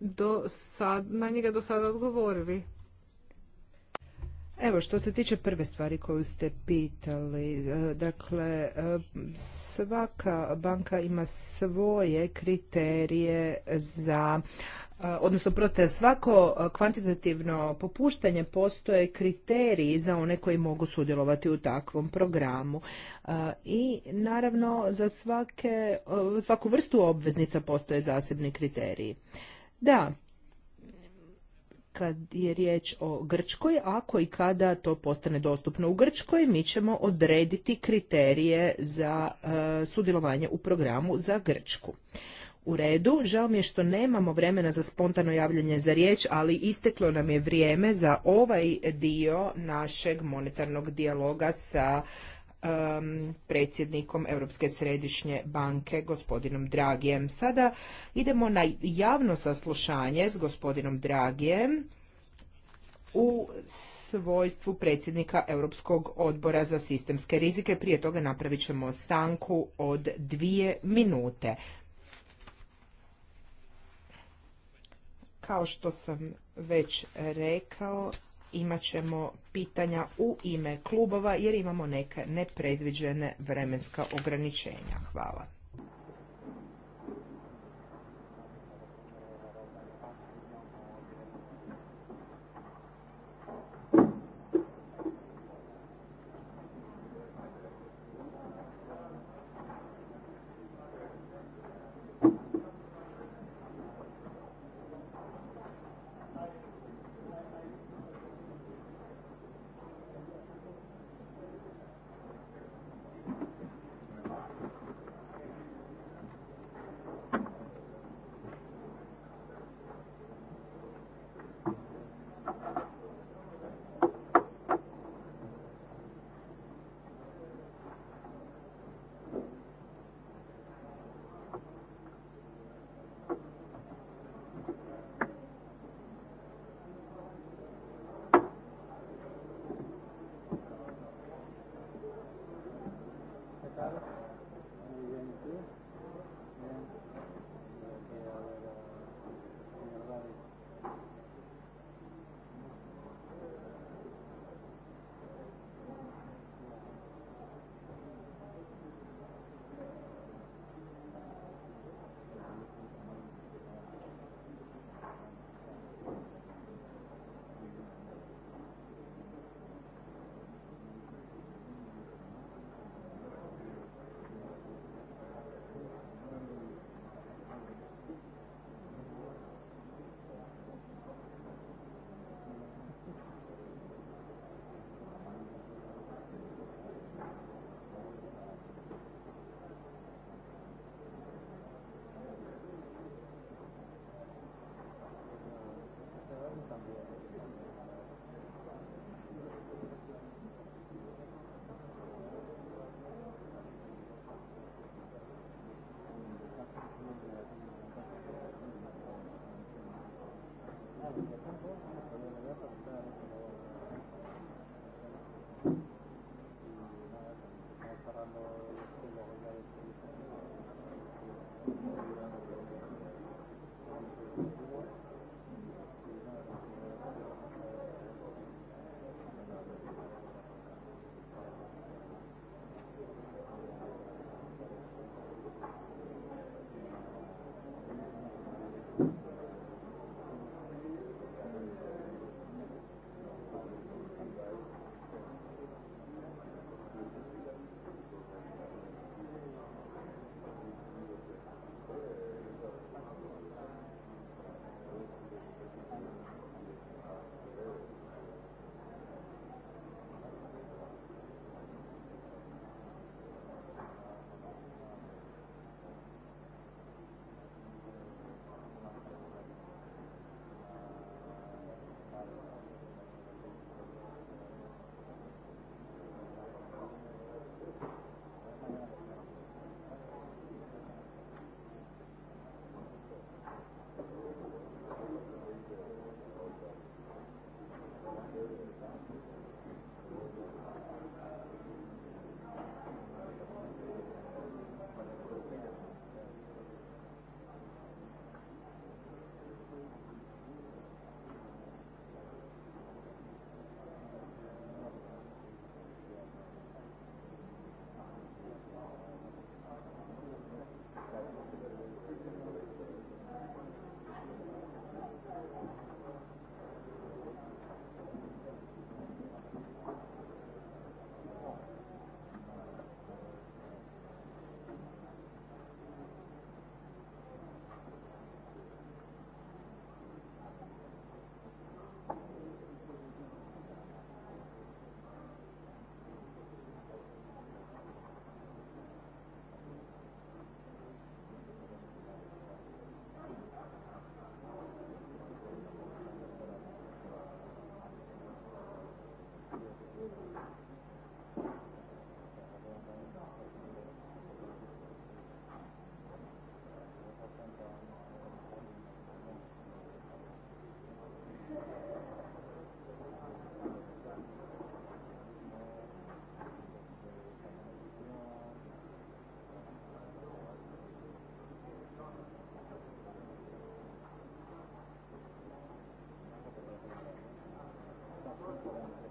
do sad, na njega do sada odgovorili. Evo, što se tiče prve stvari koju ste pitali, e, dakle, e, svaka banka ima svoje kriterije za e, odnosno proste svako kvantitativno popuštanje postoje kriteriji za one koji mogu sudjelovati u takvom programu. I naravno za svake, svaku vrstu obveznica postoje zasebni kriteriji. Da, kad je riječ o Grčkoj, ako i kada to postane dostupno u Grčkoj, mi ćemo odrediti kriterije za e, sudjelovanje u programu za Grčku. U redu, žao mi je što nemamo vremena za spontano javljanje za riječ, ali isteklo nam je vrijeme za ovaj dio našeg monetarnog dijaloga sa um, predsjednikom Europske središnje banke gospodinom Dragijem. Sada idemo na javno saslušanje s gospodinom Dragijem u svojstvu predsjednika Europskog odbora za sistemske rizike. Prije toga napravit ćemo stanku od dvije minute. Kao što sam već rekao, imat ćemo pitanja u ime klubova jer imamo neke nepredviđene vremenska ograničenja. Hvala.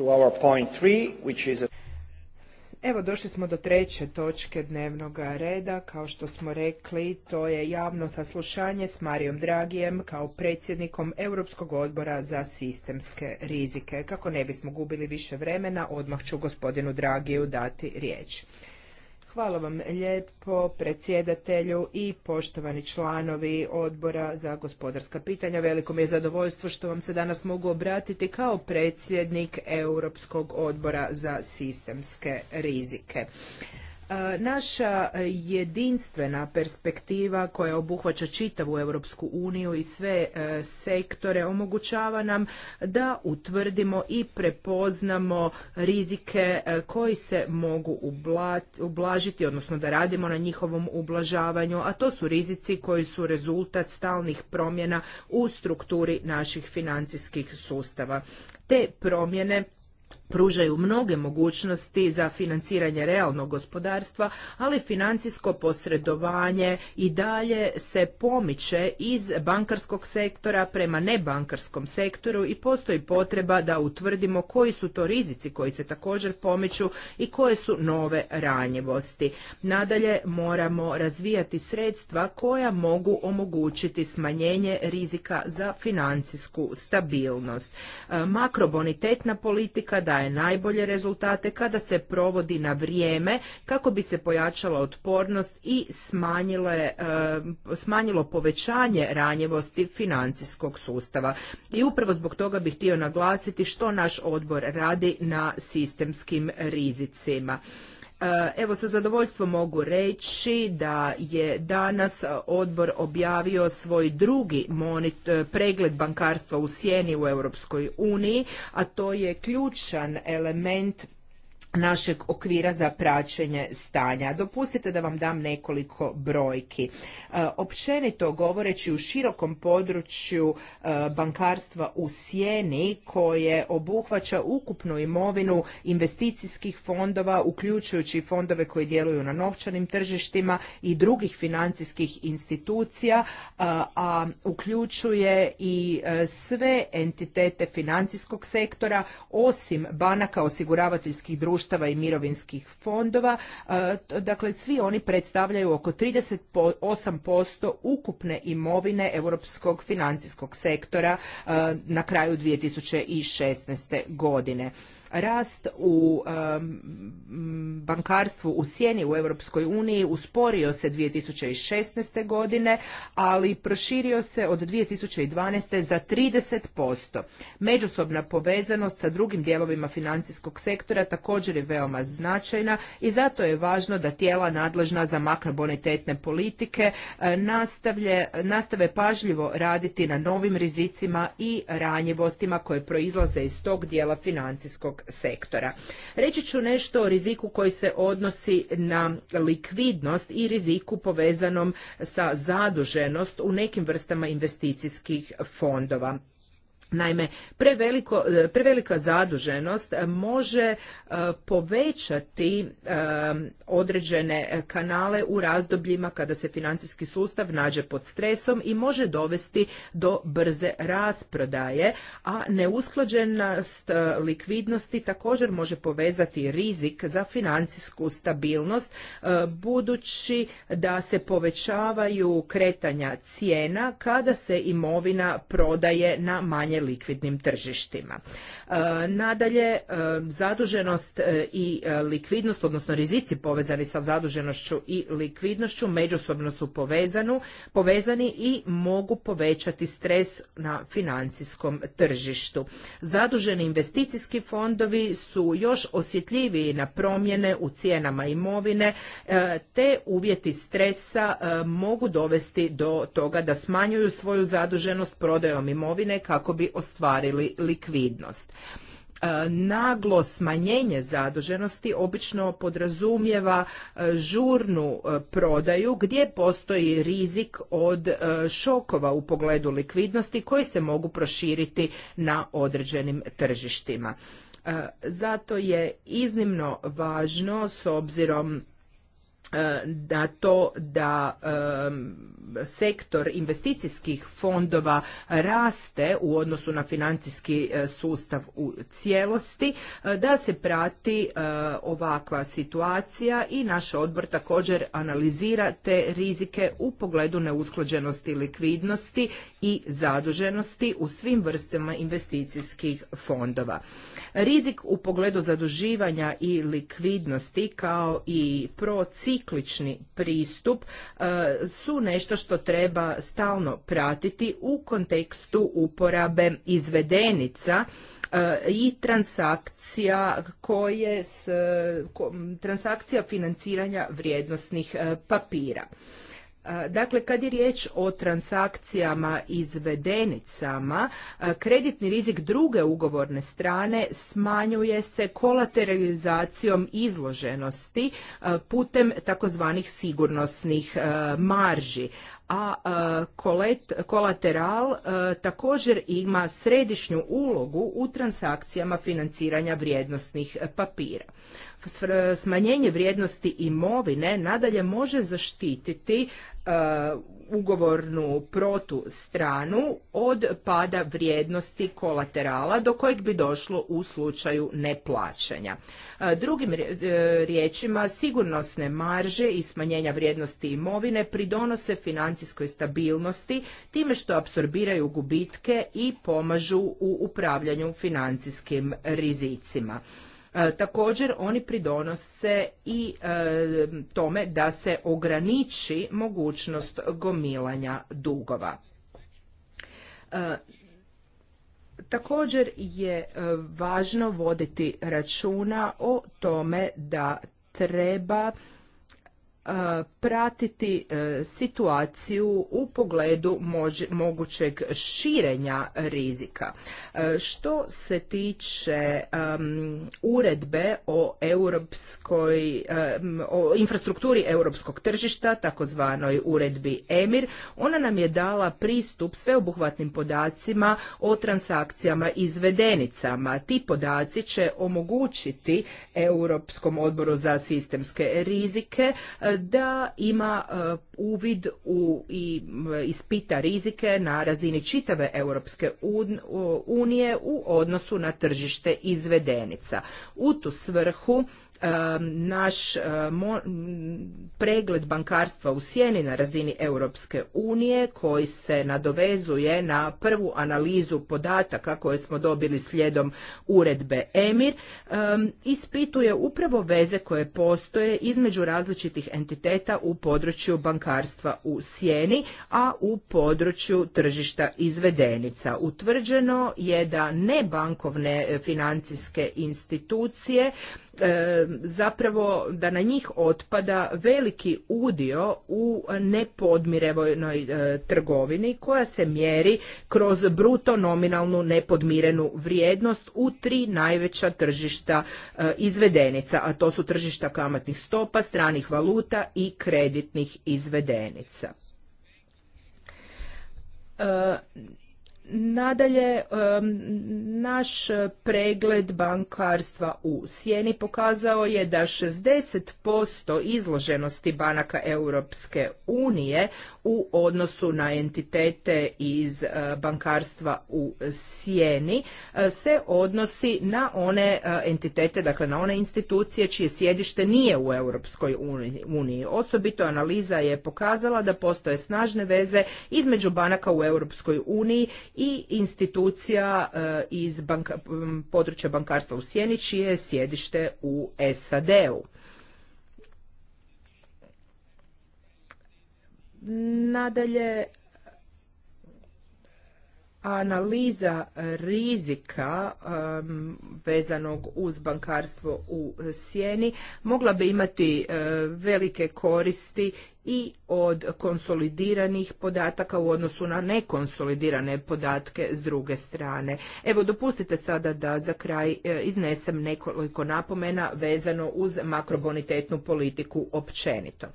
to Evo došli smo do treće točke dnevnog reda. Kao što smo rekli, to je javno saslušanje s Marijom Dragijem kao predsjednikom Europskog odbora za sistemske rizike. Kako ne bismo gubili više vremena, odmah ću gospodinu Dragiju dati riječ. Hvala vam lijepo predsjedatelju i poštovani članovi odbora za gospodarska pitanja. Veliko mi je zadovoljstvo što vam se danas mogu obratiti kao predsjednik Europskog odbora za sistemske rizike. E, naša jedinstvena perspektiva koja obuhvaća čitavu Europsku uniju i sve e, sektore omogućava nam da utvrdimo i prepoznamo rizike e, koji se mogu ublažiti, odnosno da radimo na njihovom ublažavanju, a to su rizici koji su rezultat stalnih promjena u strukturi naših financijskih sustava. Te promjene pružaju mnoge mogućnosti za financiranje realnog gospodarstva, ali financijsko posredovanje i dalje se pomiče iz bankarskog sektora prema nebankarskom sektoru i postoji potreba da utvrdimo koji su to rizici koji se također pomiču i koje su nove ranjivosti. Nadalje moramo razvijati sredstva koja mogu omogućiti smanjenje rizika za financijsku stabilnost. E, makrobonitetna politika da daje najbolje rezultate kada se provodi na vrijeme kako bi se pojačala otpornost i eh, smanjilo povećanje ranjivosti financijskog sustava. I upravo zbog toga bih htio naglasiti što naš odbor radi na sistemskim rizicima. Eh, evo sa zadovoljstvom mogu reći da je danas eh, odbor objavio svoj drugi eh, pregled bankarstva u sjeni u Europskoj uniji, a to je ključan element našeg okvira za praćenje stanja. Dopustite da vam dam nekoliko brojki. E, općenito govoreći u širokom području e, bankarstva u sjeni koje obuhvaća ukupnu imovinu investicijskih fondova uključujući fondove koji djeluju na novčanim tržištima i drugih financijskih institucija, e, a, uključuje i sve entitete financijskog sektora osim banaka osiguravateljskih društva društava i mirovinskih fondova. E, dakle, svi oni predstavljaju oko 38% ukupne imovine europskog financijskog sektora e, na kraju 2016. godine rast u bankarstvu u sjeni u Europskoj uniji usporio se 2016. godine, ali proširio se od 2012. za 30%. Međusobna povezanost sa drugim dijelovima financijskog sektora također je veoma značajna i zato je važno da tijela nadležna za makrobonitetne politike eh, nastave pažljivo raditi na novim rizicima i ranjivostima koje proizlaze iz tog dijela financijskog sektora. Reći ću nešto o riziku koji se odnosi na likvidnost i riziku povezanom sa zaduženost u nekim vrstama investicijskih fondova. Naime, preveliko, e, prevelika zaduženost može e, povećati e, određene kanale u razdobljima kada se financijski sustav nađe pod stresom i može dovesti do brze rasprodaje, a neusklađenost likvidnosti također može povezati rizik za financijsku stabilnost budući da se povećavaju kretanja cijena kada se imovina prodaje na manje likvidnim tržištima. E, nadalje, e, zaduženost e, i likvidnost, odnosno rizici povezani sa zaduženošću i likvidnošću međusobno su povezani i mogu povećati stres na financijskom tržištu. Zaduženi investicijski fondovi su još osjetljiviji na promjene u cijenama imovine, te uvjeti stresa mogu dovesti do toga da smanjuju svoju zaduženost prodajom imovine kako bi ostvarili likvidnost. E, naglo smanjenje zaduženosti obično podrazumijeva e, žurnu e, prodaju gdje postoji rizik od šokova u pogledu likvidnosti koji se mogu proširiti na određenim tržištima. Zato je iznimno važno s obzirom na to da sektor investicijskih fondova raste u odnosu na financijski e, sustav u cijelosti, e, da se prati e, ovakva situacija i naš odbor također analizira te rizike u pogledu neusklađenosti likvidnosti i zaduženosti u svim vrstama investicijskih fondova. Rizik u pogledu zaduživanja i likvidnosti kao i prociklični pristup su nešto što treba stalno pratiti u kontekstu uporabe izvedenica e, i transakcija koje s, transakcija financiranja vrijednosnih e, papira. Dakle, kad je riječ o transakcijama izvedenicama, kreditni rizik druge ugovorne strane smanjuje se kolateralizacijom izloženosti putem takozvanih sigurnosnih marži a e, kolateral e, također ima središnju ulogu u transakcijama financiranja vrijednosnih papira. Smanjenje vrijednosti imovine nadalje može zaštititi E, ugovornu protu stranu od pada vrijednosti kolaterala do kojeg bi došlo u slučaju neplaćanja. E, drugim e, riječima, sigurnosne marže i smanjenja vrijednosti imovine pridonose financijskoj stabilnosti time što apsorbiraju gubitke i pomažu u upravljanju financijskim rizicima. E, također oni pridonose i e, tome da se ograniči mogućnost gomilanja dugova. E, također je važno voditi računa o tome da treba E, pratiti e, situaciju u pogledu mogućeg širenja rizika. E, što se tiče uredbe o europskoj infrastrukturi europskog tržišta, takozvanoj uredbi EMIR, ona nam je dala pristup sveobuhvatnim podacima o transakcijama izvedenicama. Ti podaci će omogućiti Europskom odboru za sistemske rizike da ima e, uvid u i ispita rizike na razini čitave Europske unije u odnosu na tržište izvedenica. U tu svrhu naš pregled bankarstva u sjeni na razini Europske unije koji se nadovezuje na prvu analizu podataka koje smo dobili slijedom uredbe EMIR ispituje upravo veze koje postoje između različitih entiteta u području bankarstva u sjeni, a u području tržišta izvedenica. Utvrđeno je da nebankovne financijske institucije E, zapravo da na njih otpada veliki udio u nepodmirevojnoj e, trgovini koja se mjeri kroz bruto nominalnu nepodmirenu vrijednost u tri najveća tržišta e, izvedenica, a to su tržišta kamatnih stopa, stranih valuta i kreditnih izvedenica. Nadalje, naš pregled bankarstva u Sjeni pokazao je da 60% izloženosti banaka Europske unije u odnosu na entitete iz eh, bankarstva u Sjeni eh, se odnosi na one eh, entitete, dakle na one institucije čije sjedište nije u Europskoj uniji. Osobito analiza je pokazala da postoje snažne veze između banaka u Europskoj uniji i institucija e, iz područja bankarstva u Sjeni, čije je sjedište u SAD-u. Nadalje, analiza rizika vezanog uz bankarstvo u sjeni mogla bi imati e, velike koristi i od konsolidiranih podataka u odnosu na nekonsolidirane podatke s druge strane. Evo, dopustite sada da za kraj e, iznesem nekoliko napomena vezano uz makrobonitetnu politiku općenito.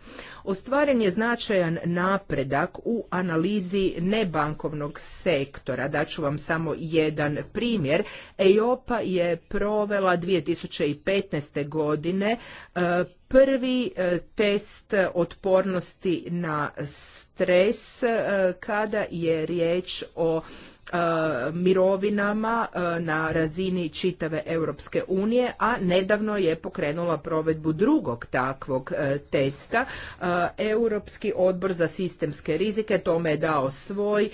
Ostvaren je značajan napredak u analizi nebankovnog sektora. Daću vam samo jedan primjer. EIOPA je provela 2015. godine e, prvi e, test otpornosti na stres e, kada je riječ o E, mirovinama e, na razini čitave Europske unije, a nedavno je pokrenula provedbu drugog takvog e, testa. Europski odbor za sistemske rizike tome je dao svoj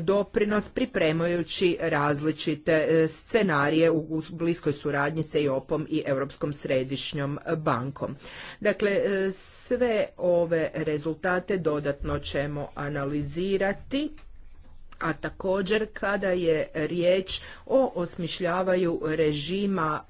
doprinos pripremajući različite scenarije u bliskoj suradnji sa iop i Europskom središnjom bankom. Dakle, sve ove rezultate dodatno ćemo analizirati a također kada je riječ o osmišljavaju režima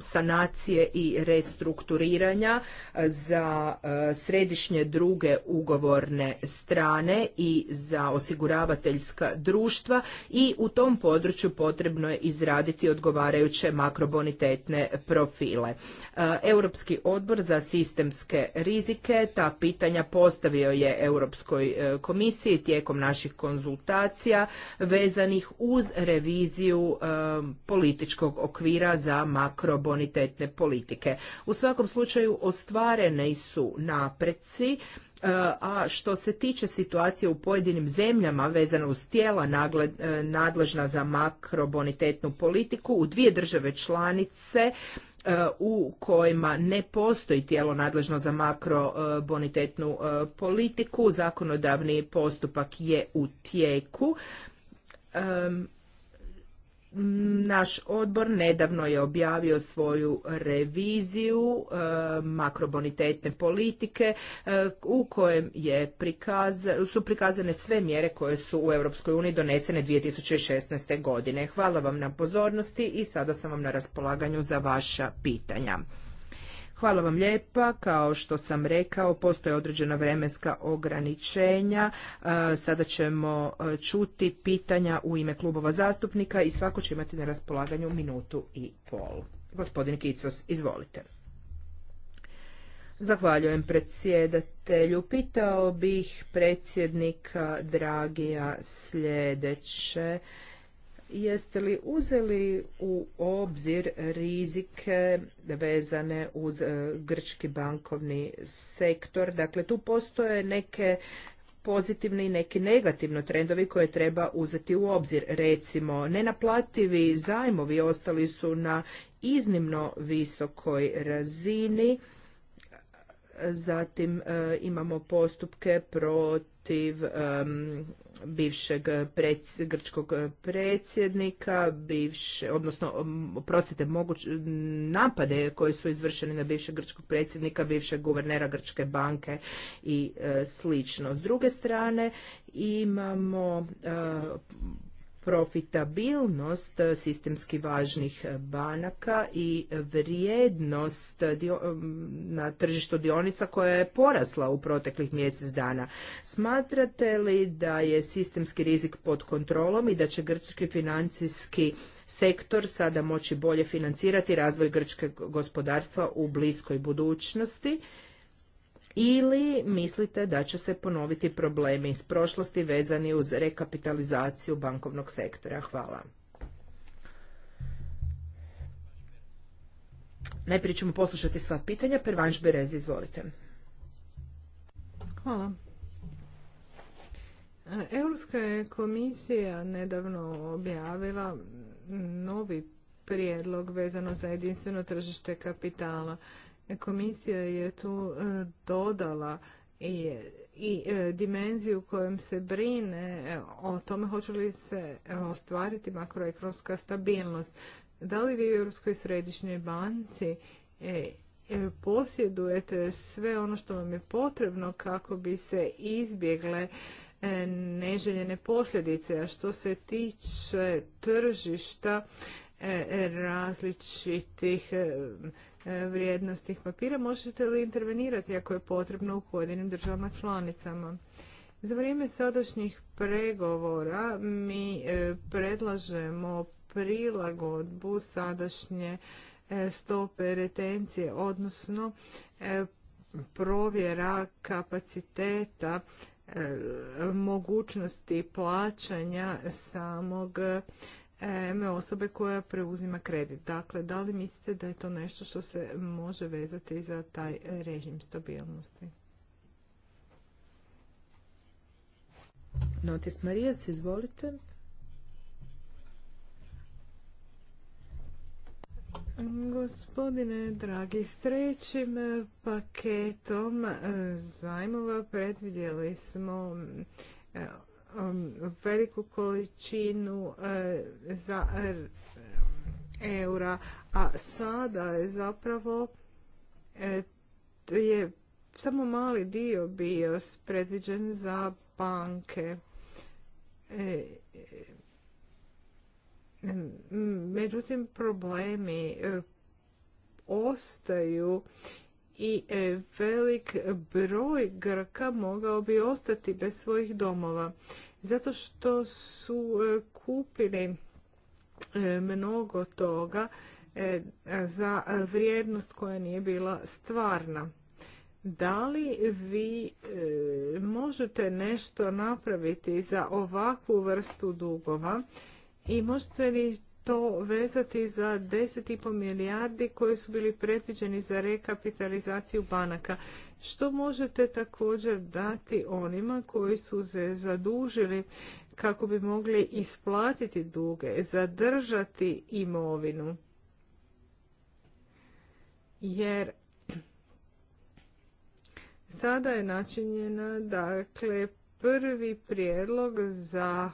sanacije i restrukturiranja eh, za eh, središnje druge ugovorne strane i za osiguravateljska društva i u tom području potrebno je izraditi odgovarajuće makrobonitetne profile. Eh, Europski odbor za sistemske rizike ta pitanja postavio je Europskoj komisiji tijekom naših konzultacija konzultacija vezanih uz reviziju um, političkog okvira za makrobonitetne politike. U svakom slučaju ostvarene su napreci uh, a što se tiče situacije u pojedinim zemljama vezano uz tijela uh, nadležna za makrobonitetnu politiku, u dvije države članice E, u kojima ne postoji tijelo nadležno za makrobonitetnu e, politiku zakonodavni postupak je u tijeku naš odbor nedavno je objavio svoju reviziju e, makrobonitetne politike e, u kojem je su prikazane sve mjere koje su u Europskoj uniji donesene 2016. godine. Hvala vam na pozornosti i sada sam vam na raspolaganju za vaša pitanja. Hvala vam lijepa. Kao što sam rekao, postoje određena vremenska ograničenja. E, sada ćemo e, čuti pitanja u ime klubova zastupnika i svako će imati na raspolaganju minutu i pol. Gospodin Kicos, izvolite. Zahvaljujem predsjedatelju. Pitao bih predsjednika Dragija sljedeće. Jeste li uzeli u obzir rizike vezane uz e, grčki bankovni sektor? Dakle, tu postoje neke pozitivni i neki negativno trendovi koje treba uzeti u obzir. Recimo, nenaplativi zajmovi ostali su na iznimno visokoj razini Zatim e, imamo postupke protiv bivšeg grčkog predsjednika, bivše, odnosno, oprostite, napade koji su izvršeni na bivšeg grčkog predsjednika, bivšeg guvernera Grčke banke i e, slično. S druge strane imamo e, profitabilnost sistemski važnih banaka i vrijednost um, na tržištu dionica koja je porasla u proteklih mjesec dana. Smatrate li da je sistemski rizik pod kontrolom i da će grčki financijski sektor sada moći bolje financirati razvoj grčkog gospodarstva u bliskoj budućnosti? ili mislite da će se ponoviti problemi iz prošlosti vezani uz rekapitalizaciju bankovnog sektora? Hvala. Najprije ćemo poslušati sva pitanja. Pervanš Berez, izvolite. Hvala. Europska je komisija nedavno objavila novi prijedlog vezano za jedinstveno tržište kapitala. Komisija je tu e, dodala i, dimenziju dimenziju kojom se brine e, o tome hoće li se e, ostvariti makroekonomska stabilnost. Da li vi u Europskoj središnjoj banci posjedujete sve ono što vam je potrebno kako bi se izbjegle neželjene posljedice. A što se tiče tržišta različitih E, vrijednost tih papira, možete li intervenirati ako je potrebno u pojedinim državama članicama? Za vrijeme sadašnjih pregovora mi e, predlažemo prilagodbu sadašnje e, stope retencije, odnosno provjera kapaciteta mogućnosti plaćanja samog osobe koja preuzima kredit. Dakle, da li mislite da je to nešto što se može vezati za taj režim stabilnosti? Notis Marijas, izvolite. Gospodine dragi, s trećim paketom e, zajmova predvidjeli smo e, Um, veliku količinu eh, za eh, eura, a sada je zapravo eh, je samo mali dio bio predviđen za banke. Mm, međutim, problemi ostaju i e, velik broj Grka mogao bi ostati bez svojih domova. Zato što su e, kupili e, mnogo toga za vrijednost koja nije bila stvarna. Da li vi možete nešto napraviti za ovakvu vrstu dugova i možete li to vezati za 10,5 milijardi koji su bili predviđeni za rekapitalizaciju banaka. Što možete također dati onima koji su se zadužili kako bi mogli isplatiti duge, zadržati imovinu? Jer sada je načinjena dakle prvi prijedlog za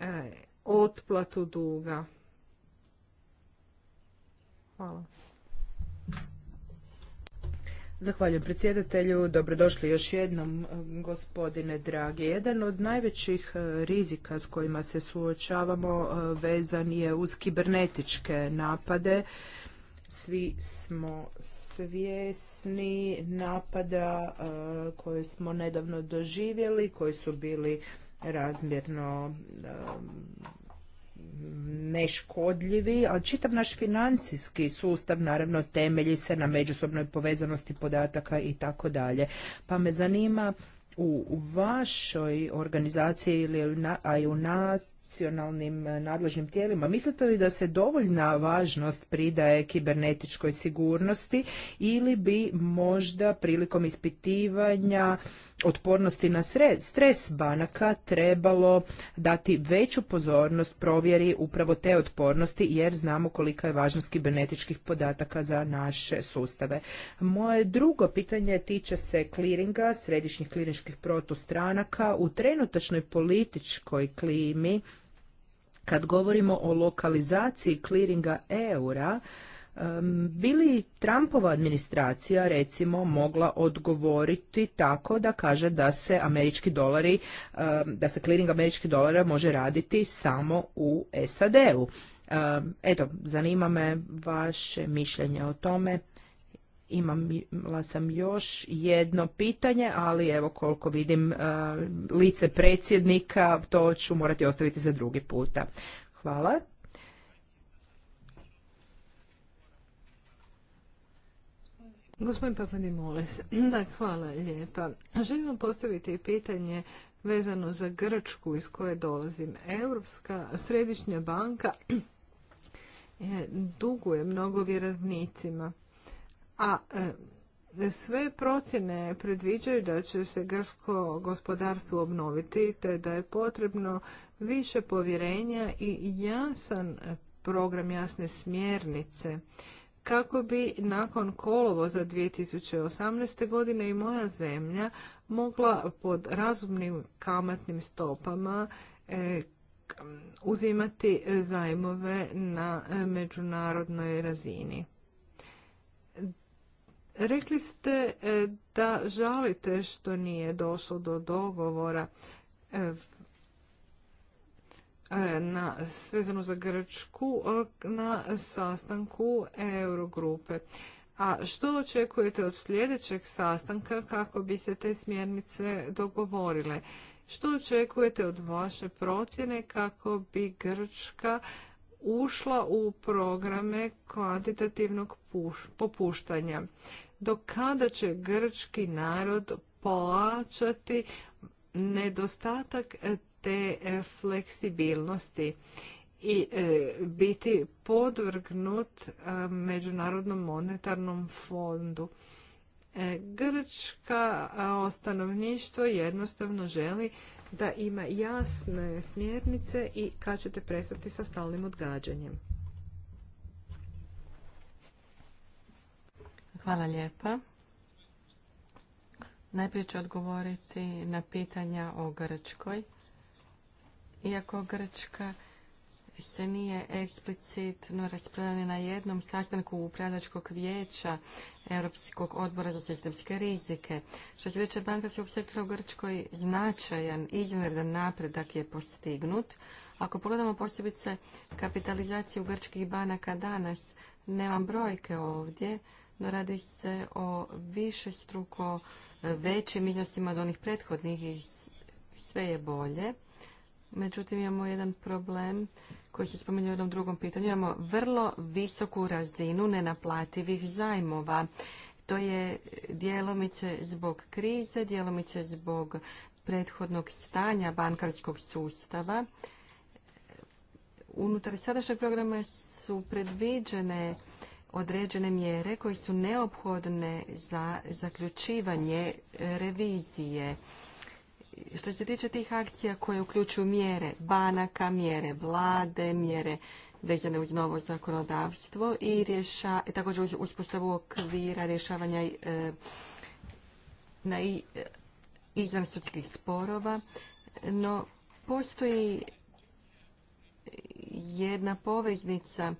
e, otplatu duga. Hvala. Zahvaljujem predsjedatelju. Dobrodošli još jednom, eh, gospodine dragi. Jedan od najvećih eh, rizika s kojima se suočavamo eh, vezan je uz kibernetičke napade. Svi smo svjesni napada koje smo nedavno doživjeli, koji su bili razmjerno um, neškodljivi, ali čitav naš financijski sustav naravno temelji se na međusobnoj povezanosti podataka i tako dalje. Pa me zanima u vašoj organizaciji ili a i u nacionalnim eh, nadležnim tijelima. Mislite li da se dovoljna važnost pridaje kibernetičkoj sigurnosti ili bi možda prilikom ispitivanja otpornosti na stres banaka trebalo dati veću pozornost provjeri upravo te otpornosti jer znamo kolika je važnost kibernetičkih podataka za naše sustave. Moje drugo pitanje tiče se kliringa, središnjih klirinških protustranaka. U trenutačnoj političkoj klimi kad govorimo o lokalizaciji kliringa eura, bili Trumpova administracija recimo mogla odgovoriti tako da kaže da se američki dolari, da se clearing američkih dolara može raditi samo u SAD-u. Eto, zanima me vaše mišljenje o tome. Imala sam još jedno pitanje, ali evo koliko vidim lice predsjednika, to ću morati ostaviti za drugi puta. Hvala. Gospodin moles da, hvala lijepa. Želim postaviti pitanje vezano za Grčku iz koje dolazim. Europska središnja banka duguje mnogo vjerovnicima, a e, sve procjene predviđaju da će se grško gospodarstvo obnoviti te da je potrebno više povjerenja i jasan program, jasne smjernice kako bi nakon kolovoza 2018. godine i moja zemlja mogla pod razumnim kamatnim stopama e, uzimati zajmove na međunarodnoj razini. Rekli ste e, da žalite što nije došlo do dogovora e, E, na svezano za Grčku e, na sastanku Eurogrupe. A što očekujete od sljedećeg sastanka kako bi se te smjernice dogovorile? Što očekujete od vaše procjene kako bi Grčka ušla u programe kvantitativnog popuštanja? Do kada će grčki narod plaćati nedostatak te e, fleksibilnosti i e, biti podvrgnut e, Međunarodnom monetarnom fondu. Grčka stanovništvo jednostavno želi da ima jasne smjernice i kad ćete prestati sa stalnim odgađanjem. Hvala lijepa. Najprije ću odgovoriti na pitanja o Grčkoj. Iako Grčka se nije eksplicitno raspravljena na jednom sastanku upravljačkog vijeća Europskog odbora za sistemske rizike. Što se tiče bankarskog sektora u Grčkoj, značajan, izvanredan napredak je postignut. Ako pogledamo posebice kapitalizaciju grčkih banaka danas, nemam brojke ovdje, no radi se o više struko većim iznosima od onih prethodnih i sve je bolje. Međutim, imamo jedan problem koji se spominje u jednom drugom pitanju. Imamo vrlo visoku razinu nenaplativih zajmova. To je dijelomice zbog krize, dijelomice zbog prethodnog stanja bankarskog sustava. Unutar sadašnjeg programa su predviđene određene mjere koje su neophodne za zaključivanje revizije što se tiče tih akcija koje uključuju mjere banaka, mjere vlade, mjere vezane uz novo zakonodavstvo i rješa, također uspostavu okvira rješavanja e, na i, e, sporova, no postoji jedna poveznica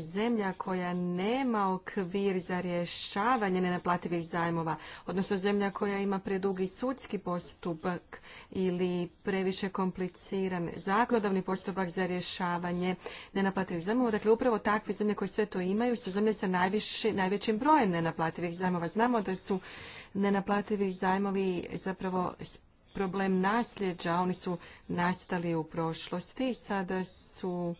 zemlja koja nema okvir za rješavanje nenaplativih zajmova, odnosno zemlja koja ima predugi sudski postupak ili previše kompliciran zakonodavni postupak za rješavanje nenaplativih zajmova. Dakle, upravo takve zemlje koje sve to imaju su zemlje sa najvećim brojem nenaplativih zajmova. Znamo da su nenaplativi zajmovi zapravo problem nasljeđa. Oni su nastali u prošlosti, sada su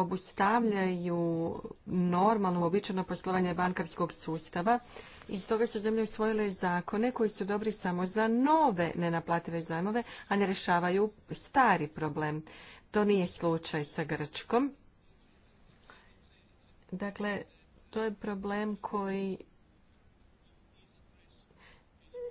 obustavljaju normalno uobičajeno poslovanje bankarskog sustava i stoga su zemlje usvojile zakone koji su dobri samo za nove nenaplative zajmove, a ne rješavaju stari problem. To nije slučaj sa Grčkom. Dakle, to je problem koji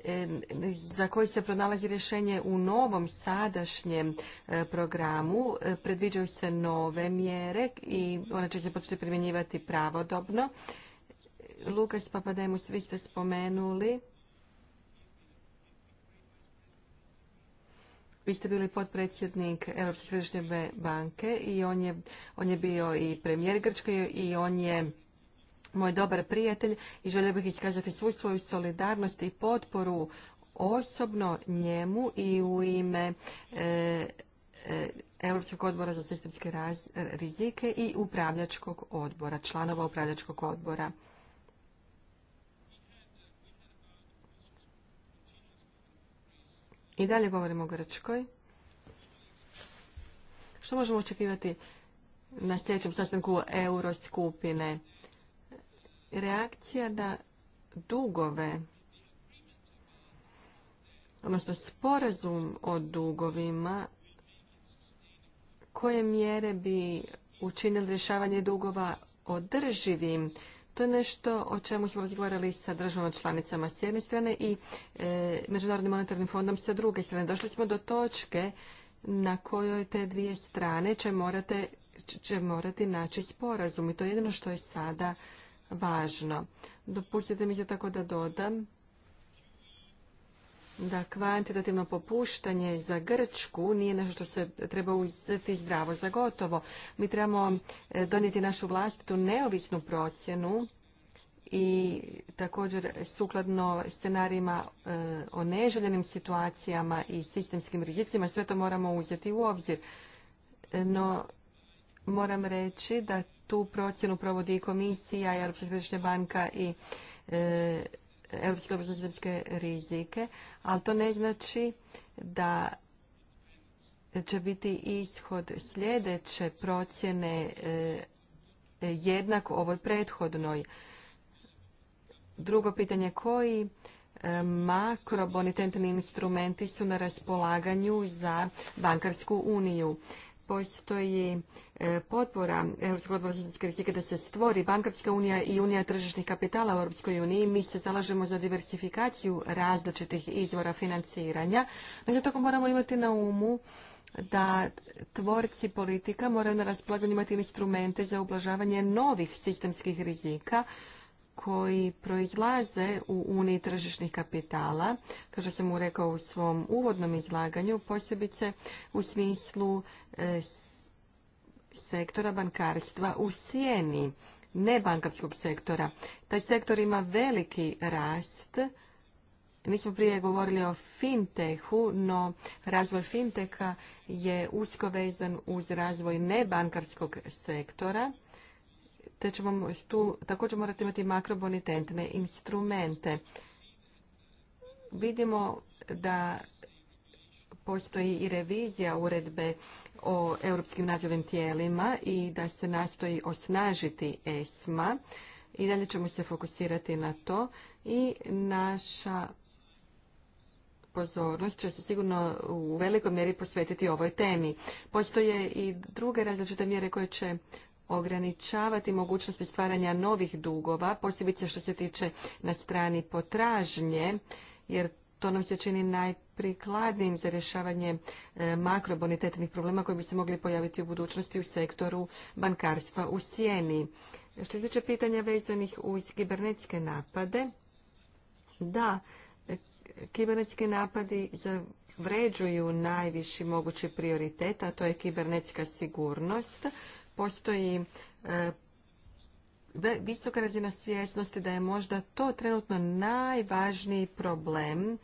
E, za koji se pronalazi rješenje u novom sadašnjem e, programu. E, predviđaju se nove mjere i one će se početi primjenjivati pravodobno. Lukas Papademus, vi ste spomenuli. Vi ste bili potpredsjednik Europske središnje banke i on je, on je bio i premijer Grčke i on je moj dobar prijatelj i želio bih iskazati svu svoju solidarnost i potporu osobno njemu i u ime e, e, Europskog odbora za sistemske rizike i upravljačkog odbora, članova upravljačkog odbora. I dalje govorimo o Grčkoj. Što možemo očekivati na sljedećem sastanku euroskupine? skupine? reakcija da dugove, odnosno sporazum o dugovima, koje mjere bi učinili rješavanje dugova održivim. To je nešto o čemu smo razgovarali sa državama članicama s jedne strane i e, Međunarodnim monetarnim fondom sa druge strane. Došli smo do točke na kojoj te dvije strane će, morate, će morati naći sporazum i to je jedino što je sada važno. Dopustite mi se tako da dodam da kvantitativno popuštanje za Grčku nije nešto što se treba uzeti zdravo za gotovo. Mi trebamo e, donijeti našu vlastitu neovisnu procjenu i također sukladno scenarijima e, o neželjenim situacijama i sistemskim rizicima, sve to moramo uzeti u obzir. E, no, moram reći da tu procjenu provodi i komisija, i Europska središnja banka i e, Europske obrazovske rizike, ali to ne znači da će biti ishod sljedeće procjene e, jednak ovoj prethodnoj. Drugo pitanje, koji e, makrobonitentni instrumenti su na raspolaganju za bankarsku uniju? postoji e, potpora Europskog odbora za da se stvori bankarska unija i unija tržišnih kapitala u Europskoj uniji. Mi se zalažemo za diversifikaciju različitih izvora financiranja. Međutim, tako moramo imati na umu da tvorci politika moraju na raspolaganju imati instrumente za ublažavanje novih sistemskih rizika koji proizlaze u Uniji tržišnih kapitala, kao što sam mu rekao u svom uvodnom izlaganju, posebice u smislu e, sektora bankarstva u sjeni nebankarskog sektora. Taj sektor ima veliki rast. Mi smo prije govorili o fintehu, no razvoj finteka je usko vezan uz razvoj nebankarskog sektora te ćemo tu također morati imati makrobonitentne instrumente. Vidimo da postoji i revizija uredbe o europskim nadzornim tijelima i da se nastoji osnažiti ESMA. I dalje ćemo se fokusirati na to i naša pozornost će se sigurno u velikoj mjeri posvetiti ovoj temi. Postoje i druge različite mjere koje će ograničavati mogućnosti stvaranja novih dugova, posebice što se tiče na strani potražnje, jer to nam se čini najprikladnijim za rješavanje e, makrobonitetnih problema koji bi se mogli pojaviti u budućnosti u sektoru bankarstva u sjeni. Što se tiče pitanja vezanih uz kibernetske napade, da, e, kibernetski napadi zavređuju najviši mogući prioritet, a to je kibernetska sigurnost postoji e, visoka razina svjesnosti da je možda to trenutno najvažniji problem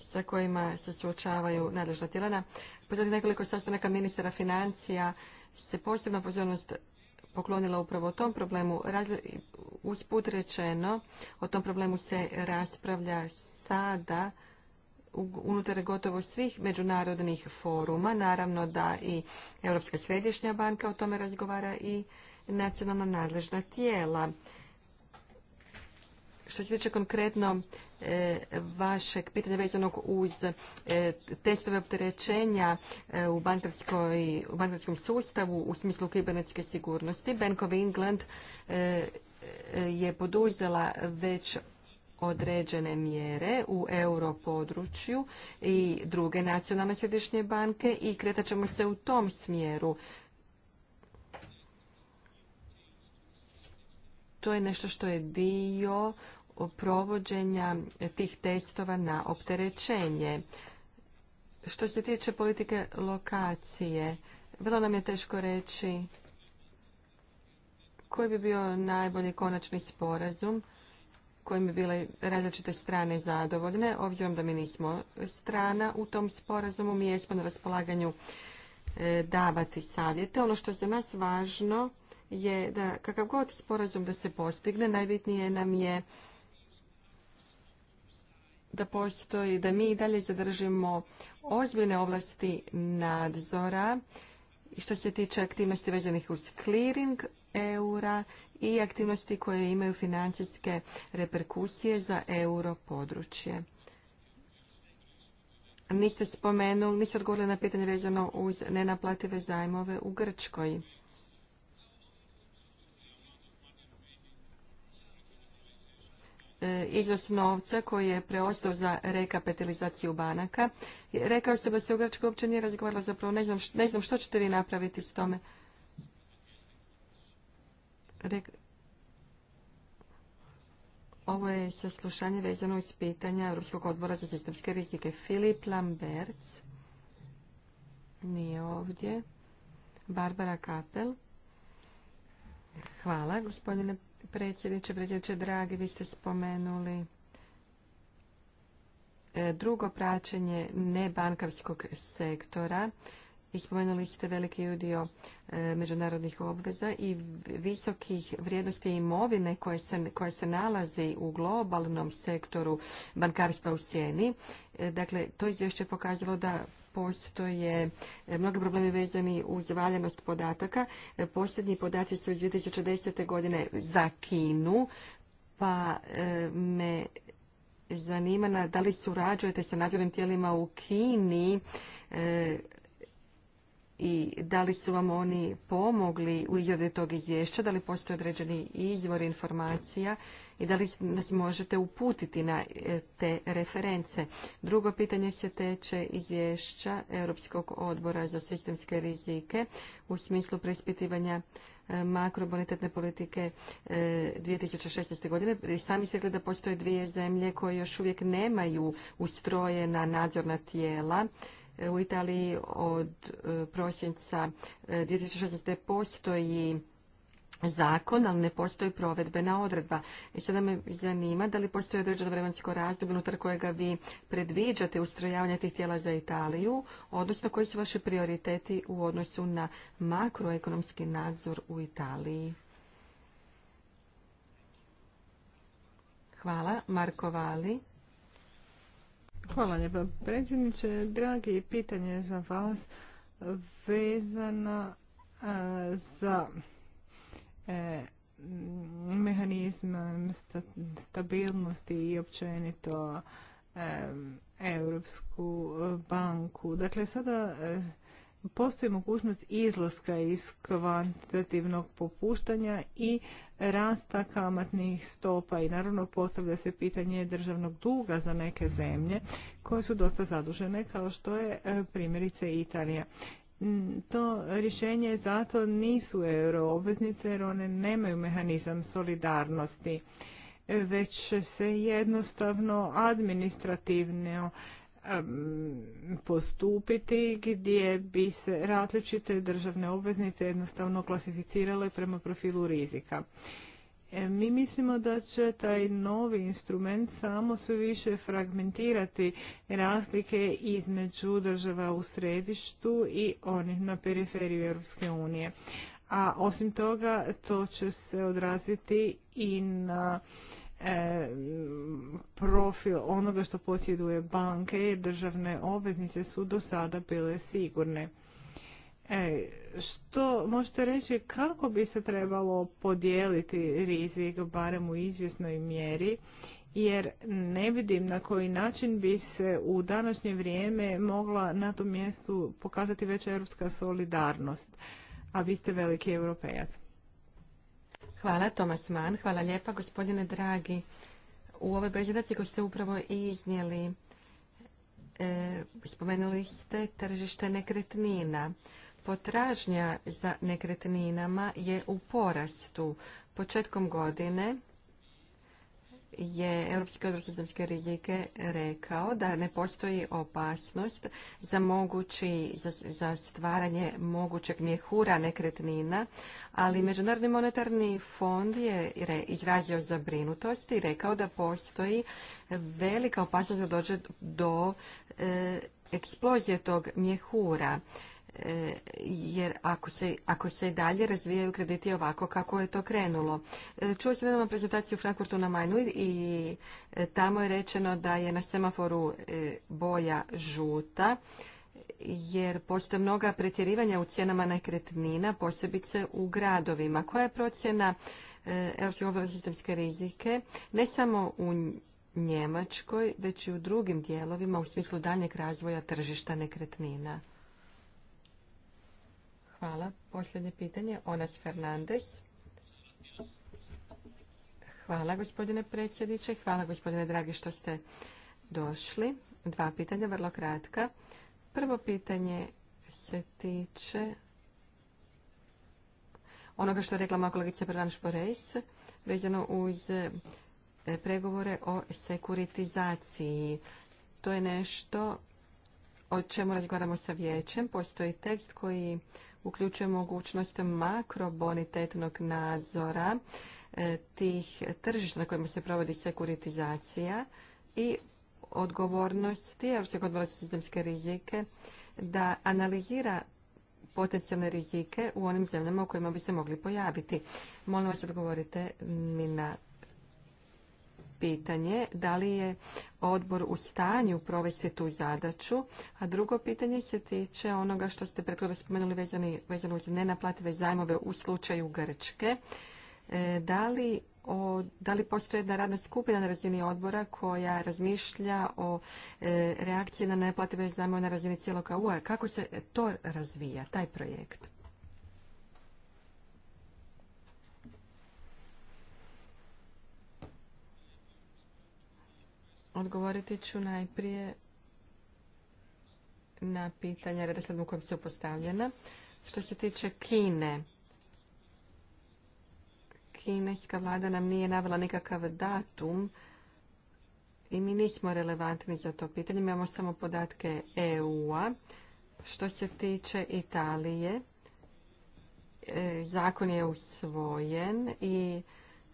sa kojima se suočavaju nadležna tijela. Na nekoliko sastanaka ministra financija se posebna pozornost poklonila upravo o tom problemu. Usput rečeno, o tom problemu se raspravlja sada unutar gotovo svih međunarodnih foruma. Naravno da i Europska središnja banka o tome razgovara i nacionalna nadležna tijela. Što se tiče konkretno e, vašeg pitanja vezanog uz e, testove opterećenja e, u, u bankarskom sustavu u smislu kibernetske sigurnosti, Bank of England je poduzela već određene mjere u europodručju i druge nacionalne središnje banke i kretat ćemo se u tom smjeru. To je nešto što je dio provođenja tih testova na opterećenje. Što se tiče politike lokacije, vrlo nam je teško reći koji bi bio najbolji konačni sporazum kojim bi bile različite strane zadovoljne. Obzirom da mi nismo strana u tom sporazumu, mi jesmo na raspolaganju e, davati savjete. Ono što je za nas važno je da kakav god sporazum da se postigne, najbitnije nam je da postoji, da mi i dalje zadržimo ozbiljne ovlasti nadzora što se tiče aktivnosti vezanih uz clearing eura i aktivnosti koje imaju financijske reperkusije za euro područje. Niste spomenuli, niste odgovorili na pitanje vezano uz nenaplative zajmove u Grčkoj. E, iznos novca koji je preostao za rekapitalizaciju banaka. Rekao sam da se u Grčkoj uopće nije razgovarala, zapravo ne znam, što ćete vi napraviti s tome. Ovo je saslušanje vezano iz pitanja Europskog odbora za sistemske rizike. Filip Lamberts nije ovdje. Barbara Kapel. Hvala, gospodine predsjedniče, predsjedniče dragi, vi ste spomenuli e, drugo praćenje nebankarskog sektora i spomenuli ste veliki udio e, međunarodnih obveza i visokih vrijednosti imovine koje se, koje se nalazi u globalnom sektoru bankarstva u sjeni. E, dakle, to izvješće pokazalo da postoje e, mnogi problemi vezani uz valjanost podataka. E, posljednji podaci su iz 2010. godine za Kinu, pa e, me zanima da li surađujete sa nadzornim tijelima u Kini i da li su vam oni pomogli u izradi tog izvješća, da li postoje određeni izvori informacija i da li nas možete uputiti na e, te reference. Drugo pitanje se teče izvješća Europskog odbora za sistemske rizike u smislu preispitivanja e, makrobonitetne politike 2016. E, godine. Sami ste gleda da postoje dvije zemlje koje još uvijek nemaju ustrojena nadzorna tijela u Italiji od e, prosinca 2016. E, postoji zakon, ali ne postoji provedbena odredba. I sada me zanima da li postoji određeno vremensko razdoblje unutar kojega vi predviđate ustrojavanje tih tijela za Italiju, odnosno koji su vaši prioriteti u odnosu na makroekonomski nadzor u Italiji? Hvala. Marko Vali. Hvala lijepa. Predsjedniče, dragi, pitanje za vas vezana za e, mehanizma stabilnosti i općenito e, Europsku e, banku. Dakle, sada postoji mogućnost izlaska iz kvantitativnog popuštanja i rasta kamatnih stopa i naravno postavlja se pitanje državnog duga za neke zemlje koje su dosta zadužene kao što je e, primjerice Italija. To rješenje zato nisu euroobveznice jer one nemaju mehanizam solidarnosti e, već se jednostavno administrativno postupiti gdje bi se različite državne obveznice jednostavno klasificirale prema profilu rizika. Mi mislimo da će taj novi instrument samo sve više fragmentirati razlike između država u središtu i onih na periferiju Europske unije. A osim toga to će se odraziti i na E, profil onoga što posjeduje banke i državne obveznice su do sada bile sigurne. E, što možete reći kako bi se trebalo podijeliti rizik barem u izvjesnoj mjeri jer ne vidim na koji način bi se u današnje vrijeme mogla na tom mjestu pokazati veća europska solidarnost, a vi ste veliki europejac. Hvala, Tomas Mann. Hvala lijepa, gospodine dragi. U ovoj prezentaciji koju ste upravo iznijeli, e, spomenuli ste tržište nekretnina. Potražnja za nekretninama je u porastu. Početkom godine je Europski odbor za zemske rizike rekao da ne postoji opasnost za, mogući, za, stvaranje mogućeg mjehura nekretnina, ali Međunarodni monetarni fond je izrazio zabrinutost i rekao da postoji velika opasnost da dođe do e, eksplozije tog mjehura. E, jer ako se, ako se i dalje razvijaju krediti ovako kako je to krenulo. E, čuo sam jednom prezentaciju u Frankfurtu na Majnu i e, tamo je rečeno da je na semaforu boja žuta jer postoje mnoga pretjerivanja u cijenama nekretnina, posebice u gradovima. Koja je procjena Europske obrane sistemske rizike, ne samo u Njemačkoj, već i u drugim dijelovima u smislu daljnjeg razvoja tržišta nekretnina? Hvala. Posljednje pitanje, Onas Fernandez. Hvala gospodine predsjedniče, hvala gospodine dragi što ste došli. Dva pitanja, vrlo kratka. Prvo pitanje se tiče onoga što je rekla moja kolegica Prvan vezano uz e, pregovore o sekuritizaciji. To je nešto o čemu razgovaramo sa vijećem. Postoji tekst koji uključuje mogućnost makrobonitetnog nadzora e, tih tržišta na kojima se provodi sekuritizacija i odgovornosti Europskog odbora za sistemske rizike da analizira potencijalne rizike u onim zemljama u kojima bi se mogli pojaviti. Molim vas odgovorite mi na pitanje da li je odbor u stanju provesti tu zadaću, a drugo pitanje se tiče onoga što ste prethodno spomenuli vezano uz nenaplative zajmove u slučaju Grčke. E, da li, da li postoji jedna radna skupina na razini odbora koja razmišlja o e, reakciji na neplative zajmove na razini cijelog AUA? Kako se to razvija, taj projekt? Odgovoriti ću najprije na pitanja redosledom u su postavljena. Što se tiče Kine, kineska vlada nam nije navela nikakav datum i mi nismo relevantni za to pitanje. Imamo samo podatke EU-a. Što se tiče Italije, e, zakon je usvojen i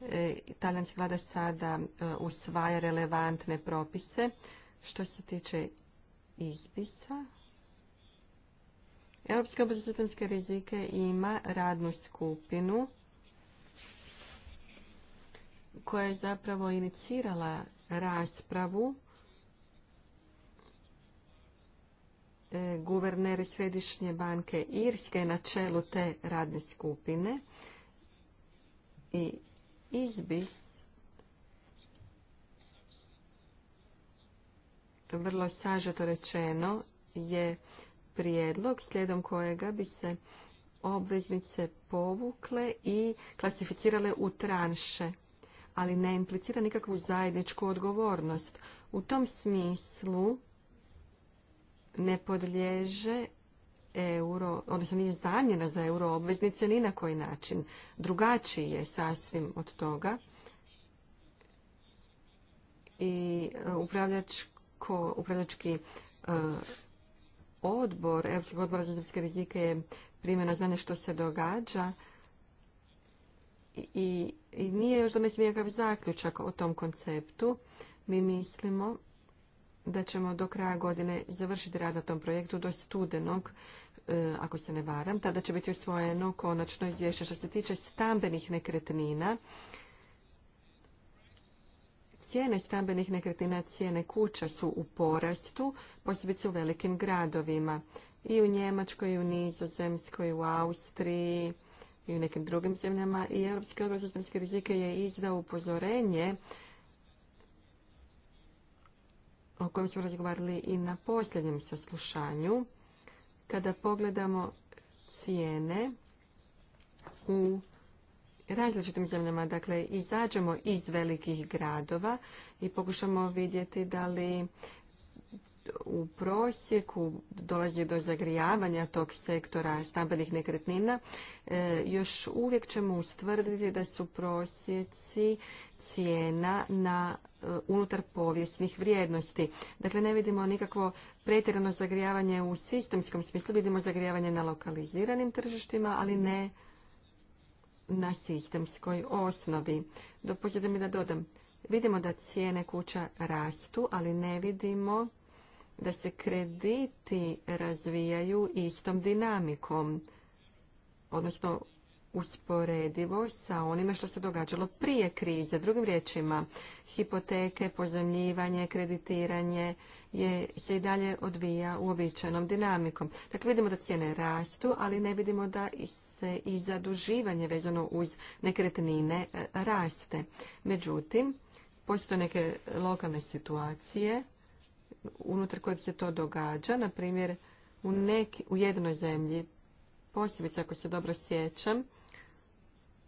E, talijanska vlada sada e, usvaja relevantne propise. Što se tiče izbisa, Europske obrazovateljske rizike ima radnu skupinu koja je zapravo inicirala raspravu e, guverneri Središnje banke Irske na čelu te radne skupine i izbis vrlo sažeto rečeno je prijedlog slijedom kojega bi se obveznice povukle i klasificirale u tranše, ali ne implicira nikakvu zajedničku odgovornost. U tom smislu ne podliježe euro, odnosno nije zamjena za euro obveznice ni na koji način. Drugačiji je sasvim od toga. I e, upravljački e, odbor, Europskog odbora za zemljske rizike je primjena znanja što se događa i, nije još donesen nikakav zaključak o tom konceptu. Mi mislimo da ćemo do kraja godine završiti rad na tom projektu do studenog E, ako se ne varam, tada će biti usvojeno konačno izvješće što se tiče stambenih nekretnina. Cijene stambenih nekretnina, cijene kuća su u porastu, posebice u velikim gradovima. I u Njemačkoj, i u Nizozemskoj, i u Austriji, i u nekim drugim zemljama. I Europski odbor za zemljske rizike je izdao upozorenje o kojem smo razgovarali i na posljednjem saslušanju. Kada pogledamo cijene u različitim zemljama, dakle izađemo iz velikih gradova i pokušamo vidjeti da li u prosjeku dolazi do zagrijavanja tog sektora stambenih nekretnina, e, još uvijek ćemo ustvrditi da su prosjeci cijena na e, unutar povijesnih vrijednosti. Dakle, ne vidimo nikakvo pretjerano zagrijavanje u sistemskom smislu, vidimo zagrijavanje na lokaliziranim tržištima, ali ne na sistemskoj osnovi. Dopustite mi da dodam, vidimo da cijene kuća rastu, ali ne vidimo da se krediti razvijaju istom dinamikom, odnosno usporedivo sa onime što se događalo prije krize. Drugim riječima, hipoteke, pozemljivanje, kreditiranje je, se i dalje odvija uobičajenom dinamikom. Dakle, vidimo da cijene rastu, ali ne vidimo da se i zaduživanje vezano uz nekretnine e, raste. Međutim, postoje neke lokalne situacije unutar kojeg se to događa. Na primjer, u, neki, u jednoj zemlji, posebice ako se dobro sjećam,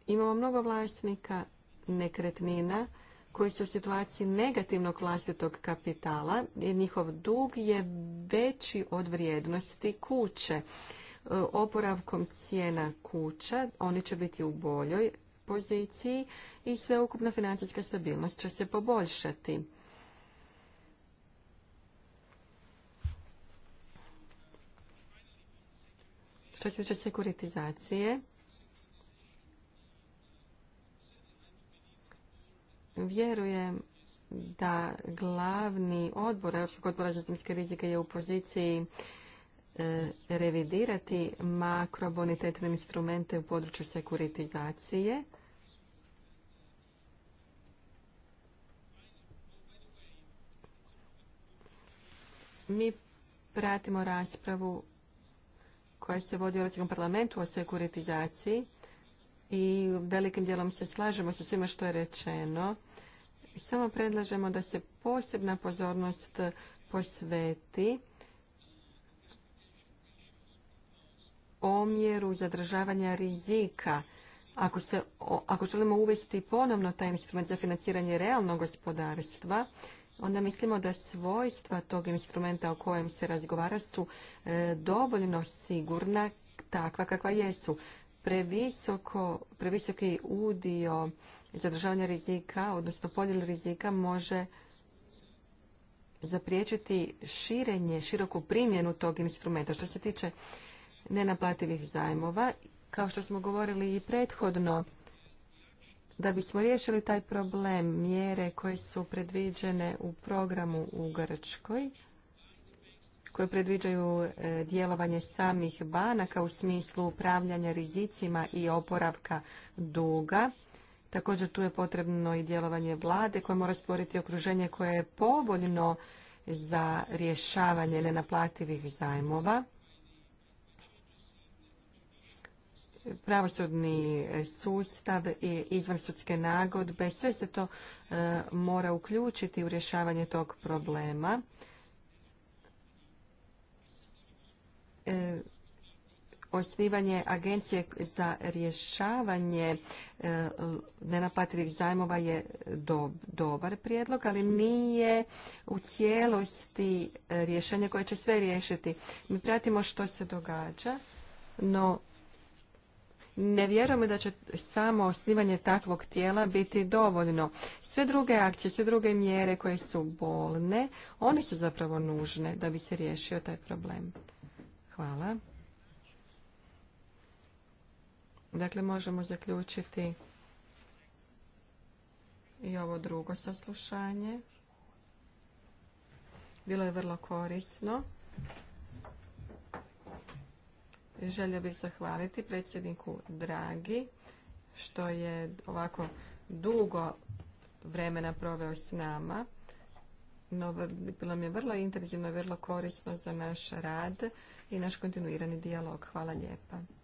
imamo mnogo vlasnika nekretnina koji su u situaciji negativnog vlastitog kapitala jer njihov dug je veći od vrijednosti kuće. E, oporavkom cijena kuća oni će biti u boljoj poziciji i sveukupna financijska stabilnost će se poboljšati. Što se tiče sekuritizacije, vjerujem da glavni odbor Europskog odbora za zemljske rizike je u poziciji e, revidirati makrobonitetne instrumente u području sekuritizacije. Mi pratimo raspravu koja se vodi u Europskom parlamentu o sekuritizaciji i velikim dijelom se slažemo sa svima što je rečeno. Samo predlažemo da se posebna pozornost posveti omjeru zadržavanja rizika. Ako, se, ako želimo uvesti ponovno taj instrument za financiranje realnog gospodarstva, onda mislimo da svojstva tog instrumenta o kojem se razgovara su e, dovoljno sigurna takva kakva jesu. previsoki udio zadržavanja rizika, odnosno podjel rizika može zapriječiti širenje, široku primjenu tog instrumenta. Što se tiče nenaplativih zajmova, kao što smo govorili i prethodno, da bismo riješili taj problem, mjere koje su predviđene u programu u Grčkoj, koje predviđaju e, djelovanje samih banaka u smislu upravljanja rizicima i oporavka duga. Također tu je potrebno i djelovanje vlade koje mora stvoriti okruženje koje je povoljno za rješavanje nenaplativih zajmova. pravosudni sustav i izvansudske nagodbe, sve se to e, mora uključiti u rješavanje tog problema. E, osnivanje agencije za rješavanje e, nenaplativih zajmova je dobar prijedlog, ali nije u cijelosti rješenje koje će sve riješiti. Mi pratimo što se događa, no ne vjerujemo da će samo osnivanje takvog tijela biti dovoljno. Sve druge akcije, sve druge mjere koje su bolne, one su zapravo nužne da bi se riješio taj problem. Hvala. Dakle, možemo zaključiti i ovo drugo saslušanje. Bilo je vrlo korisno. Želio bih zahvaliti predsjedniku Dragi što je ovako dugo vremena proveo s nama. No, bilo mi je vrlo intenzivno i vrlo korisno za naš rad i naš kontinuirani dijalog. Hvala lijepa.